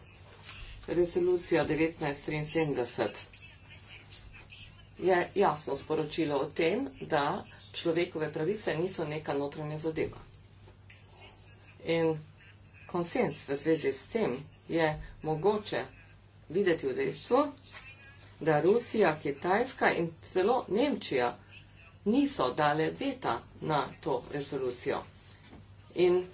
resolucija 1973 je jasno sporočilo o tem, da človekove pravice niso neka notranja zadeva. In konsens v zvezi s tem je mogoče videti v dejstvu, da Rusija, Kitajska in celo Nemčija niso dale veta na to resolucijo. In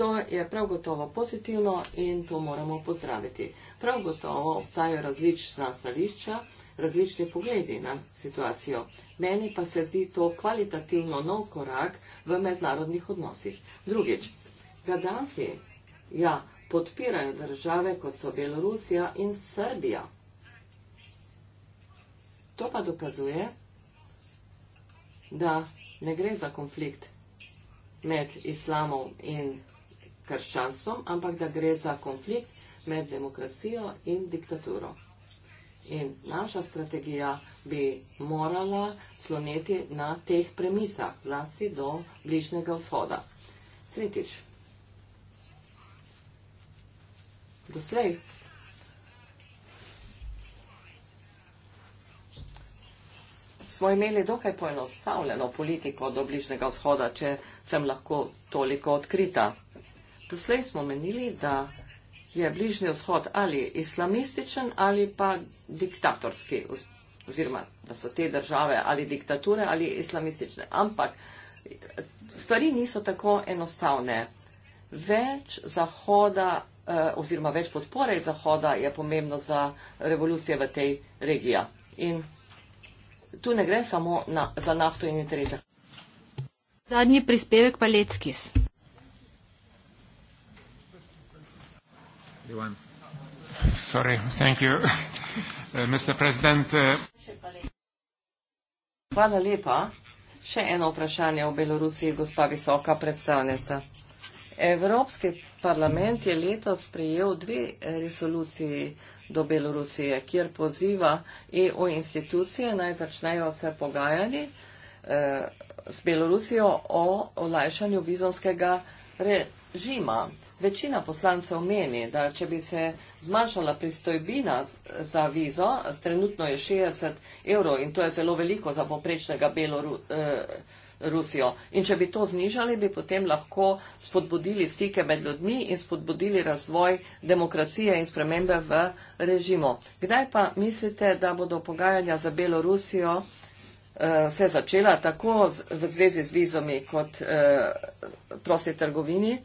To je prav gotovo pozitivno in to moramo pozdraviti. Prav gotovo obstajajo različna stališča, različni pogledi na situacijo. Meni pa se zdi to kvalitativno nov korak v mednarodnih odnosih. Drugič, Gaddafi ja, podpirajo države kot so Belorusija in Srbija. To pa dokazuje, da ne gre za konflikt med islamom in krščanstvom, ampak da gre za konflikt med demokracijo in diktaturo. In naša strategija bi morala sloneti na teh premisah, zlasti do bližnjega vzhoda. Tretjič. Doslej. Smo imeli dokaj poenostavljeno politiko do bližnjega vzhoda, če sem lahko toliko odkrita. Doslej smo menili, da je bližnji vzhod ali islamističen ali pa diktatorski, oziroma da so te države ali diktature ali islamistične. Ampak stvari niso tako enostavne. Več zahoda eh, oziroma več podpore zahoda je pomembno za revolucije v tej regiji. In tu ne gre samo na, za nafto in interese. Zadnji prispevek pa Leckis. Ivan. Sorry, thank you. Eh, Mr. President. Eh, Hvala lepa. Še eno vprašanje o Belorusiji, gospa visoka predstavnica. Evropski parlament je letos sprejel dve eh, resoluciji do Belorusije, kjer poziva EU institucije naj začnejo se pogajati eh, s Belorusijo o olajšanju vizonskega režima. Večina poslancev meni, da če bi se zmanjšala pristojbina za vizo, trenutno je 60 evrov in to je zelo veliko za poprečnega Belorusijo. Eh, in če bi to znižali, bi potem lahko spodbudili stike med ljudmi in spodbudili razvoj demokracije in spremembe v režimu. Kdaj pa mislite, da bodo pogajanja za Belorusijo eh, se začela tako v zvezi z vizomi kot eh, prosti trgovini?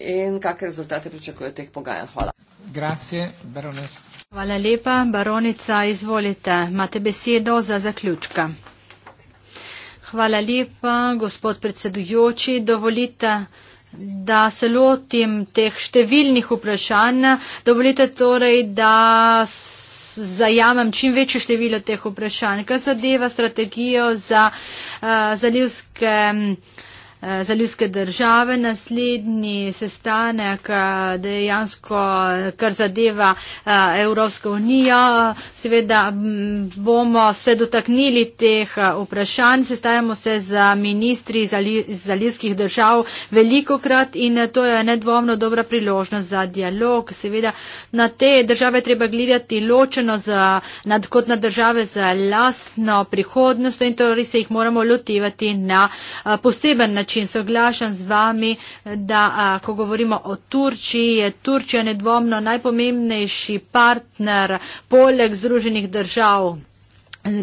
in kakšne rezultate pričakujejo teh pogajanj. Hvala. Grazie, Hvala lepa, baronica, izvolite, imate besedo za zaključka. Hvala lepa, gospod predsedujoči, dovolite, da se lotim teh številnih vprašanj. Dovolite torej, da zajamem čim večje število teh vprašanj, kar zadeva strategijo za uh, zalivske. Um, Eh, za ljudske države. Naslednji sestanek eh, dejansko, kar zadeva eh, Evropsko unijo, seveda bomo se dotaknili teh vprašanj. Sestajamo se z ministri za ljudskih držav veliko krat in to je nedvomno dobra priložnost za dialog. Seveda na te države treba gledati ločeno nad, kot na države za lastno prihodnost in torej se jih moramo lotevati na poseben način način soglašam z vami, da a, ko govorimo o Turčiji, je Turčija nedvomno najpomembnejši partner poleg Združenih držav.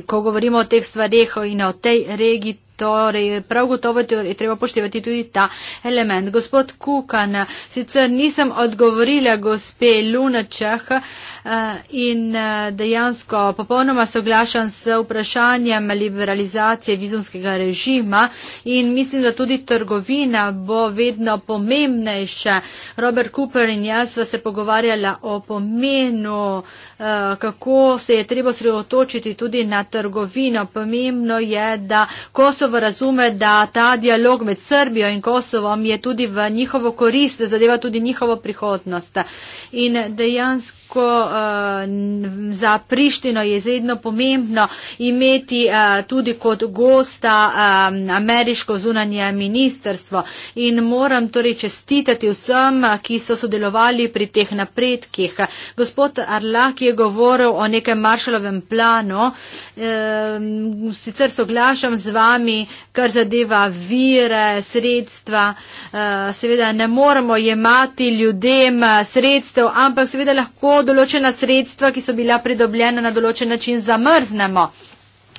Ko govorimo o teh stvareh in o tej regiji, Torej, prav gotovo je treba poštevati tudi ta element. Gospod Kukan, sicer nisem odgovorila gospe Lunačeh eh, in eh, dejansko popolnoma soglašam s vprašanjem liberalizacije vizumskega režima in mislim, da tudi trgovina bo vedno pomembnejša. Robert Cooper in jaz sva se pogovarjala o pomenu, eh, kako se je treba sredotočiti tudi na trgovino. Pomembno je, da ko so Kosovo razume, da ta dialog med Srbijo in Kosovom je tudi v njihovo korist, da zadeva tudi njihovo prihodnost. In dejansko uh, za Prištino je izredno pomembno imeti uh, tudi kot gosta uh, ameriško zunanje ministrstvo. In moram torej čestitati vsem, ki so sodelovali pri teh napredkih. Gospod Arlak je govoril o nekem maršalovem planu. Uh, sicer soglašam z vami, kar zadeva vire, sredstva. Eh, seveda ne moremo jemati ljudem eh, sredstev, ampak seveda lahko določena sredstva, ki so bila pridobljena na določen način, zamrznemo.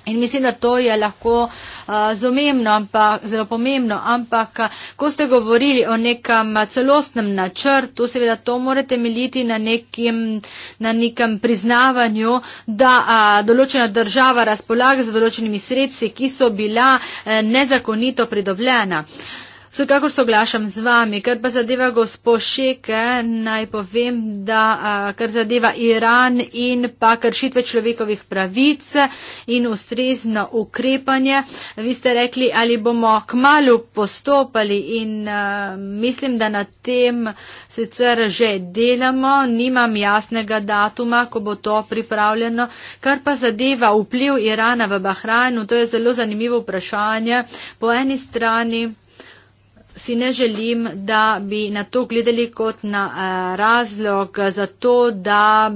In mislim, da to je lahko uh, eh, zomemno, ampak, zelo pomembno, ampak eh, ko ste govorili o nekem eh, celostnem načrtu, seveda to morate militi na nekem, na nekem priznavanju, da uh, določena država razpolaga z določenimi sredstvi, ki so bila uh, nezakonito pridobljena. Uh, Vsekakor soglašam z vami, kar pa zadeva gospo Šeke, naj povem, da kar zadeva Iran in pa kršitve človekovih pravic in ustrezno ukrepanje. Vi ste rekli, ali bomo k malu postopali in mislim, da na tem sicer že delamo, nimam jasnega datuma, ko bo to pripravljeno. Kar pa zadeva vpliv Irana v Bahrajnu, to je zelo zanimivo vprašanje. Po eni strani si ne želim, da bi na to gledali kot na eh, razlog za to, da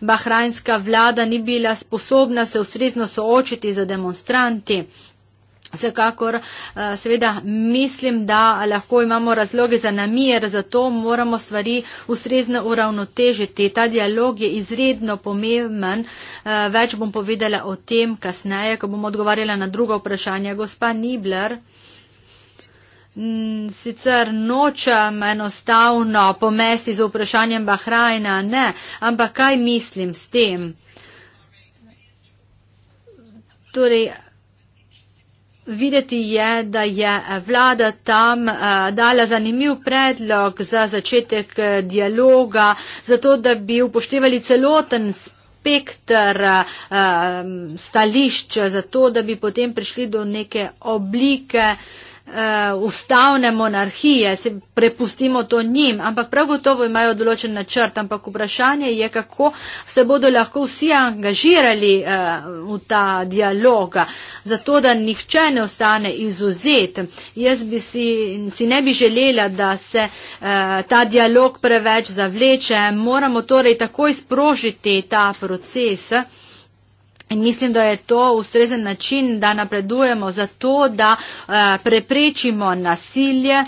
bahrajnska vlada ni bila sposobna se ustrezno soočiti za demonstranti. Vsekakor eh, seveda mislim, da lahko imamo razloge za namir, zato moramo stvari ustrezno uravnotežiti. Ta dialog je izredno pomemben. Eh, več bom povedala o tem kasneje, ko bom odgovarjala na drugo vprašanje. Gospa Nibler. Mm, sicer nočem enostavno pomesti z vprašanjem Bahrajna, ne, ampak kaj mislim s tem? Torej, videti je, da je vlada tam eh, dala zanimiv predlog za začetek eh, dialoga, zato da bi upoštevali celoten spektr eh, stališča, zato da bi potem prišli do neke oblike uh, ustavne monarhije, se prepustimo to njim, ampak prav gotovo imajo določen načrt, ampak vprašanje je, kako se bodo lahko vsi angažirali uh, v ta dialoga, zato da nihče ne ostane izuzet. Jaz bi si, si ne bi želela, da se uh, ta dialog preveč zavleče, moramo torej takoj sprožiti ta proces. Uh, In mislim, da je to ustrezen način, da napredujemo za to, da uh, preprečimo nasilje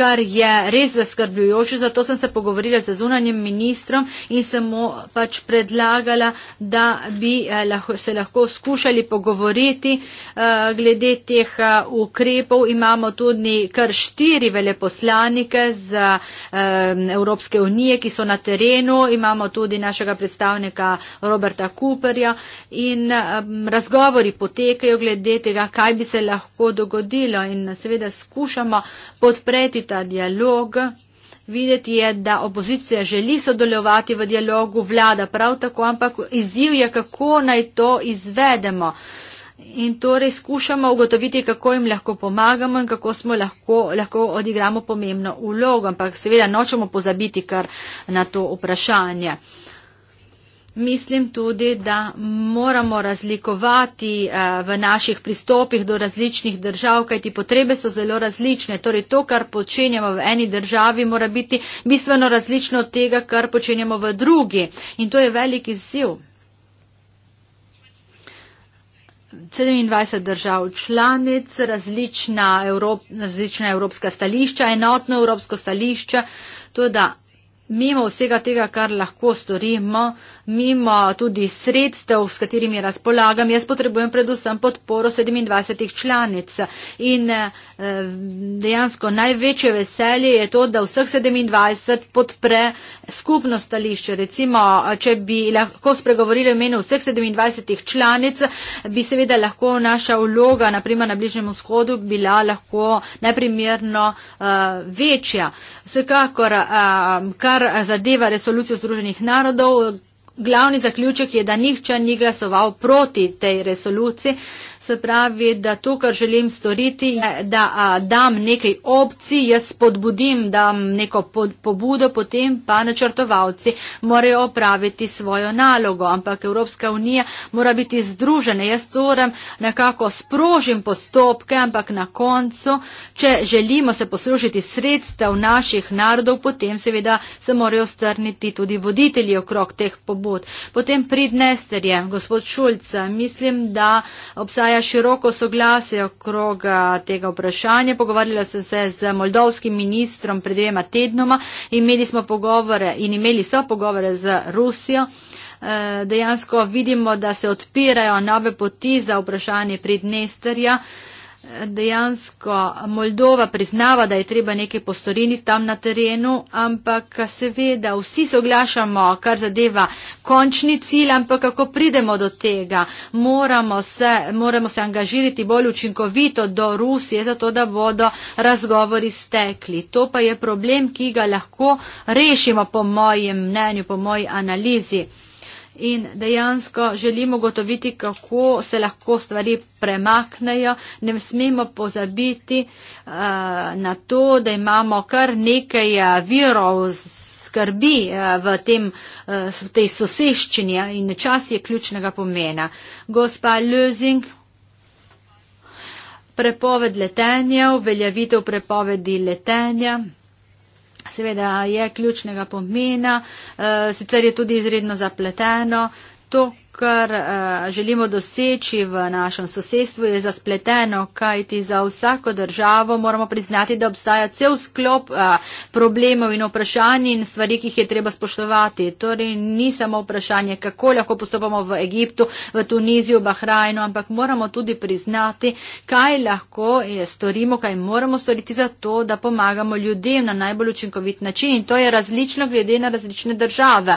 kar je res zaskrbljujoče. Zato sem se pogovorila z zunanjem ministrom in sem mu pač predlagala, da bi eh, se lahko skušali pogovoriti eh, glede teh eh, ukrepov. Imamo tudi kar štiri veleposlanike z Evropske unije, ki so na terenu. Imamo tudi našega predstavnika Roberta Cooperja in razgovori potekajo glede tega, kaj bi se lahko dogodilo in seveda skušamo podpreti ta dialog. Videti je, da opozicija želi sodelovati v dialogu, vlada prav tako, ampak izziv je, kako naj to izvedemo. In torej skušamo ugotoviti, kako jim lahko pomagamo in kako smo lahko, lahko odigramo pomembno ulogo, ampak seveda nočemo pozabiti kar na to vprašanje. Uh, Mislim tudi, da moramo razlikovati eh, v naših pristopih do različnih držav, kajti potrebe so zelo različne. Torej, to, kar počenjamo v eni državi, mora biti bistveno različno od tega, kar počenjamo v drugi. In to je velik izziv. 27 držav članic, različna, evrop, različna evropska stališča, enotno evropsko stališče. Tudi mimo vsega tega, kar lahko storimo, mimo tudi sredstev, s katerimi razpolagam. Jaz potrebujem predvsem podporo 27 članic in eh, dejansko največje veselje je to, da vseh 27 podpre skupno stališče. Recimo, če bi lahko spregovorili v imenu vseh 27 članic, bi seveda lahko naša vloga, naprimer na Bližnjem vzhodu, bila lahko neprimerno eh, večja. Vsekakor, eh, kar kar zadeva resolucijo Združenih narodov. Glavni zaključek je, da nihče ni glasoval proti tej resoluciji se pravi, da to, kar želim storiti, je, da a, dam nekaj opcij, jaz spodbudim, dam neko pod, pobudo, potem pa načrtovalci morajo opraviti svojo nalogo. Ampak Evropska unija mora biti združena, jaz torej nekako sprožim postopke, ampak na koncu, če želimo se poslužiti sredstev naših narodov, potem seveda se morajo strniti tudi voditelji okrog teh pobud. Potem pridnesterje, gospod Šulca, mislim, da obstaja obstaja široko soglasje okrog tega vprašanja. Pogovarjala sem se z moldovskim ministrom pred dvema tednoma in imeli smo pogovore in imeli so pogovore z Rusijo. Eh, dejansko vidimo, da se odpirajo nove poti za vprašanje pred Nesterja dejansko Moldova priznava, da je treba nekaj postoriti tam na terenu, ampak seveda vsi soglašamo, kar zadeva končni cilj, ampak kako pridemo do tega, moramo se, moramo se angažiriti bolj učinkovito do Rusije, zato da bodo razgovori stekli. To pa je problem, ki ga lahko rešimo po mojem mnenju, po moji analizi in dejansko želimo gotoviti, kako se lahko stvari premaknejo. Ne smemo pozabiti uh, na to, da imamo kar nekaj eh, virov skrbi uh, v, tem, uh, v tej soseščini in čas je ključnega pomena. Gospa Lözing. Prepoved letenja, uveljavitev prepovedi letenja seveda je ključnega pomena, eh, sicer je tudi izredno zapleteno. To, kar eh, želimo doseči v našem sosedstvu, je zaspleteno, kajti za vsako državo moramo priznati, da obstaja cel sklop eh, problemov in vprašanj in stvari, ki jih je treba spoštovati. Torej, ni samo vprašanje, kako lahko postopamo v Egiptu, v Tunizijo, Bahrajnu, ampak moramo tudi priznati, kaj lahko eh, storimo, kaj moramo storiti za to, da pomagamo ljudem na najbolj učinkovit način. In to je različno glede na različne države.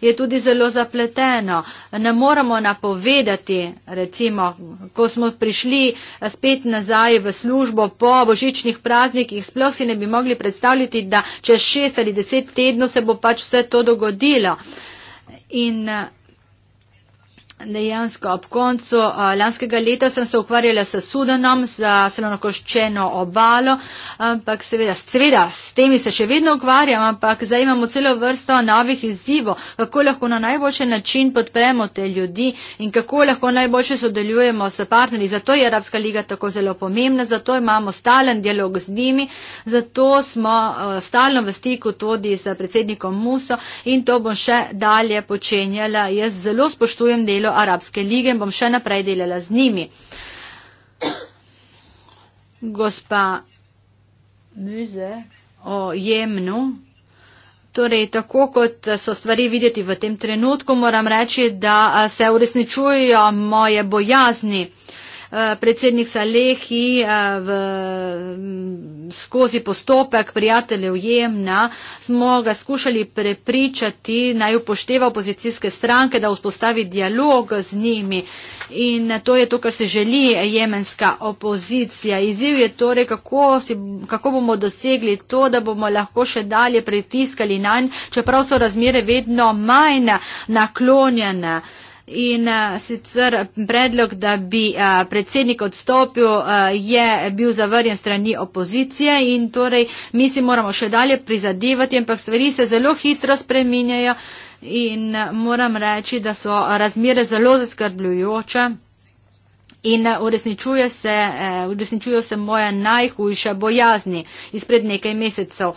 Je tudi zelo zapleteno. Ne moramo napovedati, recimo, ko smo prišli eh, spet nazaj v službo po božičnih praznikih, sploh si ne bi mogli predstavljati, da čez šest ali deset tednov se bo pač vse to dogodilo. In eh, Dejansko ob koncu uh, lanskega leta sem se ukvarjala s Sudanom, z Selonokoščeno obalo, ampak seveda, seveda, s temi se še vedno ukvarjam, ampak zdaj imamo celo vrsto novih izzivov, kako lahko na najboljši način podpremo te ljudi in kako lahko najboljše sodelujemo s partnerji. Zato je Arabska liga tako zelo pomembna, zato imamo stalen dialog z njimi, zato smo uh, stalno v stiku tudi z predsednikom Muso in to bom še dalje počenjala. Jaz zelo spoštujem delo delo Arabske lige in bom še naprej delala z njimi. Gospa Müze o Jemnu. Torej, tako kot so stvari videti v tem trenutku, moram reči, da se uresničujejo moje bojazni. Eh, predsednik Salehi eh, v, mm, skozi postopek prijateljev Jemna, smo ga skušali prepričati, naj upošteva opozicijske stranke, da vzpostavi dialog z njimi. In to je to, kar se želi jemenska opozicija. Izziv je torej, kako, si, kako bomo dosegli to, da bomo lahko še dalje pritiskali nanj, čeprav so razmere vedno manj naklonjene. In uh, sicer predlog, da bi uh, predsednik odstopil, uh, je bil zavrjen strani opozicije in torej mi si moramo še dalje prizadevati, ampak stvari se zelo hitro spreminjajo in uh, moram reči, da so razmere zelo zaskrbljujoče. In uresničuje se, uresničujo se moje najhujše bojazni izpred nekaj mesecev. Uh,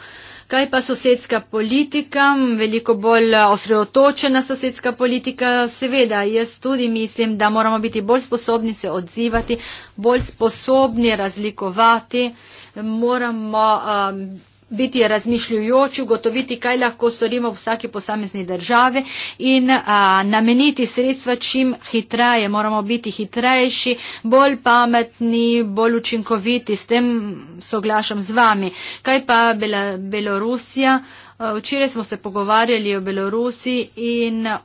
Kaj pa sosedska politika, veliko bolj eh, osredotočena sosedska politika? Seveda, jaz tudi mislim, da moramo biti bolj sposobni se odzivati, bolj sposobni razlikovati, moramo um, biti razmišljujoč, ugotoviti, kaj lahko storimo v vsaki posamezni države in a, nameniti sredstva čim hitreje. Moramo biti hitrejši, bolj pametni, bolj učinkoviti. S tem soglašam z vami. Kaj pa Bela, Belorusija? Včeraj smo se pogovarjali o Belorusi in o,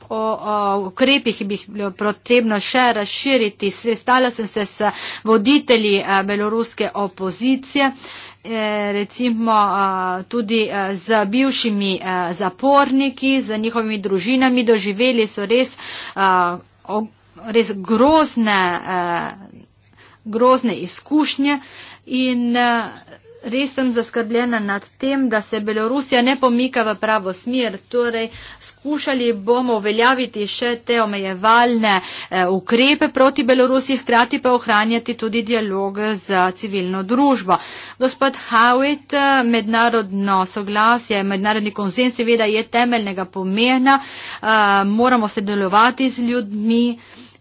o ukrepih, ki bi jih bilo potrebno še razširiti. Sestala sem se s voditelji a, beloruske opozicije. Eh, recimo eh, tudi eh, z bivšimi zaporniki, z njihovimi družinami, doživeli so res, res grozne, grozne izkušnje in res sem zaskrbljena nad tem, da se Belorusija ne pomika v pravo smer. Torej, skušali bomo uveljaviti še te omejevalne eh, ukrepe proti Belorusiji, hkrati pa ohranjati tudi dialog z civilno družbo. Gospod Howitt, eh, mednarodno soglasje, mednarodni konsens seveda je temeljnega pomena. Eh, moramo sedelovati z ljudmi,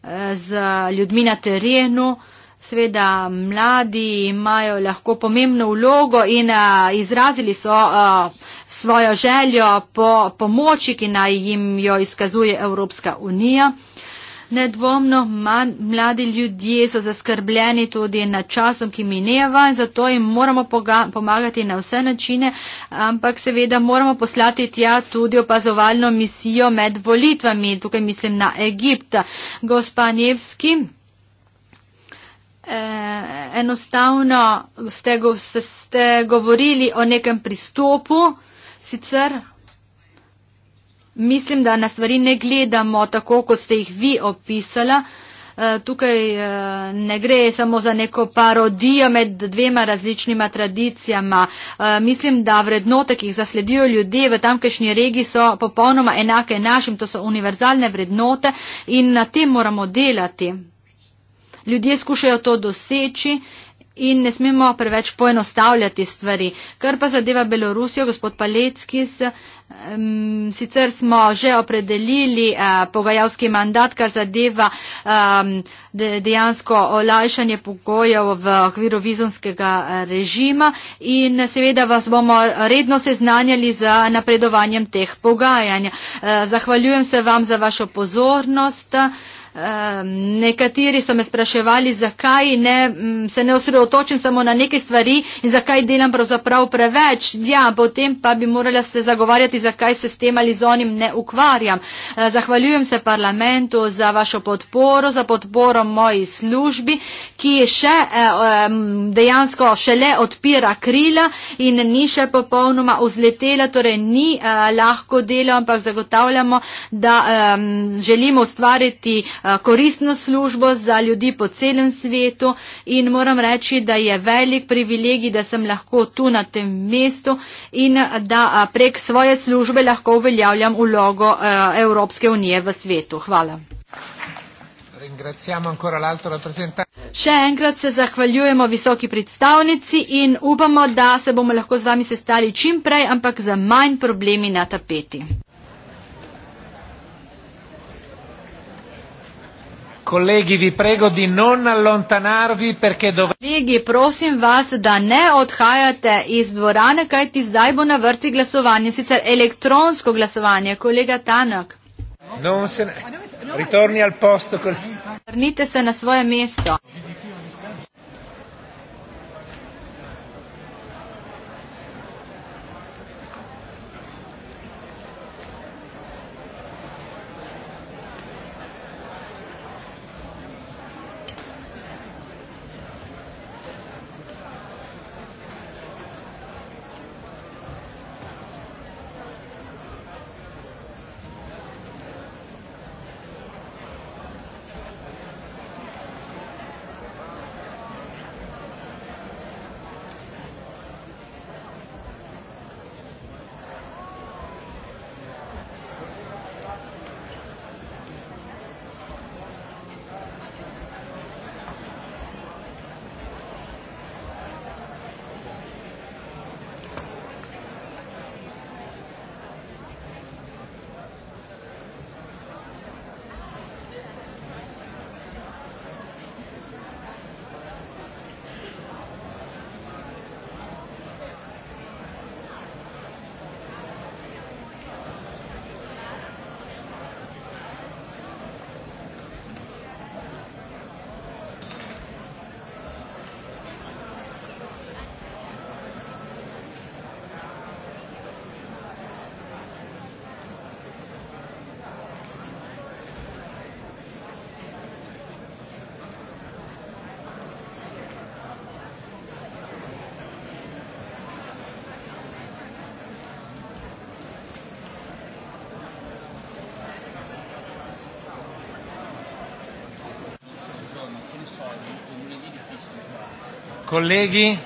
eh, z ljudmi na terenu. Sveda, mladi imajo lahko pomembno vlogo in a, eh, izrazili so a, eh, svojo željo po pomoči, ki naj jim jo izkazuje Evropska unija. Nedvomno, man, mladi ljudje so zaskrbljeni tudi nad časom, ki mineva in zato jim moramo poga, pomagati na vse načine, ampak seveda moramo poslati tja tudi opazovalno misijo med volitvami. Tukaj mislim na Egipt. Gospa Nevski eh, enostavno ste, go, ste, ste govorili o nekem pristopu, sicer mislim, da na stvari ne gledamo tako, kot ste jih vi opisala. Eh, tukaj eh, ne gre samo za neko parodijo med dvema različnima tradicijama. Eh, mislim, da vrednote, ki jih zasledijo ljudje v tamkajšnji regiji, so popolnoma enake našim, to so univerzalne vrednote in na tem moramo delati ljudje skušajo to doseči. In ne smemo preveč poenostavljati stvari. Kar pa zadeva Belorusijo, gospod Palecki, um, sicer smo že opredelili uh, pogajalski mandat, kar zadeva um, de, dejansko olajšanje pogojev v okviru vizonskega eh, režima in seveda vas bomo redno seznanjali z napredovanjem teh pogajanj. Uh, zahvaljujem se vam za vašo pozornost. Uh, Um, nekateri so me spraševali, zakaj ne, um, se ne osredotočim samo na neke stvari in zakaj delam pravzaprav preveč. Ja, potem pa bi morala se zagovarjati, zakaj se s tem ali z onim ne ukvarjam. Uh, zahvaljujem se parlamentu za vašo podporo, za podporo moji službi, ki je še um, dejansko šele odpira krila in ni še popolnoma vzletela, torej ni uh, lahko delo, ampak zagotavljamo, da um, želimo ustvariti uh, koristno službo za ljudi po celem svetu in moram reči, da je velik privilegij, da sem lahko tu na tem mestu in da prek svoje službe lahko uveljavljam ulogo Evropske unije v svetu. Hvala. Še enkrat se zahvaljujemo visoki predstavnici in upamo, da se bomo lahko z vami sestali čim prej, ampak za manj problemi na tapeti. Kolegi, vi prego di non allontanarvi perché dovete... Kolegi, prosim vas, da ne odhajate iz dvorane, kaj ti zdaj bo na vrsti glasovanje, sicer elektronsko glasovanje. Kolega Tanak. Non se ne... Ritorni al posto. Vrnite se na svoje mesto. colleghi.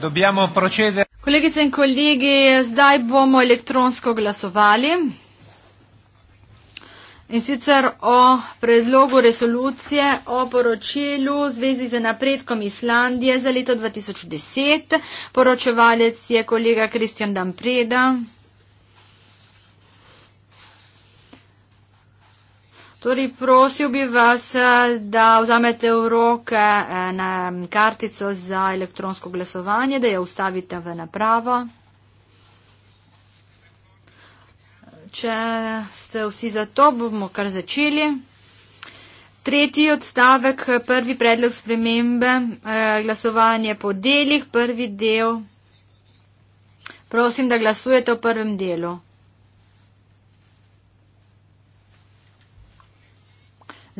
Dobbiamo procedere. Kolegice in kolegi, zdaj bomo elektronsko glasovali in sicer o predlogu resolucije o poročilu v zvezi z napredkom Islandije za leto 2010. Poročevalec je kolega Kristjan Dampreda. Torej, prosil bi vas, eh, da vzamete v roke eh, na kartico za elektronsko glasovanje, da jo ustavite v napravo. Če ste vsi za to, bomo kar začeli. Tretji odstavek, prvi predlog spremembe, eh, glasovanje po delih, prvi del. Prosim, da glasujete v prvem delu.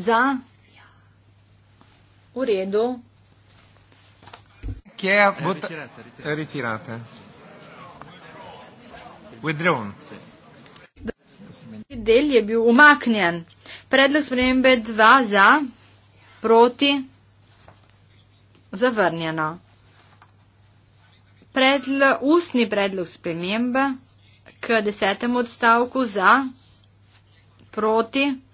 Za? V redu. Kje bo ta... Retirate. Withdrawn. Del je bil umaknjen. Predlog spremembe 2 za, proti, zavrnjeno. Predl, ustni predlog spremembe k desetemu odstavku za, proti, zavrnjeno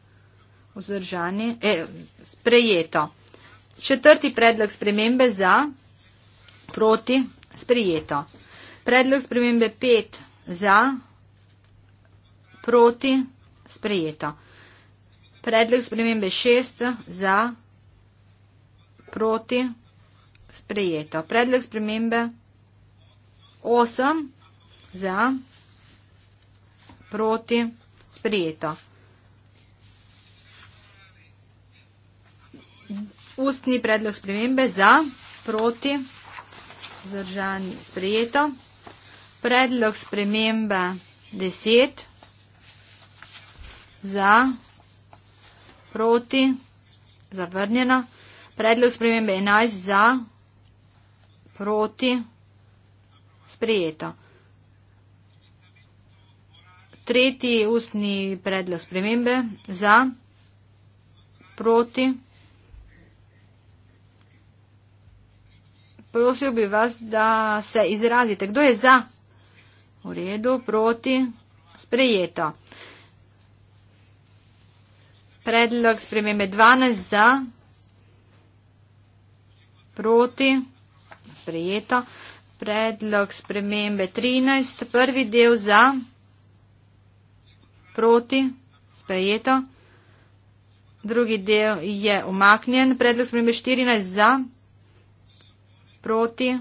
vzdržani, eh, sprejeto. Četrti predlog spremembe za, proti, sprejeto. Predlog spremembe pet za, proti, sprejeto. Predlog spremembe šest za, proti, sprejeto. Predlog spremembe osem za, proti, sprejeto. ustni predlog spremembe za, proti, zdržani, sprejeto. Predlog spremembe 10 za, proti, zavrnjeno. Predlog spremembe 11 za, proti, sprejeto. Tretji ustni predlog spremembe za, proti, sprejeto. prosil bi vas, da se izrazite. Kdo je za? V redu, proti, sprejeto. Predlog spremembe 12 za, proti, sprejeto. Predlog spremembe 13, prvi del za, proti, sprejeto. Drugi del je omaknjen. Predlog spremembe 14 za proti,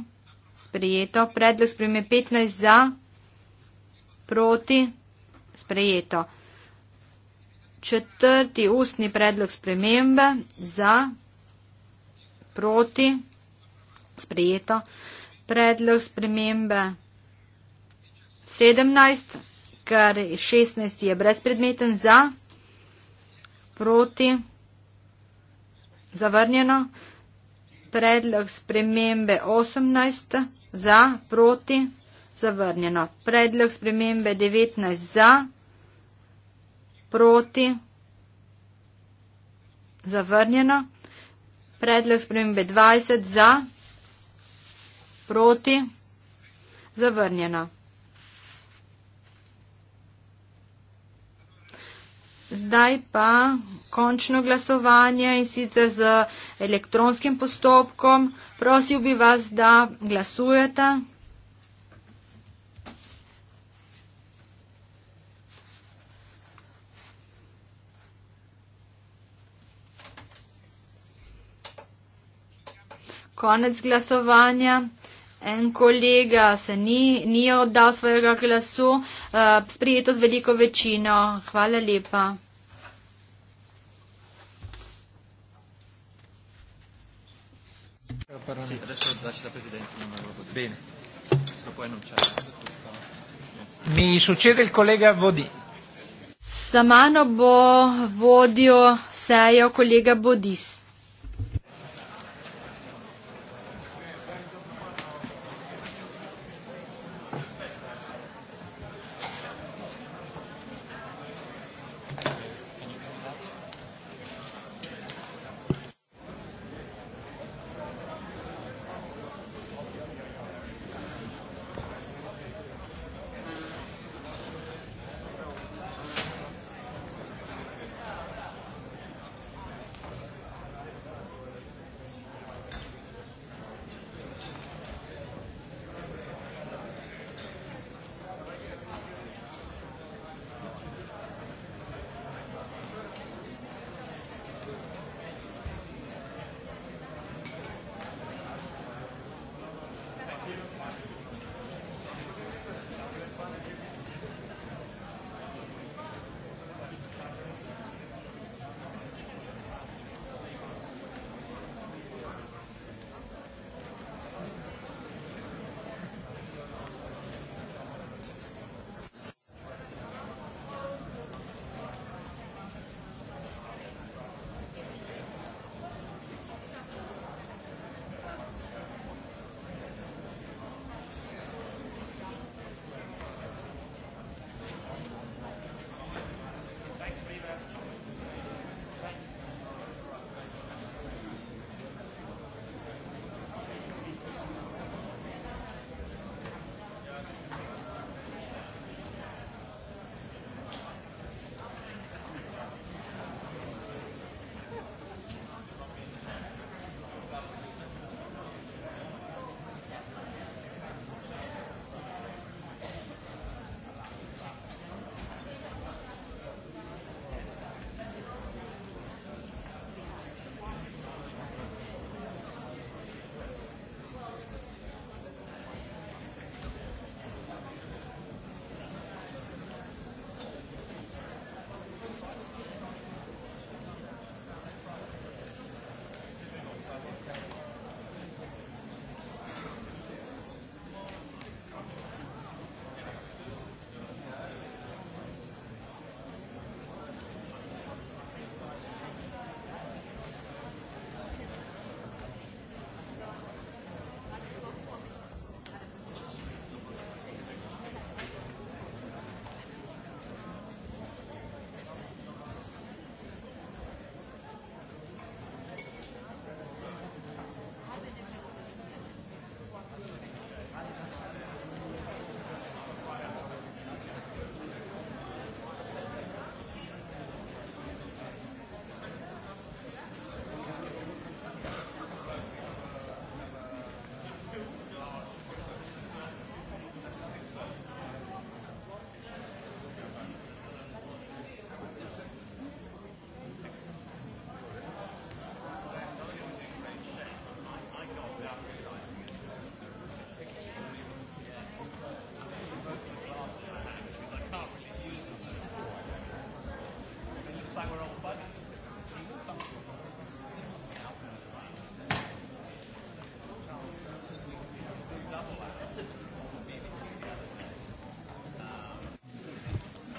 sprejeto. Predlog sprejme 15 za, proti, sprejeto. Četrti ustni predlog spremembe za, proti, sprejeto. Predlog spremembe 17, ker 16 je brezpredmeten za, proti, zavrnjeno predlog spremembe 18 za, proti, zavrnjeno. Predlog spremembe 19 za, proti, zavrnjeno. Predlog spremembe 20 za, proti, zavrnjeno. Zdaj pa končno glasovanje in sicer z elektronskim postopkom. Prosil bi vas, da glasujete. Konec glasovanja. En kolega se ni, ni oddal svojega glasu, uh, sprijeto z veliko večino. Hvala lepa. Parlamento. Sì, adesso lascio la Presidenza, non avevo potuto. Bene. Sto poi annunciando. Mi succede il collega Vodì. Stamano bo vodio sei o collega buddhista.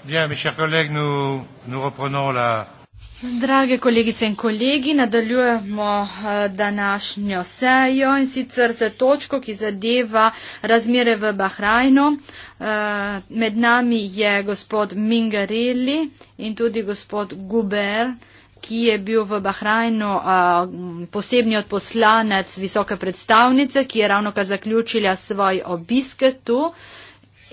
Drage kolegice in kolegi, nadaljujemo eh, današnjo sejo in sicer z točko, ki zadeva razmere v Bahrajnu. Eh, med nami je gospod Mingarelli in tudi gospod Guber ki je bil v Bahrajnu a, eh, posebni odposlanec visoke predstavnice, ki je ravno kar zaključila svoj obisk tu. A,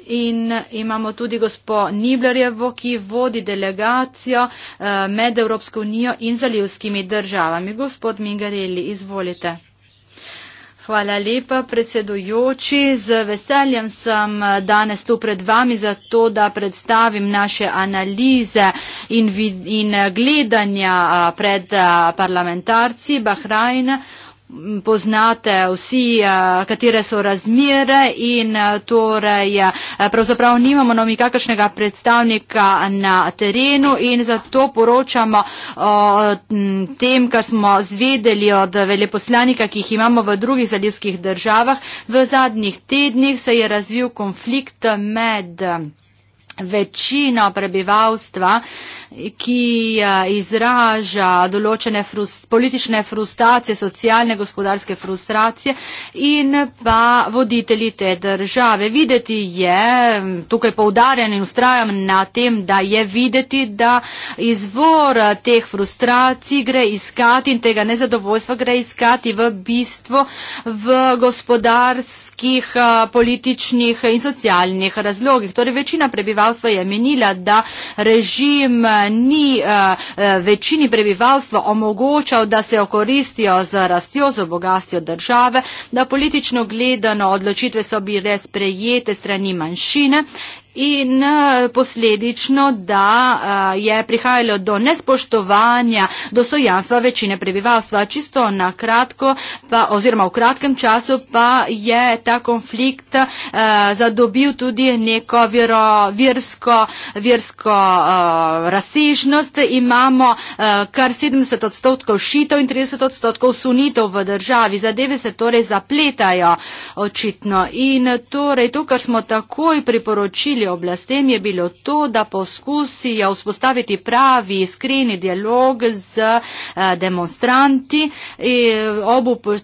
in imamo tudi gospo Niblerjevo, ki vodi delegacijo eh, med Evropsko unijo in zalivskimi državami. Gospod Mingarelli, izvolite. Hvala lepa, predsedujoči. Z veseljem sem eh, danes tu pred vami, zato da predstavim naše analize in, vid, in eh, gledanja pred parlamentarci Bahrajna poznate vsi, eh, katere so razmire in eh, torej eh, pravzaprav nimamo nam nikakršnega predstavnika na terenu in zato poročamo o tem, kar smo zvedeli od veleposlanika, ki jih imamo v drugih zalivskih državah. V zadnjih tednih se je razvil konflikt med večino prebivalstva, ki eh, izraža določene frust, politične frustracije, socialne, gospodarske frustracije in pa voditelji te države. Videti je, tukaj poudarjam in ustrajam na tem, da je videti, da izvor eh, teh frustracij gre iskati in tega nezadovoljstva gre iskati v bistvu v gospodarskih, eh, političnih in socialnih razlogih. Torej, prebivalstva je menila, da režim eh, ni eh, eh, večini prebivalstva omogočal, da se okoristijo z rastjo, z obogastjo države, da politično gledano odločitve so bile sprejete strani manjšine in eh, posledično, da eh, je prihajalo do nespoštovanja dostojanstva večine prebivalstva. Čisto na kratko pa, oziroma v kratkem času pa je ta konflikt eh, zadobil tudi neko vero, versko, versko razsežnost. Imamo kar 70 odstotkov šitev in 30 odstotkov sunitev v državi. Zadeve se torej zapletajo očitno. In torej to, kar smo takoj priporočili, želje oblastem je bilo to, da poskusijo vzpostaviti pravi iskreni dialog z eh, demonstranti, eh,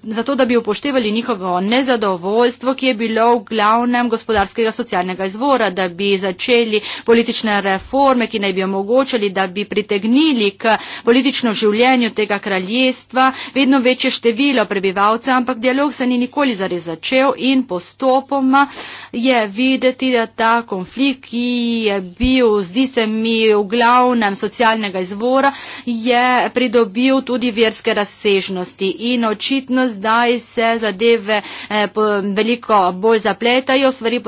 zato da bi upoštevali njihovo nezadovoljstvo, ki je bilo v glavnem gospodarskega socialnega izvora, da bi začeli politične reforme, ki naj bi omogočali, da bi pritegnili k politično življenju tega kraljestva vedno večje število prebivalcev, ampak dialog se ni nikoli zares začel in postopoma je videti, da ta konflikt konflikt, ki je bil, zdi se mi, v glavnem socialnega izvora, je pridobil tudi verske razsežnosti in očitno zdaj se zadeve eh, veliko bolj zapletajo, stvari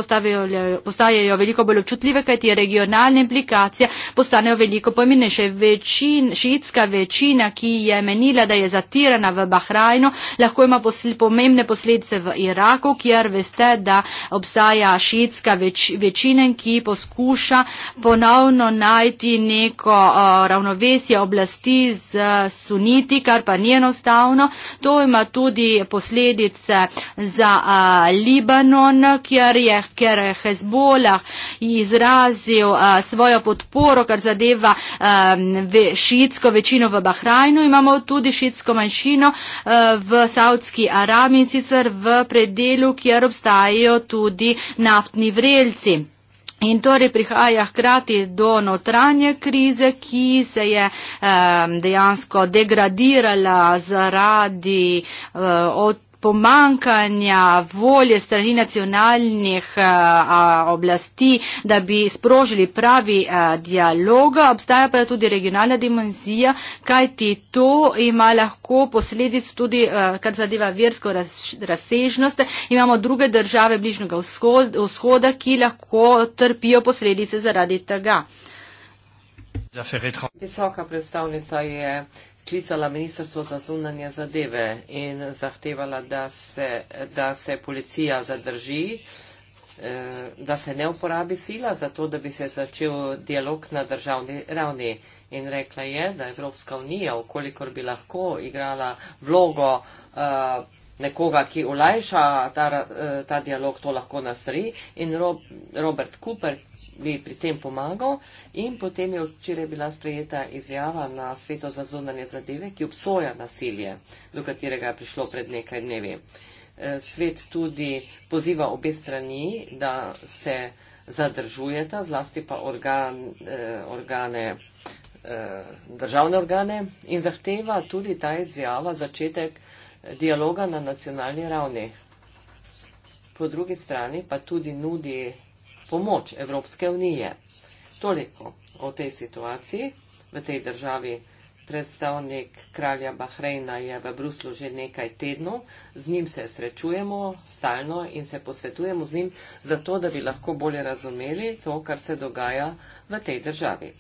postajajo veliko bolj občutljive, kajti regionalne implikacije postanejo veliko pomenejše. Večin, šitska večina, ki je menila, da je zatirana v Bahrajnu, lahko ima posl pomembne posledice v Iraku, kjer veste, da obstaja šitska več, večina in ki poskuša ponovno najti neko uh, ravnovesje oblasti z uh, suniti, kar pa ni enostavno. To ima tudi posledice za uh, Libanon, kjer je, ker je Hezbollah izrazil uh, svojo podporo, kar zadeva uh, ve, šitsko večino v Bahrajnu. Imamo tudi šitsko manjšino uh, v Saudski Arabiji, sicer v predelu, kjer obstajajo tudi naftni vrelci. In torej prihaja hkrati do notranje krize, ki se je eh, dejansko degradirala zaradi eh, od pomankanja volje strani nacionalnih eh, a, oblasti, da bi sprožili pravi a, eh, dialog, obstaja pa tudi regionalna dimenzija, kajti to ima lahko posledic tudi, a, eh, kar zadeva versko raz, razsežnost. Imamo druge države bližnjega vzhoda, vzhoda, ki lahko trpijo posledice zaradi tega. Visoka predstavnica je klicala ministrstvo za zunanje zadeve in zahtevala, da se, da se policija zadrži, eh, da se ne uporabi sila za to, da bi se začel dialog na državni ravni. In rekla je, da Evropska unija, okolikor bi lahko igrala vlogo eh, nekoga, ki olajša ta, eh, ta dialog, to lahko nasri in Robert Cooper bi pri tem pomagal in potem je včeraj bila sprejeta izjava na Sveto za zunanje zadeve, ki obsoja nasilje, do katerega je prišlo pred nekaj dnevi. Eh, svet tudi poziva obe strani, da se zadržujeta, zlasti pa organ, eh, organe državne organe in zahteva tudi ta izjava začetek dialoga na nacionalni ravni. Po drugi strani pa tudi nudi pomoč Evropske unije. Toliko o tej situaciji v tej državi. Predstavnik kralja Bahrejna je v Bruslu že nekaj tednov, z njim se srečujemo stalno in se posvetujemo z njim, zato da bi lahko bolje razumeli to, kar se dogaja v tej državi.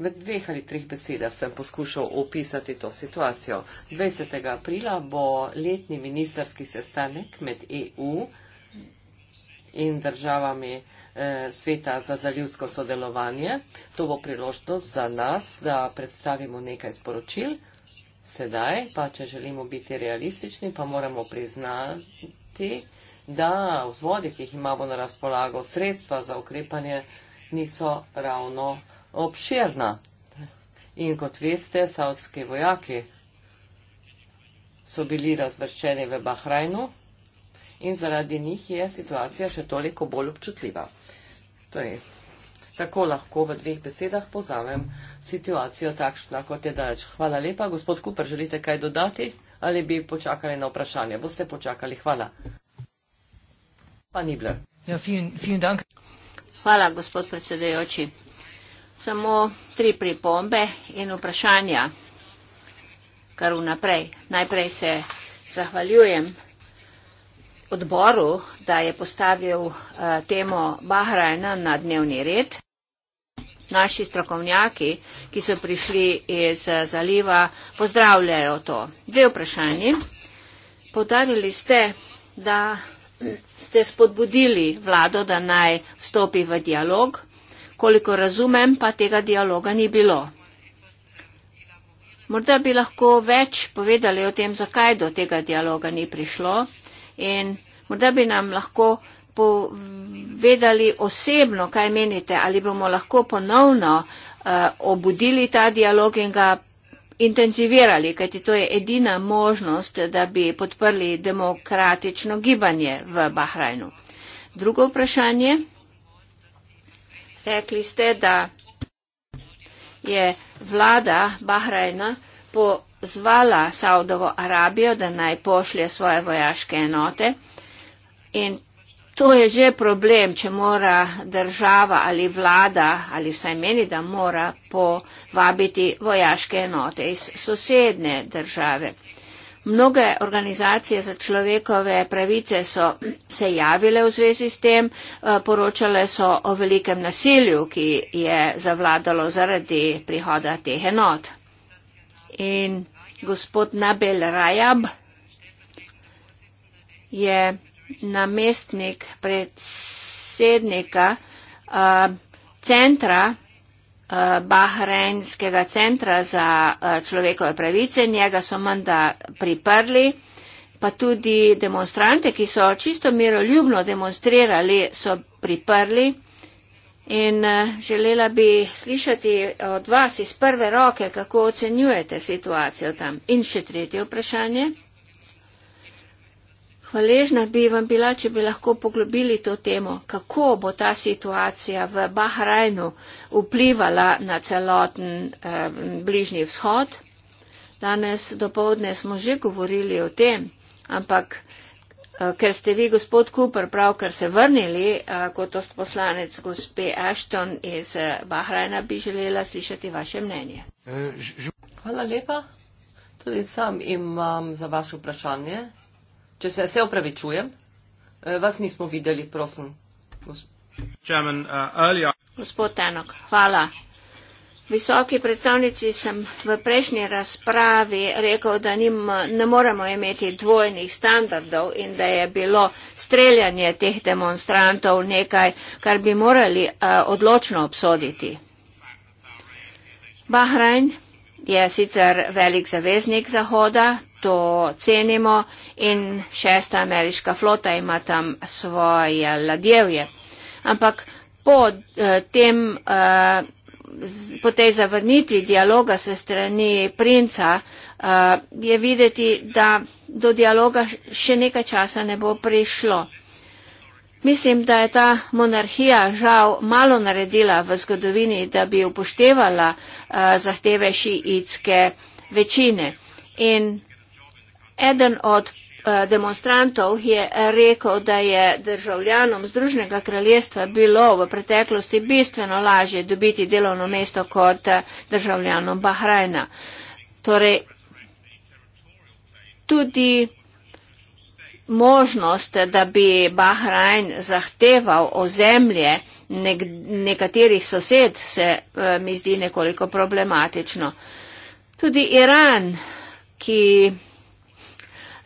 V dveh ali treh besedah sem poskušal opisati to situacijo. 20. aprila bo letni ministerski sestanek med EU in državami eh, sveta za zaljudsko sodelovanje. To bo priložnost za nas, da predstavimo nekaj sporočil. Sedaj, pa če želimo biti realistični, pa moramo priznati, da vzvodi, ki jih imamo na razpolago, sredstva za ukrepanje niso ravno obširna. In kot veste, saudski vojaki so bili razvrščeni v Bahrajnu in zaradi njih je situacija še toliko bolj občutljiva. Torej, tako lahko v dveh besedah pozamem situacijo takšna, kot je daleč. Hvala lepa. Gospod Kuper, želite kaj dodati ali bi počakali na vprašanje? Boste počakali. Hvala. Pa Nibler. Ja, vielen, vielen Dank. Hvala, gospod predsedajoči samo tri pripombe in vprašanja kar vnaprej. Najprej se zahvaljujem odboru, da je postavil uh, temo Bahrajna na dnevni red. Naši strokovnjaki, ki so prišli iz eh, zaliva, pozdravljajo to. Dve vprašanji. Povdarili ste, da ste spodbudili vlado, da naj vstopi v dialog. Koliko razumem, pa tega dialoga ni bilo. Morda bi lahko več povedali o tem, zakaj do tega dialoga ni prišlo in morda bi nam lahko povedali osebno, kaj menite, ali bomo lahko ponovno uh, obudili ta dialog in ga intenzivirali, kajti to je edina možnost, da bi podprli demokratično gibanje v Bahrajnu. Drugo vprašanje rekli ste, da je vlada Bahrajna pozvala Saudovo Arabijo, da naj pošlje svoje vojaške enote. In to je že problem, če mora država ali vlada ali vsaj meni, da mora povabiti vojaške enote iz sosedne države. Mnoge organizacije za človekove pravice so se javile v zvezi s tem, eh, poročale so o velikem nasilju, ki je zavladalo zaradi prihoda teh enot. In gospod Nabel Rajab je namestnik predsednika eh, centra Eh, Bahrejnskega centra za eh, človekove pravice. Njega so menda priprli, pa tudi demonstrante, ki so čisto miroljubno demonstrirali, so priprli. In eh, želela bi slišati od vas iz prve roke, kako ocenjujete situacijo tam. In še tretje vprašanje. Hvaležna bi vam bila, če bi lahko poglobili to temo, kako bo ta situacija v Bahrajnu vplivala na celoten eh, bližnji vzhod. Danes dopovdne smo že govorili o tem, ampak eh, ker ste vi, gospod Cooper, pravkar se vrnili eh, kot poslanec gospe Ashton iz eh, Bahrajna, bi želela slišati vaše mnenje. Eh, Hvala lepa. Tudi sam imam za vaše vprašanje. Če se, se opravičujem, eh, vas nismo videli, prosim. Chairman, uh, Gospod Tenok, hvala. Visoki predstavnici sem v prejšnji razpravi rekel, da nim, ne moremo imeti dvojnih standardov in da je bilo streljanje teh demonstrantov nekaj, kar bi morali uh, odločno obsoditi. Bahrajn je sicer velik zaveznik Zahoda, to cenimo in šesta ameriška flota ima tam svoje ladjevje. Ampak po, eh, tem, eh, po tej zavrnitvi dialoga se strani princa eh, je videti, da do dialoga še nekaj časa ne bo prišlo. Mislim, da je ta monarhija žal malo naredila v zgodovini, da bi upoštevala uh, zahteve šiitske večine. In eden od eh, demonstrantov je rekel, da je državljanom Združnega kraljestva bilo v preteklosti bistveno lažje dobiti delovno mesto kot eh, državljanom Bahrajna. Torej, tudi možnost, da bi Bahrajn zahteval ozemlje nekaterih sosed, se eh, mi zdi nekoliko problematično. Tudi Iran, ki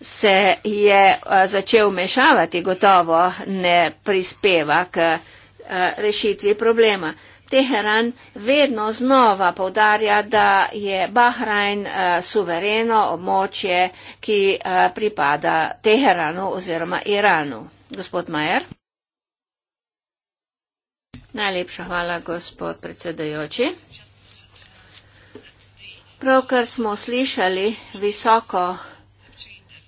se je eh, začel mešavati, gotovo ne prispeva k eh, rešitvi problema. Teheran vedno znova povdarja, da je Bahrajn eh, suvereno območje, ki eh, pripada Teheranu oziroma Iranu. Gospod Majer. Najlepša hvala, gospod predsedajoči. Pravkar smo slišali visoko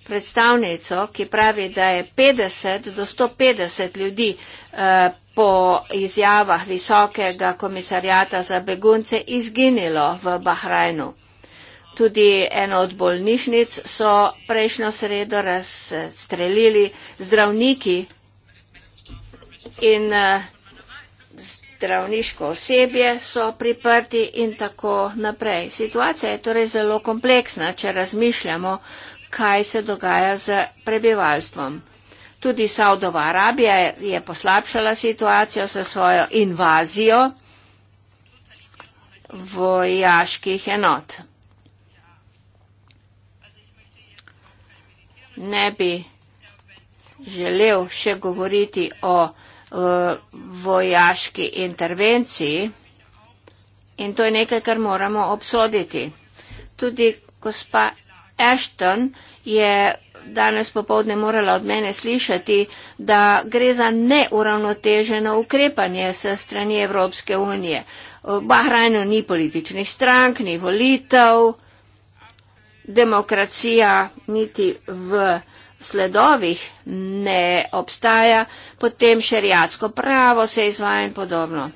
predstavnico, ki pravi, da je 50 do 150 ljudi eh, po izjavah visokega komisarjata za begunce izginilo v Bahrajnu. Tudi eno od bolnišnic so prejšnjo sredo razstrelili zdravniki in eh, zdravniško osebje so priprti in tako naprej. Situacija je torej zelo kompleksna, če razmišljamo, kaj se dogaja z prebivalstvom. Tudi Saudova Arabija je poslabšala situacijo sa svojo invazijo vojaških enot. Ne bi želel še govoriti o e, vojaški intervenciji in to je nekaj, kar moramo obsoditi. Tudi gospa Ashton je danes popovdne morala od mene slišati, da gre za neuravnoteženo ukrepanje se strani Evropske unije. V Bahrajnu ni političnih strank, ni volitev, demokracija niti v sledovih ne obstaja, potem šeriatsko pravo se izvaja in podobno.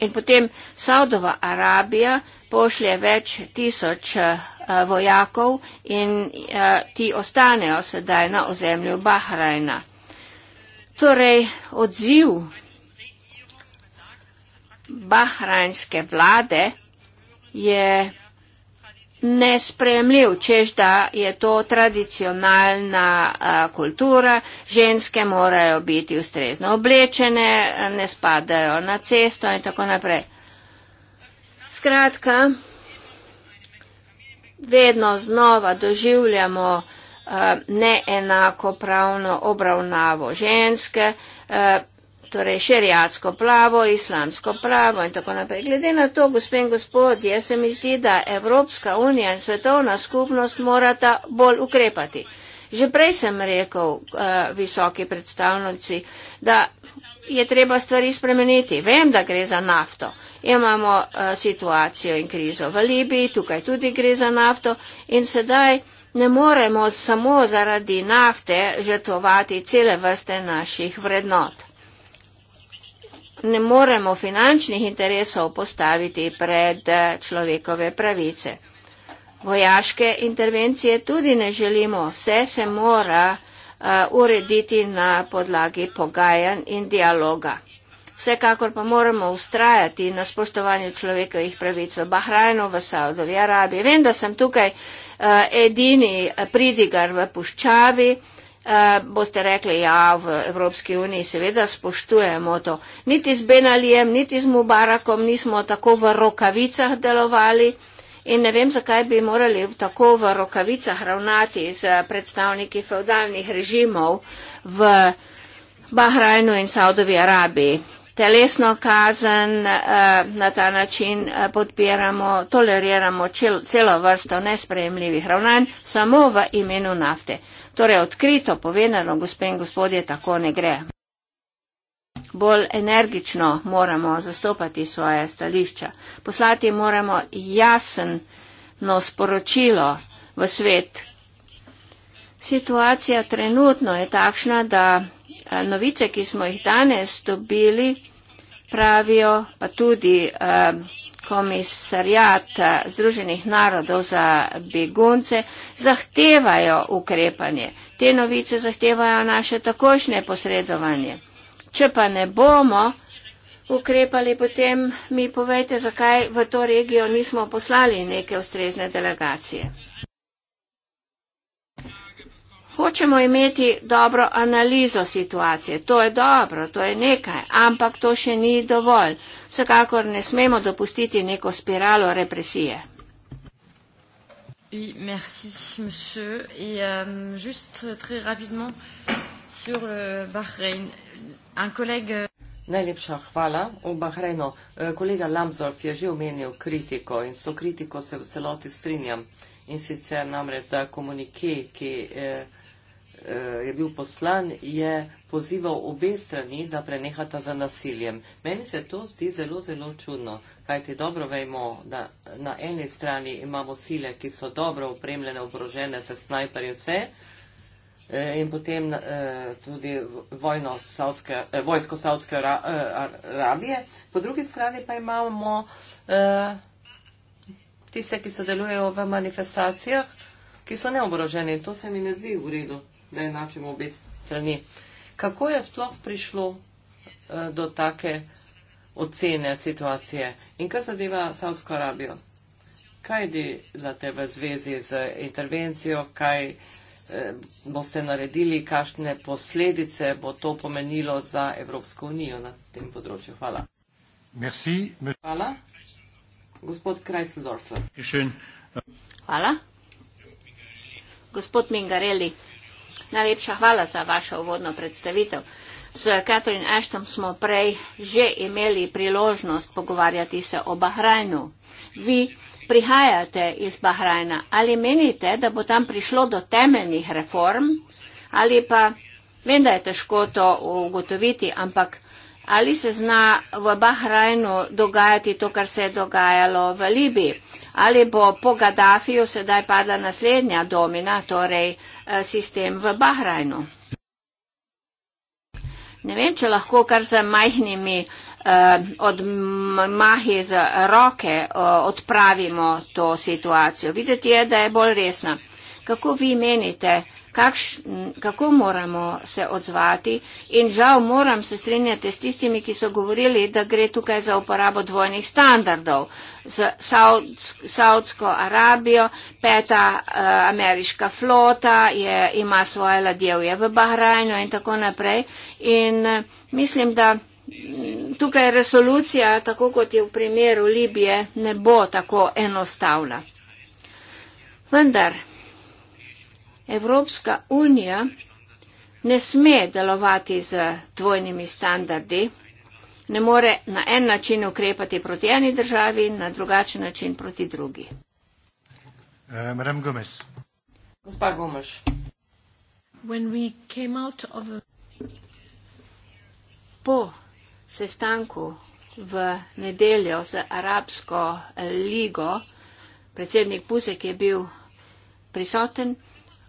In potem Saudova Arabija pošlje več tisoč eh, vojakov in eh, ti ostanejo sedaj na ozemlju Bahrajna. Torej, odziv bahrajnske vlade je nespremljiv, čež da je to tradicionalna a, eh, kultura, ženske morajo biti ustrezno oblečene, ne spadajo na cesto in tako naprej. Skratka, vedno znova doživljamo eh, neenakopravno obravnavo ženske, eh, torej šerijatsko pravo, islamsko pravo in tako naprej. Glede na to, gospe in gospodje, se mi zdi, da Evropska unija in svetovna skupnost morata bolj ukrepati. Že prej sem rekel eh, visoki predstavnici, da je treba stvari spremeniti. Vem, da gre za nafto. Imamo uh, situacijo in krizo v Libiji, tukaj tudi gre za nafto in sedaj ne moremo samo zaradi nafte žrtvovati cele vrste naših vrednot. Ne moremo finančnih interesov postaviti pred eh, človekove pravice. Vojaške intervencije tudi ne želimo. Vse se mora uh, Eh, urediti na podlagi pogajanj in dialoga. Vsekakor pa moramo ustrajati na spoštovanju človekovih pravic v Bahrajnu, v Saudovi Arabiji. Vem, da sem tukaj uh, edini pridigar v puščavi. Uh, boste rekli, ja, v Evropski uniji seveda spoštujemo to. Niti z Benalijem, niti z Mubarakom nismo tako v rokavicah delovali. Uh, In ne vem, zakaj bi morali tako v rokavicah ravnati z predstavniki feudalnih režimov v Bahrajnu in Saudovi Arabiji. Telesno kazen eh, na ta način eh, podpiramo, toleriramo čel, celo vrsto nespremljivih ravnanj samo v imenu nafte. Torej, odkrito povedano, gospe in gospodje, tako ne gre bolj energično moramo zastopati svoje stališča. Poslati moramo jasno sporočilo v svet. Situacija trenutno je takšna, da eh, novice, ki smo jih danes dobili, pravijo pa tudi eh, komisarjat eh, Združenih narodov za begunce, zahtevajo ukrepanje. Te novice zahtevajo naše takošnje posredovanje. Če pa ne bomo ukrepali, potem mi povejte, zakaj v to regijo nismo poslali neke ustrezne delegacije. Hočemo imeti dobro analizo situacije. To je dobro, to je nekaj, ampak to še ni dovolj. Vsekakor ne smemo dopustiti neko spiralo represije. Oui, merci, monsieur. Et euh, juste très rapidement sur le Bahreïn. Najlepša hvala v Bahrajnu. Eh, kolega Lambsdorff je že omenil kritiko in s to kritiko se v celoti strinjam. In sicer namreč, da komunike, ki eh, eh, je bil poslan, je pozival obe strani, da prenehata za nasiljem. Meni se to zdi zelo, zelo čudno, kajti dobro vemo, da na eni strani imamo sile, ki so dobro opremljene, obrožene, se snajperje vse, Eh, in potem eh, tudi savtske, eh, vojsko Saudske Arabije. Po drugi strani pa imamo tiste, ki sodelujejo v manifestacijah, ki so neoboroženi. To se mi ne zdi v redu, da enačimo obe strani. Kako je sploh prišlo do take ocene situacije in kar zadeva Saudsko Arabijo? Kaj delate v zvezi z intervencijo? Kaj Eh, boste naredili, kakšne posledice bo to pomenilo za Evropsko unijo na tem področju. Hvala. Merci. Hvala. Gospod Kreisendorfer. Eh. Hvala. Gospod Mingarelli, najlepša hvala za vašo uvodno predstavitev. Z Catherine Ashton smo prej že imeli priložnost pogovarjati se o Bahrajnu. Vi prihajate iz Bahrajna, ali menite, da bo tam prišlo do temeljnih reform, ali pa, vem, da je težko to ugotoviti, ampak ali se zna v Bahrajnu dogajati to, kar se je dogajalo v Libiji, ali bo po Gaddafiju sedaj padla naslednja domina, torej eh, sistem v Bahrajnu. Ne vem, če lahko kar za majhnimi uh, uh, ehm, odmahi z roke uh, odpravimo to situacijo. Videti je, da je bolj resna. Kako vi menite, kakš, kako moramo se odzvati in žal moram se strinjati s tistimi, ki so govorili, da gre tukaj za uporabo dvojnih standardov z Saudsko Arabijo, peta uh, ameriška flota je, ima svoje ladjevje v Bahrajnu in tako naprej. In uh, mislim, da tukaj resolucija, tako kot je v primeru Libije, ne bo tako enostavna. Vendar Evropska unija ne sme delovati z dvojnimi standardi, ne more na en način ukrepati proti eni državi in na drugačen način proti drugi. Eh, madam Gomez. Gospa Gomez. Po sestanku v nedeljo z Arabsko ligo, predsednik Buzek je bil prisoten,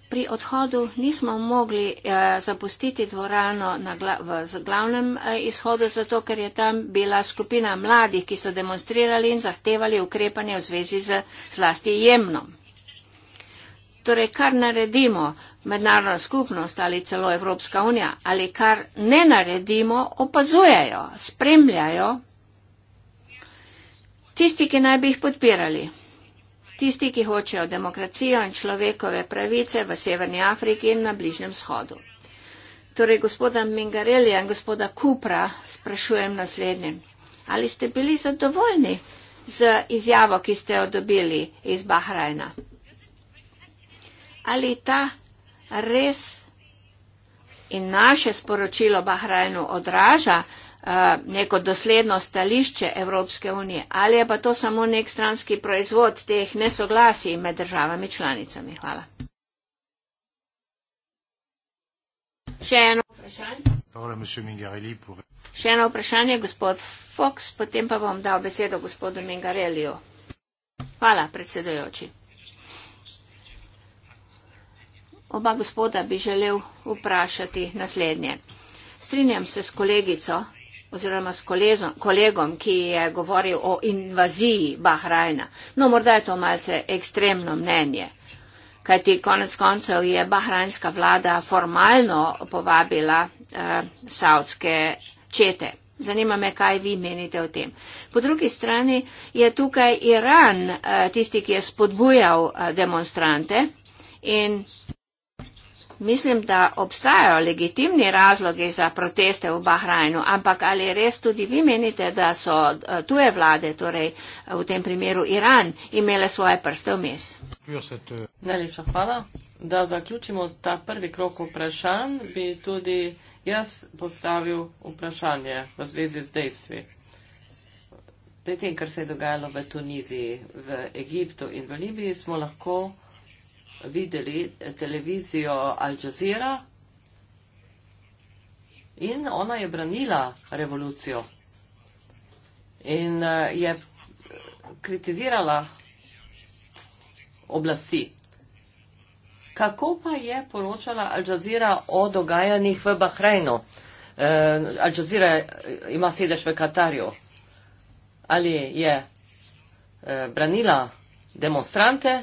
pri odhodu nismo mogli eh, zapustiti dvorano na gla v glavnem eh, izhodu, zato ker je tam bila skupina mladih, ki so demonstrirali in zahtevali ukrepanje v zvezi z, z lasti jemnom. Torej, kar naredimo, mednarodna skupnost ali celo Evropska unija ali kar ne naredimo, opazujejo, spremljajo tisti, ki naj bi jih podpirali. Tisti, ki hočejo demokracijo in človekove pravice v Severni Afriki in na Bližnjem shodu. Torej, gospoda Mingarelija in gospoda Kupra sprašujem naslednje. Ali ste bili zadovoljni z izjavo, ki ste jo dobili iz Bahrajna? Ali ta res in naše sporočilo Bahrajnu odraža eh, neko dosledno stališče Evropske unije ali je pa to samo nek stranski proizvod teh nesoglasij med državami članicami. Hvala. Še eno vprašanje. Še eno vprašanje, gospod Fox, potem pa bom dal besedo gospodu Mingareliju. Hvala, predsedojoči. Oba gospoda bi želel vprašati naslednje. Strinjam se s kolegico oziroma s kolezom, kolegom, ki je govoril o invaziji Bahrajna. No, morda je to malce ekstremno mnenje, kajti konec koncev je bahrajnska vlada formalno povabila eh, saudske čete. Zanima me, kaj vi menite o tem. Po drugi strani je tukaj Iran eh, tisti, ki je spodbujal eh, demonstrante in mislim, da obstajajo legitimni razlogi za proteste v Bahrajnu, ampak ali res tudi vi menite, da so eh, tuje vlade, torej eh, v tem primeru Iran, imele svoje prste vmes? Najlepša hvala. Da zaključimo ta prvi krok vprašanj, bi tudi jaz postavil vprašanje v zvezi z dejstvi. Pri tem, kar se je dogajalo v Tuniziji, v Egiptu in v Libiji, smo lahko videli televizijo Al Jazeera in ona je branila revolucijo in eh, je kritizirala oblasti. Kako pa je poročala Al Jazeera o dogajanjih v Bahrajnu? Eh, Al Jazeera eh, ima sedež v Katarju. Ali je branila demonstrante?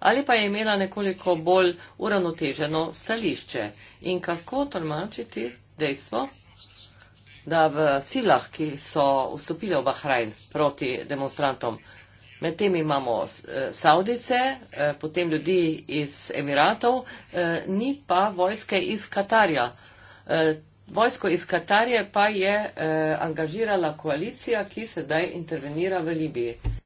ali pa je imela nekoliko bolj uravnoteženo stališče. In kako tolmačiti dejstvo, da v silah, ki so vstopile v Bahrajn proti demonstrantom, med tem imamo eh, Saudice, eh, potem ljudi iz Emiratov, eh, ni pa vojske iz Katarja. Vojsko iz Katarje pa je eh, angažirala koalicija, ki sedaj intervenira v Libiji.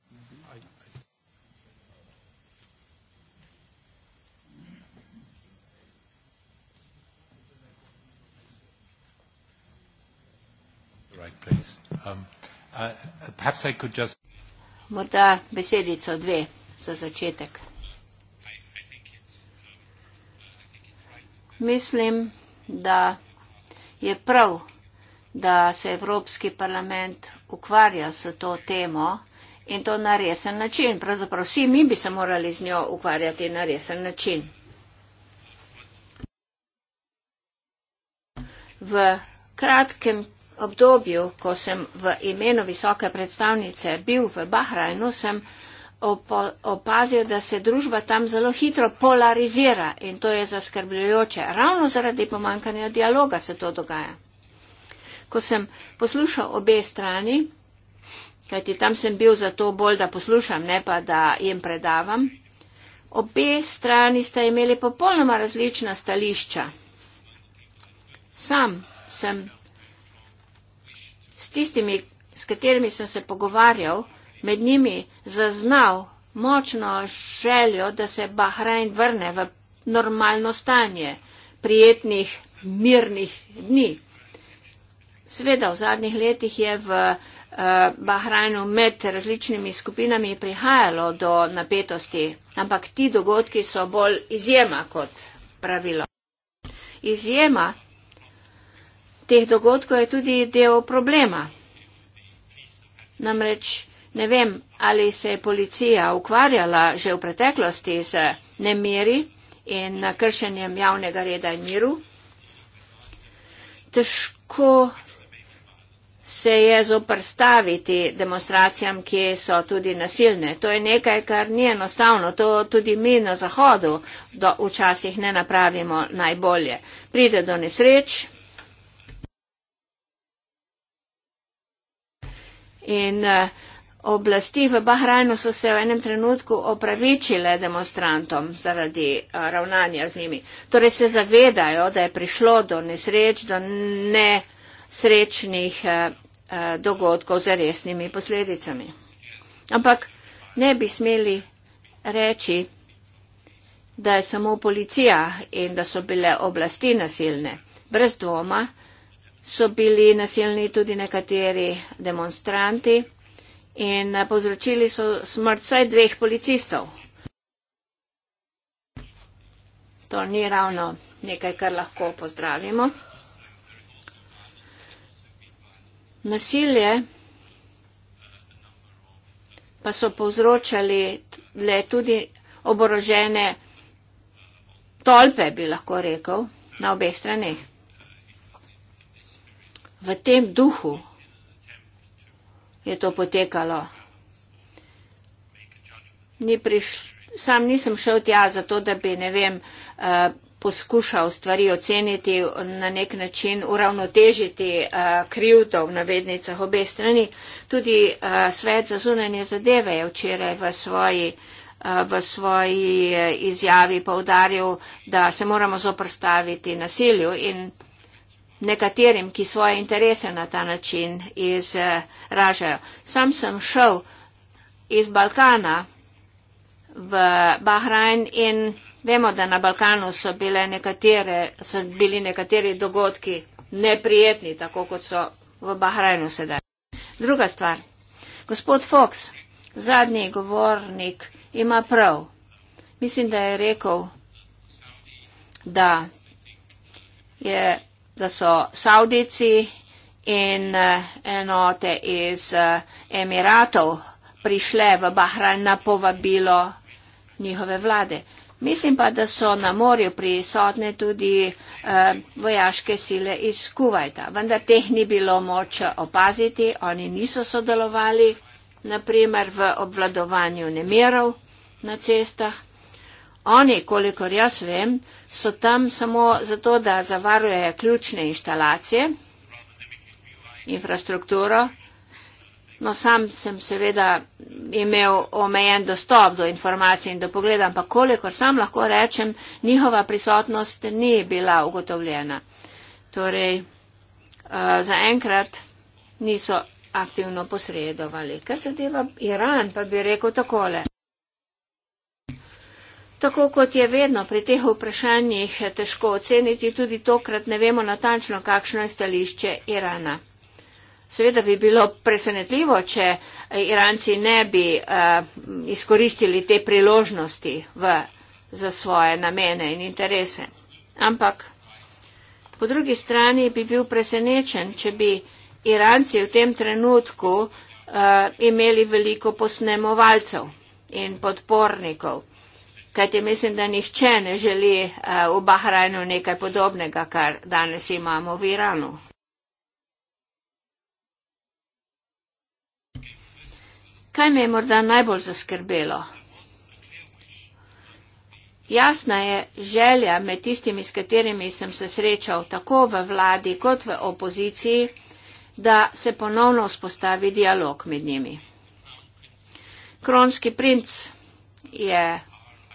please. Um, uh, perhaps I could just. Morda besedico dve za začetek. Mislim, da je prav, da se Evropski parlament ukvarja s to temo in to na resen način. Pravzaprav vsi mi bi se morali z njo ukvarjati na resen način. V kratkem obdobju, ko sem v imenu visoke predstavnice bil v Bahrajnu, sem opazil, da se družba tam zelo hitro polarizira in to je zaskrbljujoče. Ravno zaradi pomankanja dialoga se to dogaja. Ko sem poslušal obe strani, kajti tam sem bil zato bolj, da poslušam, ne pa da jim predavam, obe strani sta imeli popolnoma različna stališča. Sam sem s tistimi, s katerimi sem se pogovarjal, med njimi zaznal močno željo, da se Bahrajn vrne v normalno stanje, prijetnih, mirnih dni. Sveda v zadnjih letih je v eh, Bahrajnu med različnimi skupinami prihajalo do napetosti, ampak ti dogodki so bolj izjema kot pravilo. Izjema teh dogodkov je tudi del problema. Namreč ne vem, ali se je policija ukvarjala že v preteklosti z nemiri in kršenjem javnega reda in miru. Težko se je zoprstaviti demonstracijam, ki so tudi nasilne. To je nekaj, kar ni enostavno. To tudi mi na Zahodu do, včasih ne napravimo najbolje. Pride do nesreč, In uh, oblasti v Bahrajnu so se v enem trenutku opravičile demonstrantom zaradi uh, ravnanja z njimi. Torej se zavedajo, da je prišlo do nesreč, do nesrečnih uh, uh, dogodkov z resnimi posledicami. Ampak ne bi smeli reči, da je samo policija in da so bile oblasti nasilne. Brez dvoma so bili nasilni tudi nekateri demonstranti in povzročili so smrt vsaj dveh policistov. To ni ravno nekaj, kar lahko pozdravimo. Nasilje pa so povzročali le tudi oborožene tolpe, bi lahko rekel, na obeh straneh v tem duhu je to potekalo. Ni priš, sam nisem šel tja zato, da bi, ne vem, eh, poskušal stvari oceniti na nek način, uravnotežiti eh, krivdo v navednicah obe strani. Tudi eh, svet za zunanje zadeve je včeraj v svoji v svoji izjavi povdaril, da se moramo zoprstaviti nasilju in nekaterim, ki svoje interese na ta način izražajo. Sam sem šel iz Balkana v Bahrajn in vemo, da na Balkanu so, nekatere, so bili nekateri dogodki neprijetni, tako kot so v Bahrajnu sedaj. Druga stvar. Gospod Fox, zadnji govornik, ima prav. Mislim, da je rekel, da je da so Saudici in eh, enote iz eh, Emiratov prišle v Bahrajn na povabilo njihove vlade. Mislim pa, da so na morju prisotne tudi eh, vojaške sile iz Kuvajta, vendar teh ni bilo moč opaziti, oni niso sodelovali, naprimer, v obvladovanju nemirov na cestah. Oni, kolikor jaz vem, so tam samo zato, da zavarujejo ključne inštalacije, infrastrukturo. No, sam sem seveda imel omejen dostop do informacij in do pogleda, ampak kolikor sam lahko rečem, njihova prisotnost ni bila ugotovljena. Torej, eh, za enkrat niso aktivno posredovali. Kar zadeva Iran, pa bi rekel takole. Tako kot je vedno pri teh vprašanjih težko oceniti, tudi tokrat ne vemo natančno, kakšno je stališče Irana. Seveda bi bilo presenetljivo, če Iranci ne bi uh, izkoristili te priložnosti v, za svoje namene in interese. Ampak po drugi strani bi bil presenečen, če bi Iranci v tem trenutku uh, imeli veliko posnemovalcev in podpornikov kajte mislim, da nihče ne želi eh, v Bahrajnu nekaj podobnega, kar danes imamo v Iranu. Kaj me je morda najbolj zaskrbelo? Jasna je želja med tistimi, s katerimi sem se srečal tako v vladi kot v opoziciji, da se ponovno vzpostavi dialog med njimi. Kronski princ je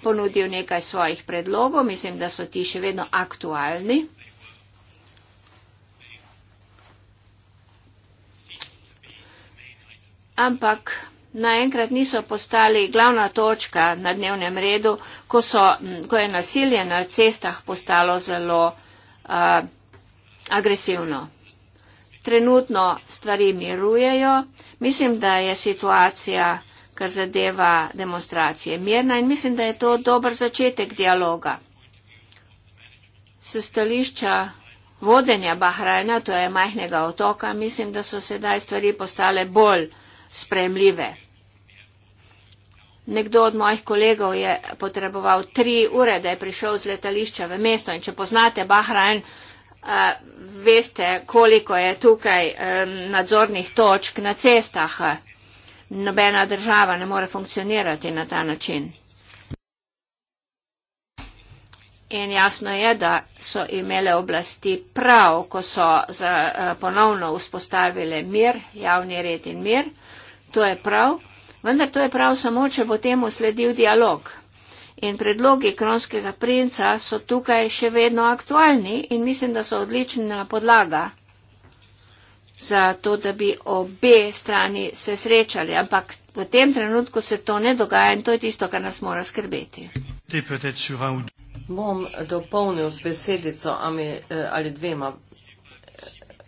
ponudil nekaj svojih predlogov, mislim, da so ti še vedno aktualni. Ampak naenkrat niso postali glavna točka na dnevnem redu, ko, so, ko je nasilje na cestah postalo zelo uh, agresivno. Trenutno stvari mirujejo. Mislim, da je situacija kar zadeva demonstracije. Mirna in mislim, da je to dober začetek dialoga. Se stališča vodenja Bahrajna, to je majhnega otoka, mislim, da so sedaj stvari postale bolj spremljive. Nekdo od mojih kolegov je potreboval tri ure, da je prišel z letališča v mesto in če poznate Bahrajn, eh, veste, koliko je tukaj nadzornih točk na cestah nobena država ne more funkcionirati na ta način. In jasno je, da so imele oblasti prav, ko so za, eh, ponovno vzpostavile mir, javni red in mir. To je prav. Vendar to je prav samo, če bo temu sledil dialog. In predlogi kronskega princa so tukaj še vedno aktualni in mislim, da so odlična podlaga za to, da bi obe strani se srečali. Ampak v tem trenutku se to ne dogaja in to je tisto, kar nas mora skrbeti. Bom dopolnil z besedico ali, eh, ali dvema,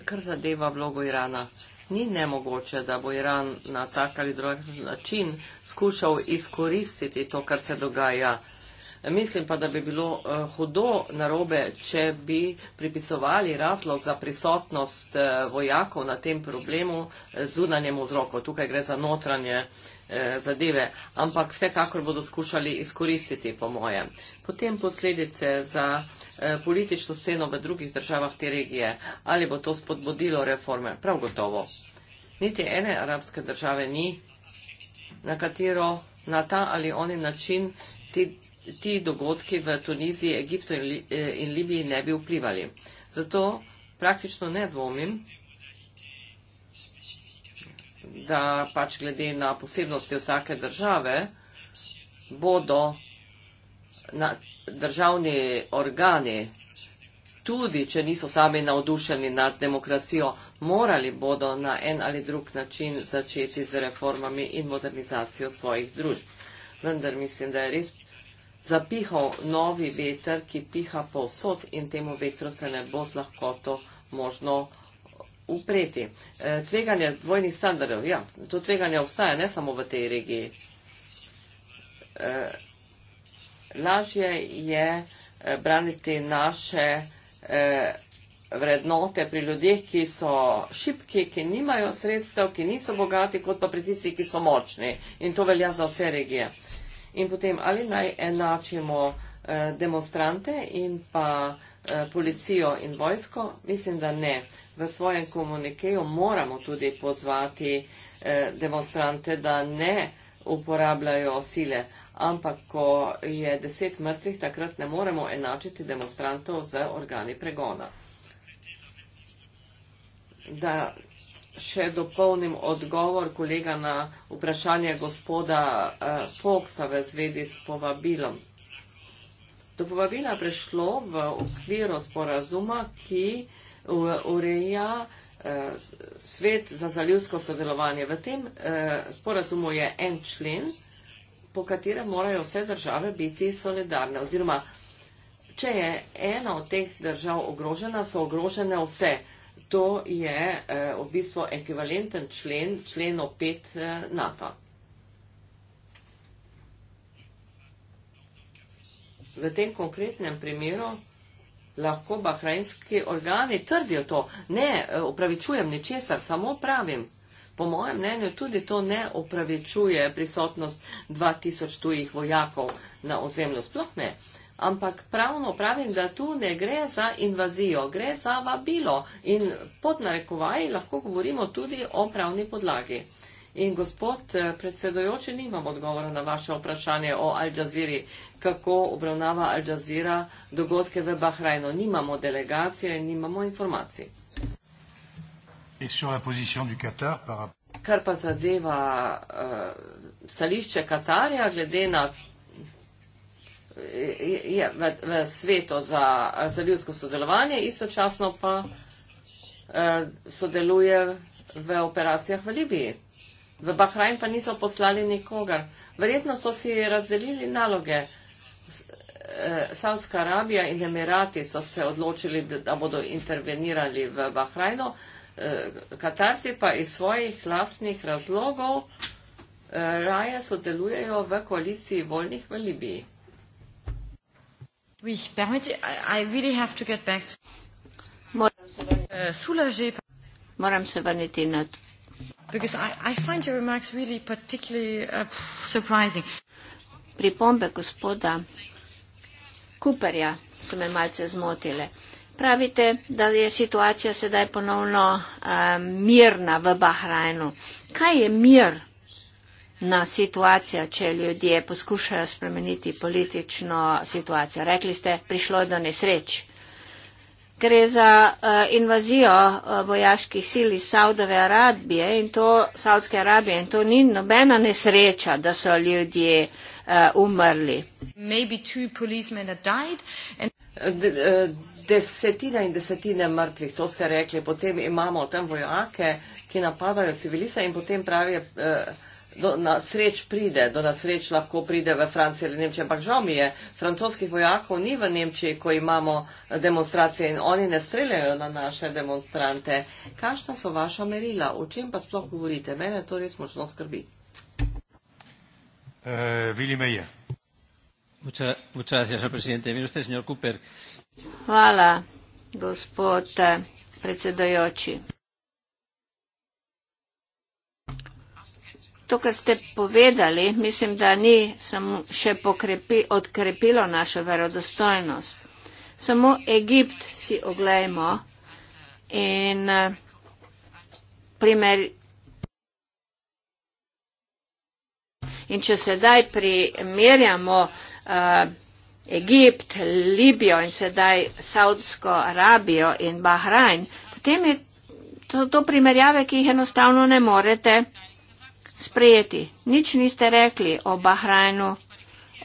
kar zadeva vlogo Irana. Ni nemogoče, da bo Iran na tak ali drugačen način skušal izkoristiti to, kar se dogaja Mislim pa, da bi bilo uh, hudo narobe, če bi pripisovali razlog za prisotnost uh, vojakov na tem problemu uh, eh, zunanjem vzroku. Tukaj gre za notranje uh, zadeve, ampak vsekakor bodo skušali izkoristiti, po mojem. Potem posledice za uh, politično sceno v drugih državah te regije. Ali bo to spodbudilo reforme? Prav gotovo. Niti ene arabske države ni, na katero na ta ali oni način ti ti dogodki v Tuniziji, Egiptu in, eh, in Libiji ne bi vplivali. Zato praktično ne dvomim, da pač glede na posebnosti vsake države bodo na, državni organi, tudi če niso sami navdušeni nad demokracijo, morali bodo na en ali drug način začeti z reformami in modernizacijo svojih družb. Vendar mislim, da je res zapihal novi veter, ki piha povsod in temu vetru se ne bo z lahkoto možno upreti. E, tveganje dvojnih standardov, ja, to tveganje obstaja ne samo v tej regiji. E, lažje je e, braniti naše vrednote pri ljudeh, ki so šipki, ki nimajo sredstev, ki niso bogati, kot pa pri tistih, ki so močni. In to velja za vse regije in potem ali naj enačimo eh, demonstrante in pa eh, policijo in vojsko, mislim, da ne. V svojem komunikeju moramo tudi pozvati eh, demonstrante, da ne uporabljajo sile, ampak ko je deset mrtvih, takrat ne moremo enačiti demonstrantov z organi pregona. Da, še dopolnim odgovor kolega na vprašanje gospoda uh, Foksa v zvedi s povabilom. Do povabila prešlo v okviru sporazuma, ki ureja uh, svet za zaljivsko sodelovanje. V tem uh, sporazumu je en člen, po katerem morajo vse države biti solidarne. Oziroma, če je ena od teh držav ogrožena, so ogrožene vse. Uh, to je eh, v bistvu ekvivalenten člen, člen opet eh, NATO. V tem konkretnem primeru lahko bahrajnski organi trdijo to. Ne upravičujem eh, ničesar, samo pravim. Po mojem mnenju tudi to ne upravičuje prisotnost 2000 tujih vojakov na ozemlju. Sploh ne. Uh, ampak pravno pravim, da tu ne gre za invazijo, gre za vabilo in pod narekovaji lahko govorimo tudi o pravni podlagi. In gospod eh, predsedojoče, nimam odgovora na vaše vprašanje o Al Jazeera, kako obravnava Al Jazeera dogodke v Bahrajnu. Nimamo delegacije in nimamo informacij. Kar pa zadeva uh, stališče Katarja glede na je v, v svetu za, za ljudsko sodelovanje, istočasno pa eh, sodeluje v operacijah v Libiji. V Bahrajn pa niso poslali nikogar. Verjetno so si razdelili naloge. Eh, Savska Arabija in Emirati so se odločili, da, da bodo intervenirali v Bahrajno. Eh, Katarci pa iz svojih lastnih razlogov eh, raje sodelujejo v koaliciji voljnih v Libiji. Moram se vrniti. Euh, Moram se vrniti na Because I, I find your remarks really particularly uh, surprising. Pripombe gospoda Kuperja so me malce zmotile. Pravite, da je situacija sedaj ponovno uh, mirna v Bahrajnu. Kaj je mir na situacijo, če ljudje poskušajo spremeniti politično situacijo. Rekli ste, prišlo je do nesreč. Gre za uh, invazijo uh, vojaških sil iz Saudove Arabije in to, Saudske Arabije in to ni nobena nesreča, da so ljudje uh, umrli. Desetine in desetine mrtvih, to ste rekli, potem imamo tam vojake, ki napadajo civiliste in potem pravijo. Uh, do nasreč pride, do nasreč lahko pride v Franciji ali Nemčiji, ampak žal mi je, francoskih vojakov ni v Nemčiji, ko imamo demonstracije in oni ne streljajo na naše demonstrante. Kakšna so vaša merila, o čem pa sploh govorite? Mene to res močno skrbi. Eh, Hvala, gospod eh, predsedajoči. to, kar ste povedali, mislim, da ni samo še pokrepi, odkrepilo našo verodostojnost. Samo Egipt si oglejmo in eh, primer. In če sedaj primerjamo uh, Egipt, Libijo in sedaj Saudsko Arabijo in Bahrajn, potem je to, to primerjave, ki jih enostavno ne morete sprejeti. Nič niste rekli o Bahrajnu,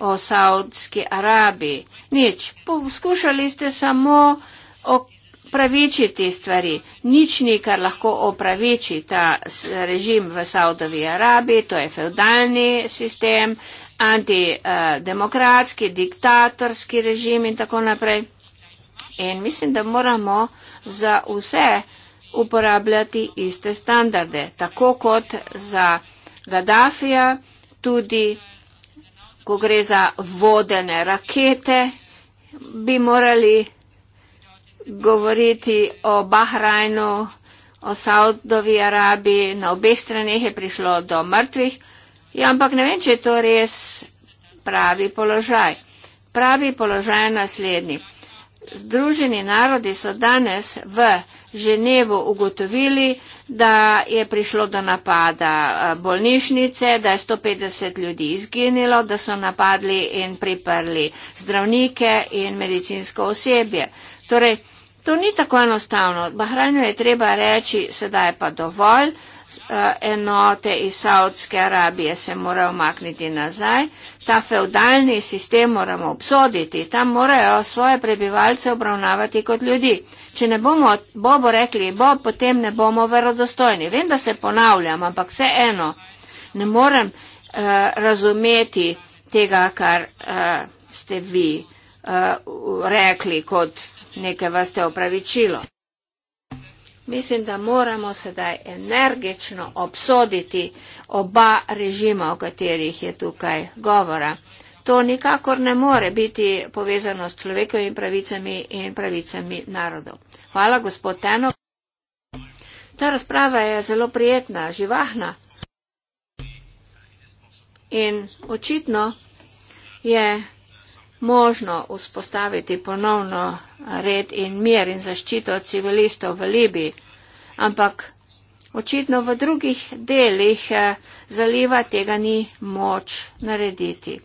o Saudski Arabiji, nič. Poskušali ste samo opravičiti stvari. Nič ni, kar lahko opraviči ta režim v Saudovi Arabiji, to je feudalni sistem, antidemokratski, diktatorski režim in tako naprej. In mislim, da moramo za vse uporabljati iste standarde, tako kot za Gaddafija, tudi ko gre za vodene rakete, bi morali govoriti o Bahrajnu, o Saudovi Arabiji, na obeh straneh je prišlo do mrtvih, ja, ampak ne vem, če je to res pravi položaj. Pravi položaj je naslednji. Združeni narodi so danes v Ženevo ugotovili, da je prišlo do napada eh, bolnišnice, da je 150 ljudi izginilo, da so napadli in priprli zdravnike in medicinsko osebje. Torej, to ni tako enostavno. Bahrajnu je treba reči, sedaj je pa dovolj. Eh, enote iz Saudske Arabije se mora omakniti nazaj. Ta feudalni sistem moramo obsoditi, tam morajo svoje prebivalce obravnavati kot ljudi. Če ne bomo, bomo rekli, bo, potem ne bomo verodostojni. Vem, da se ponavljam, ampak vse eno, ne morem uh, razumeti tega, kar uh, ste vi uh, rekli kot neke vaste opravičilo. Mislim, da moramo sedaj energično obsoditi oba režima, o katerih je tukaj govora. To nikakor ne more biti povezano s človekovimi pravicami in pravicami narodov. Hvala, gospod Tenok. Ta razprava je zelo prijetna, živahna. In očitno je možno vzpostaviti ponovno red in mir in zaščito civilistov v Libiji, ampak očitno v drugih delih eh, zaliva tega ni moč narediti.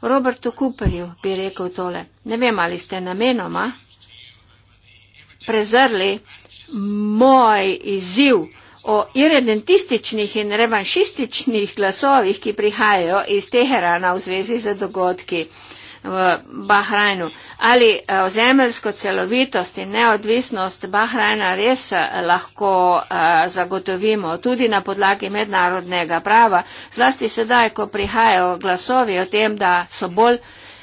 Robertu Cooperju bi rekel tole, ne vem, ali ste namenoma prezrli moj izziv o irredentističnih in revanšističnih glasovih, ki prihajajo iz Teherana v zvezi z dogodki v Bahrajnu. Ali eh, ozemeljsko celovitost in neodvisnost Bahrajna res eh, lahko eh, zagotovimo tudi na podlagi mednarodnega prava, zlasti sedaj, ko prihajajo glasovi o tem, da so bolj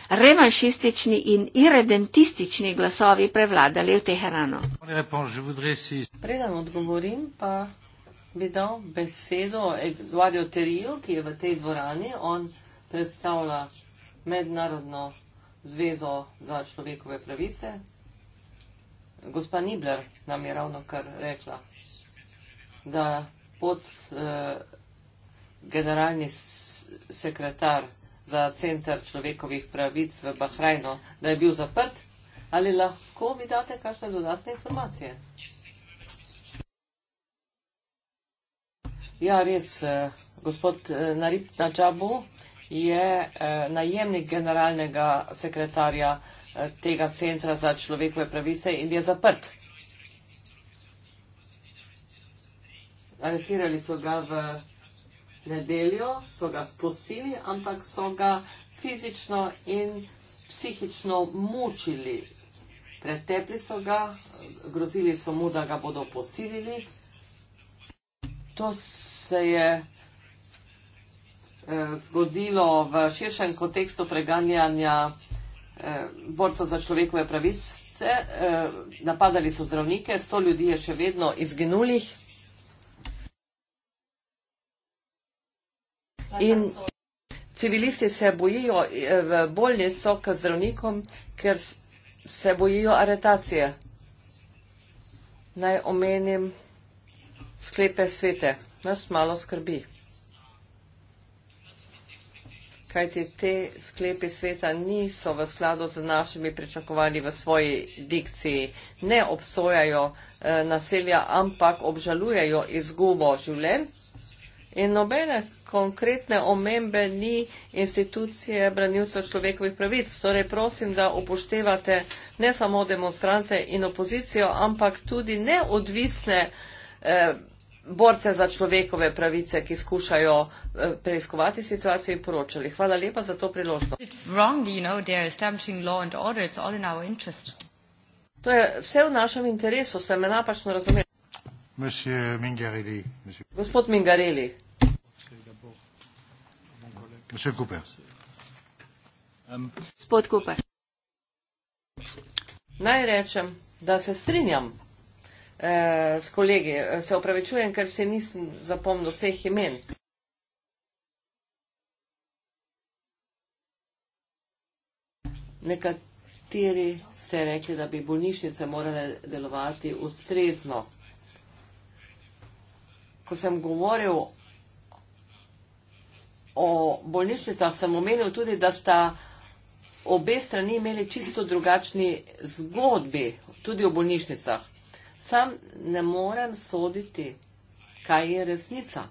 revanšistični in irredentistični glasovi prevladali v Teheranu. Predan odgovorim, pa bi dal besedo Eduardo Teriju, ki je v tej dvorani. On predstavlja mednarodno zvezo za človekove pravice. Gospa Nibler nam je ravno kar rekla, da pod eh, generalni sekretar za centr človekovih pravic v Bahrajno, da je bil zaprt. Ali lahko mi date kakšne dodatne informacije? Ja, res, eh, gospod eh, Narip Nadžabu je eh, najemnik generalnega sekretarja eh, tega centra za človekove pravice in je zaprt. Aretirali so ga v nedeljo, so ga spustili, ampak so ga fizično in psihično mučili. Pretepli so ga, grozili so mu, da ga bodo posilili. To se je Eh, zgodilo v širšem kontekstu preganjanja eh, borcev za človekove pravice. Eh, napadali so zdravnike, sto ljudi je še vedno izginulih. In civilisti se bojijo v bolnico k zdravnikom, ker se bojijo aretacije. Naj omenim sklepe svete. Nas malo skrbi kajti te sklepe sveta niso v skladu z našimi pričakovanji v svoji dikciji. Ne obsojajo eh, naselja, ampak obžalujejo izgubo življenj in nobene konkretne omembe ni institucije branilcev človekovih pravic. Torej prosim, da upoštevate ne samo demonstrante in opozicijo, ampak tudi neodvisne eh, borce za človekove pravice, ki skušajo eh, preiskovati situacijo in poročali. Hvala lepa za to priložnost. To je vse v našem interesu, sem me napačno razumel. Mingarelli, Gospod Mingareli. Um, Gospod Kuper. Naj rečem, da se strinjam eh, s kolegi. Se opravičujem, ker se nisem zapomnil vseh imen. Nekateri ste rekli, da bi bolnišnice morale delovati ustrezno. Ko sem govoril o bolnišnicah, sem omenil tudi, da sta obe strani imeli čisto drugačni zgodbi, tudi o bolnišnicah. Sam ne morem soditi, kaj je resnica.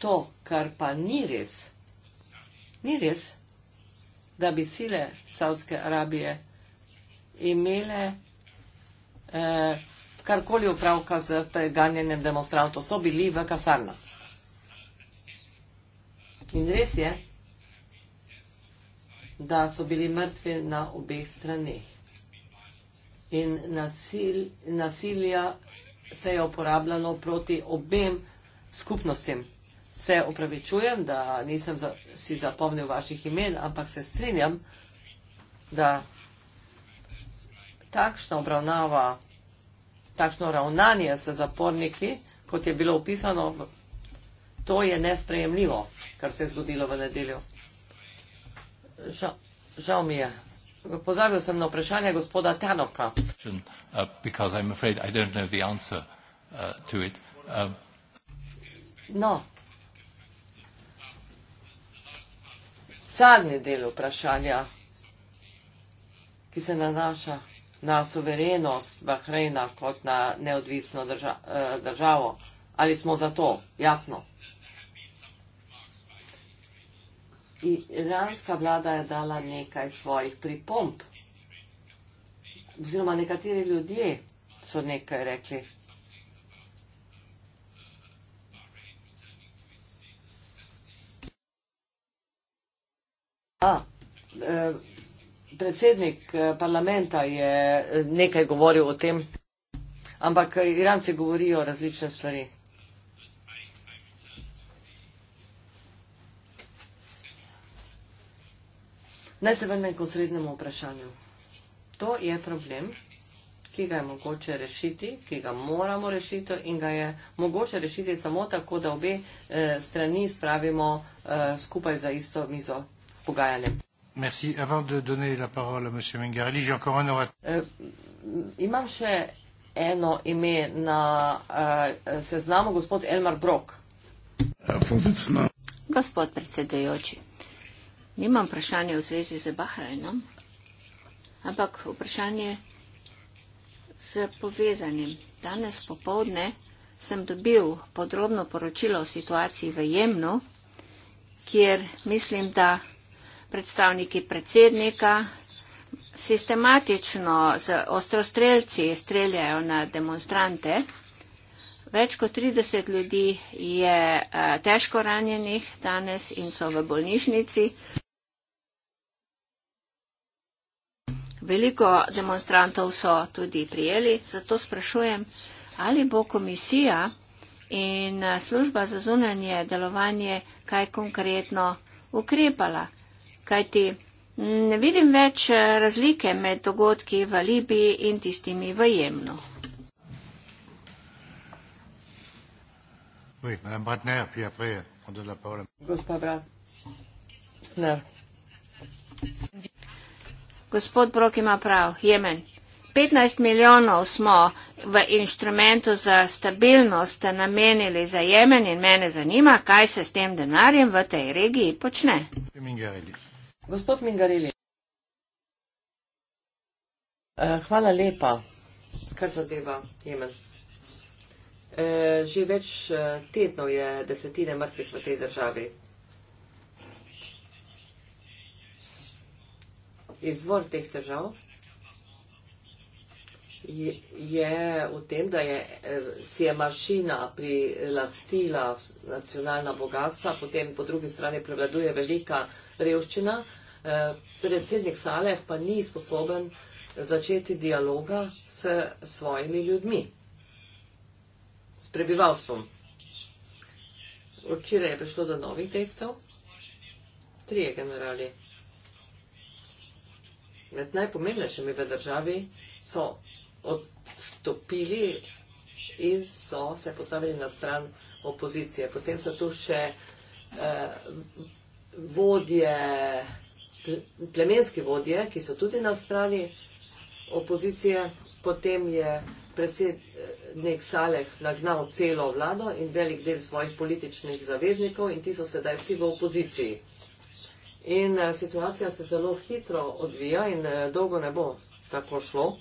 To, kar pa ni res, ni res, da bi sile Savske Arabije imele eh, karkoli upravka z preganjenjem demonstrantov. So bili v kasarna. In res je, da so bili mrtvi na obeh straneh in nasil, nasilja se je uporabljalo proti obem skupnostim. Se upravičujem, da nisem za, si zapomnil vaših imen, ampak se strinjam, da takšna obravnava, takšno ravnanje s zaporniki, kot je bilo upisano, to je nesprejemljivo, kar se je zgodilo v nedeljo. Žal, žal mi je. Pozabil sem na vprašanje gospoda Tanoka. Uh, uh, um, no. Zadnji del vprašanja, ki se nanaša na suverenost Bahreina kot na neodvisno drža, eh, državo. Ali smo za to? Jasno. iranska vlada je dala nekaj svojih pripomp. Oziroma nekateri ljudje so nekaj rekli. A, e, predsednik e, parlamenta je e, nekaj govoril o tem, ampak Iranci govorijo različne stvari. Naj se vrnem k osrednjemu vprašanju. To je problem, ki ga je mogoče rešiti, ki ga moramo rešiti in ga je mogoče rešiti samo tako, da obe eh, strani spravimo eh, skupaj za isto mizo pogajanja. Merci. Avant de donner la parole à M. Mengarelli, j'ai encore un orateur. Euh, imam še eno ime na euh, seznamu, gospod Elmar Brok. Euh, Gospod predsedujoči. Nimam vprašanja v zvezi z Bahrajnom, ampak vprašanje z povezanjem. Danes popovdne sem dobil podrobno poročilo o situaciji v Jemnu, kjer mislim, da predstavniki predsednika sistematično z ostrostrelci streljajo na demonstrante. Več kot 30 ljudi je eh, težko ranjenih danes in so v bolnišnici. Veliko demonstrantov so tudi prijeli, zato sprašujem, ali bo komisija in služba za zunanje delovanje kaj konkretno ukrepala. Kajti ne vidim več razlike med dogodki v Libiji in tistimi v Jemnu. Oui, Gospod Brok ima prav, Jemen. 15 milijonov smo v inštrumentu za stabilnost namenili za Jemen in mene zanima, kaj se s tem denarjem v tej regiji počne. Mingarili. Gospod Mingarili. Eh, hvala lepa, kar zadeva Jemen. Eh, že več eh, tednov je desetine mrtvih v tej državi. izvor teh težav je v tem, da je, eh, si je mašina prilastila nacionalna bogatstva, potem po drugi strani prevladuje velika revščina. Eh, predsednik Saleh pa ni sposoben začeti dialoga s svojimi ljudmi, s prebivalstvom. Včeraj je prišlo do novih dejstev. Trije generali med najpomembnejšimi v državi so odstopili in so se postavili na stran opozicije. Potem so tu še eh, vodje, plemenski vodje, ki so tudi na strani opozicije. Potem je predsednik Saleh nagnal celo vlado in velik del svojih političnih zaveznikov in ti so sedaj vsi v opoziciji. In uh, situacija se zelo hitro odvija in uh, dolgo ne bo tako šlo.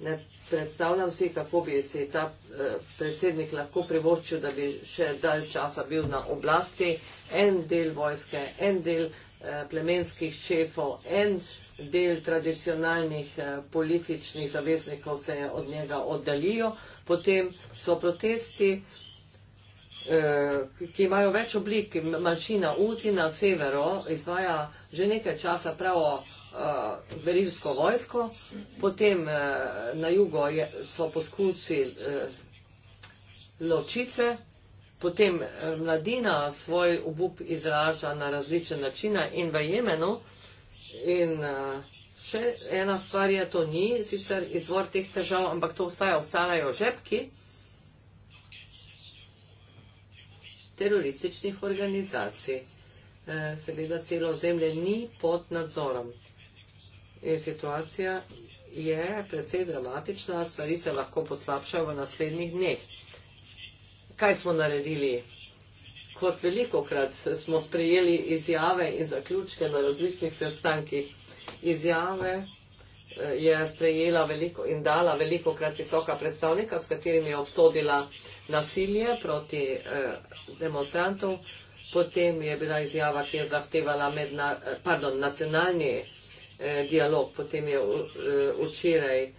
Ne predstavljam si, kako bi si ta uh, predsednik lahko privoščil, da bi še dalj časa bil na oblasti. En del vojske, en del uh, plemenskih šefov, en del tradicionalnih uh, političnih zaveznikov se je od njega oddaljil. Potem so protesti, Eh, ki imajo več oblik, manjšina Uti na severu izvaja že nekaj časa pravo uh, eh, verižsko vojsko, potem uh, na jugo je, so poskusi uh, ločitve, potem uh, mladina svoj obup izraža na različne načine in v Jemenu. In uh, še ena stvar je, to ni sicer izvor teh težav, ampak to ostaja, ostajajo žepki. terorističnih organizacij. E, seveda celo zemlje ni pod nadzorom. In situacija je predvsej dramatična, stvari se lahko poslabšajo v naslednjih dneh. Kaj smo naredili? Kot veliko krat smo sprejeli izjave in zaključke na različnih sestankih. Izjave je sprejela veliko in dala veliko krat visoka predstavnika, s katerim je obsodila nasilje proti eh, demonstrantov. Potem je bila izjava, ki je zahtevala medna, eh, pardon, nacionalni eh, dialog. Potem je včeraj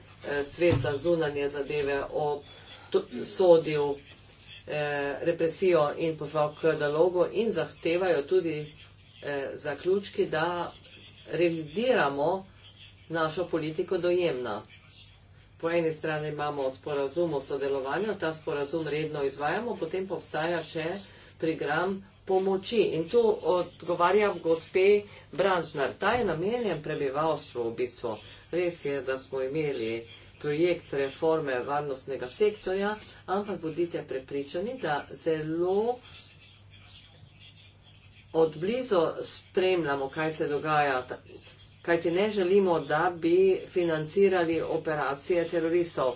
svet za zunanje zadeve obsodil represijo in pozval k dialogu in zahtevajo tudi zaključki, da revidiramo našo politiko dojemna. Po eni strani imamo sporazum o sodelovanju, ta sporazum redno izvajamo, potem pa obstaja še program pomoči. In tu odgovarjam gospe Branžnar. Ta je namenjen prebivalstvu v bistvu. Res je, da smo imeli projekt reforme varnostnega sektorja, ampak bodite prepričani, da zelo odblizo spremljamo, kaj se dogaja kajti ne želimo, da bi financirali operacije teroristov.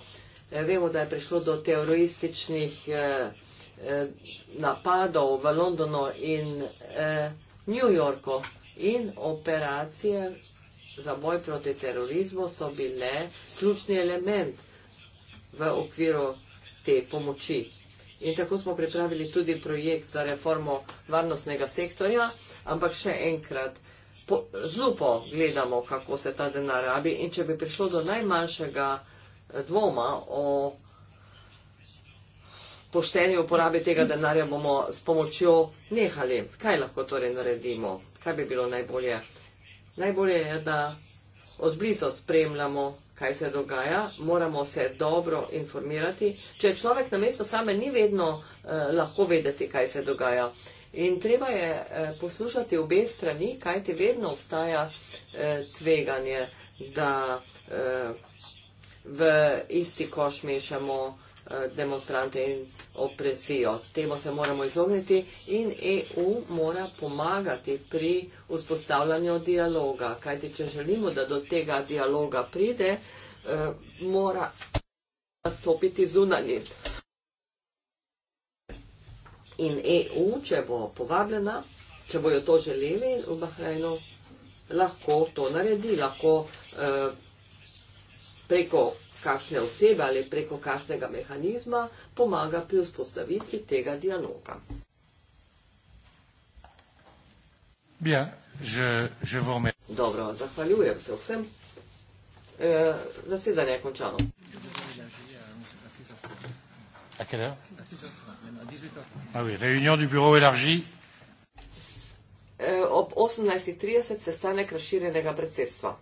E, vemo, da je prišlo do terorističnih e, e, napadov v Londonu in New Yorku in operacije za boj proti terorizmu so bile ključni element v okviru te pomoči. In tako smo pripravili tudi projekt za reformo varnostnega sektorja, ampak še enkrat po, zlupo gledamo, kako se ta denar rabi in če bi prišlo do najmanjšega eh, dvoma o poštenju uporabe tega denarja, bomo s pomočjo nehali. Kaj lahko torej naredimo? Kaj bi bilo najbolje? Najbolje je, da od blizu spremljamo, kaj se dogaja, moramo se dobro informirati. Če človek na mestu same ni vedno eh, lahko vedeti, kaj se dogaja, eh, In treba je eh, poslušati obe strani, kaj ti vedno obstaja eh, tveganje, da eh, v isti koš mešamo demonstrante in opresijo. Temu se moramo izogniti in EU mora pomagati pri vzpostavljanju dialoga. Kaj ti, če želimo, da do tega dialoga pride, mora nastopiti zunanje in EU, če bo povabljena, če bojo to želeli v Bahrajnu, lahko to naredi, lahko eh, preko kakšne osebe ali preko kakšnega mehanizma pomaga pri vzpostavitvi tega dialoga. Ja, že, že Dobro, zahvaljujem se vsem. Eh, zasedanje eh, je končano. Tak je, da? à 18h. Ah oui, réunion du bureau élargi. Eh, ob 18.30 sestanek razširjenega predsedstva.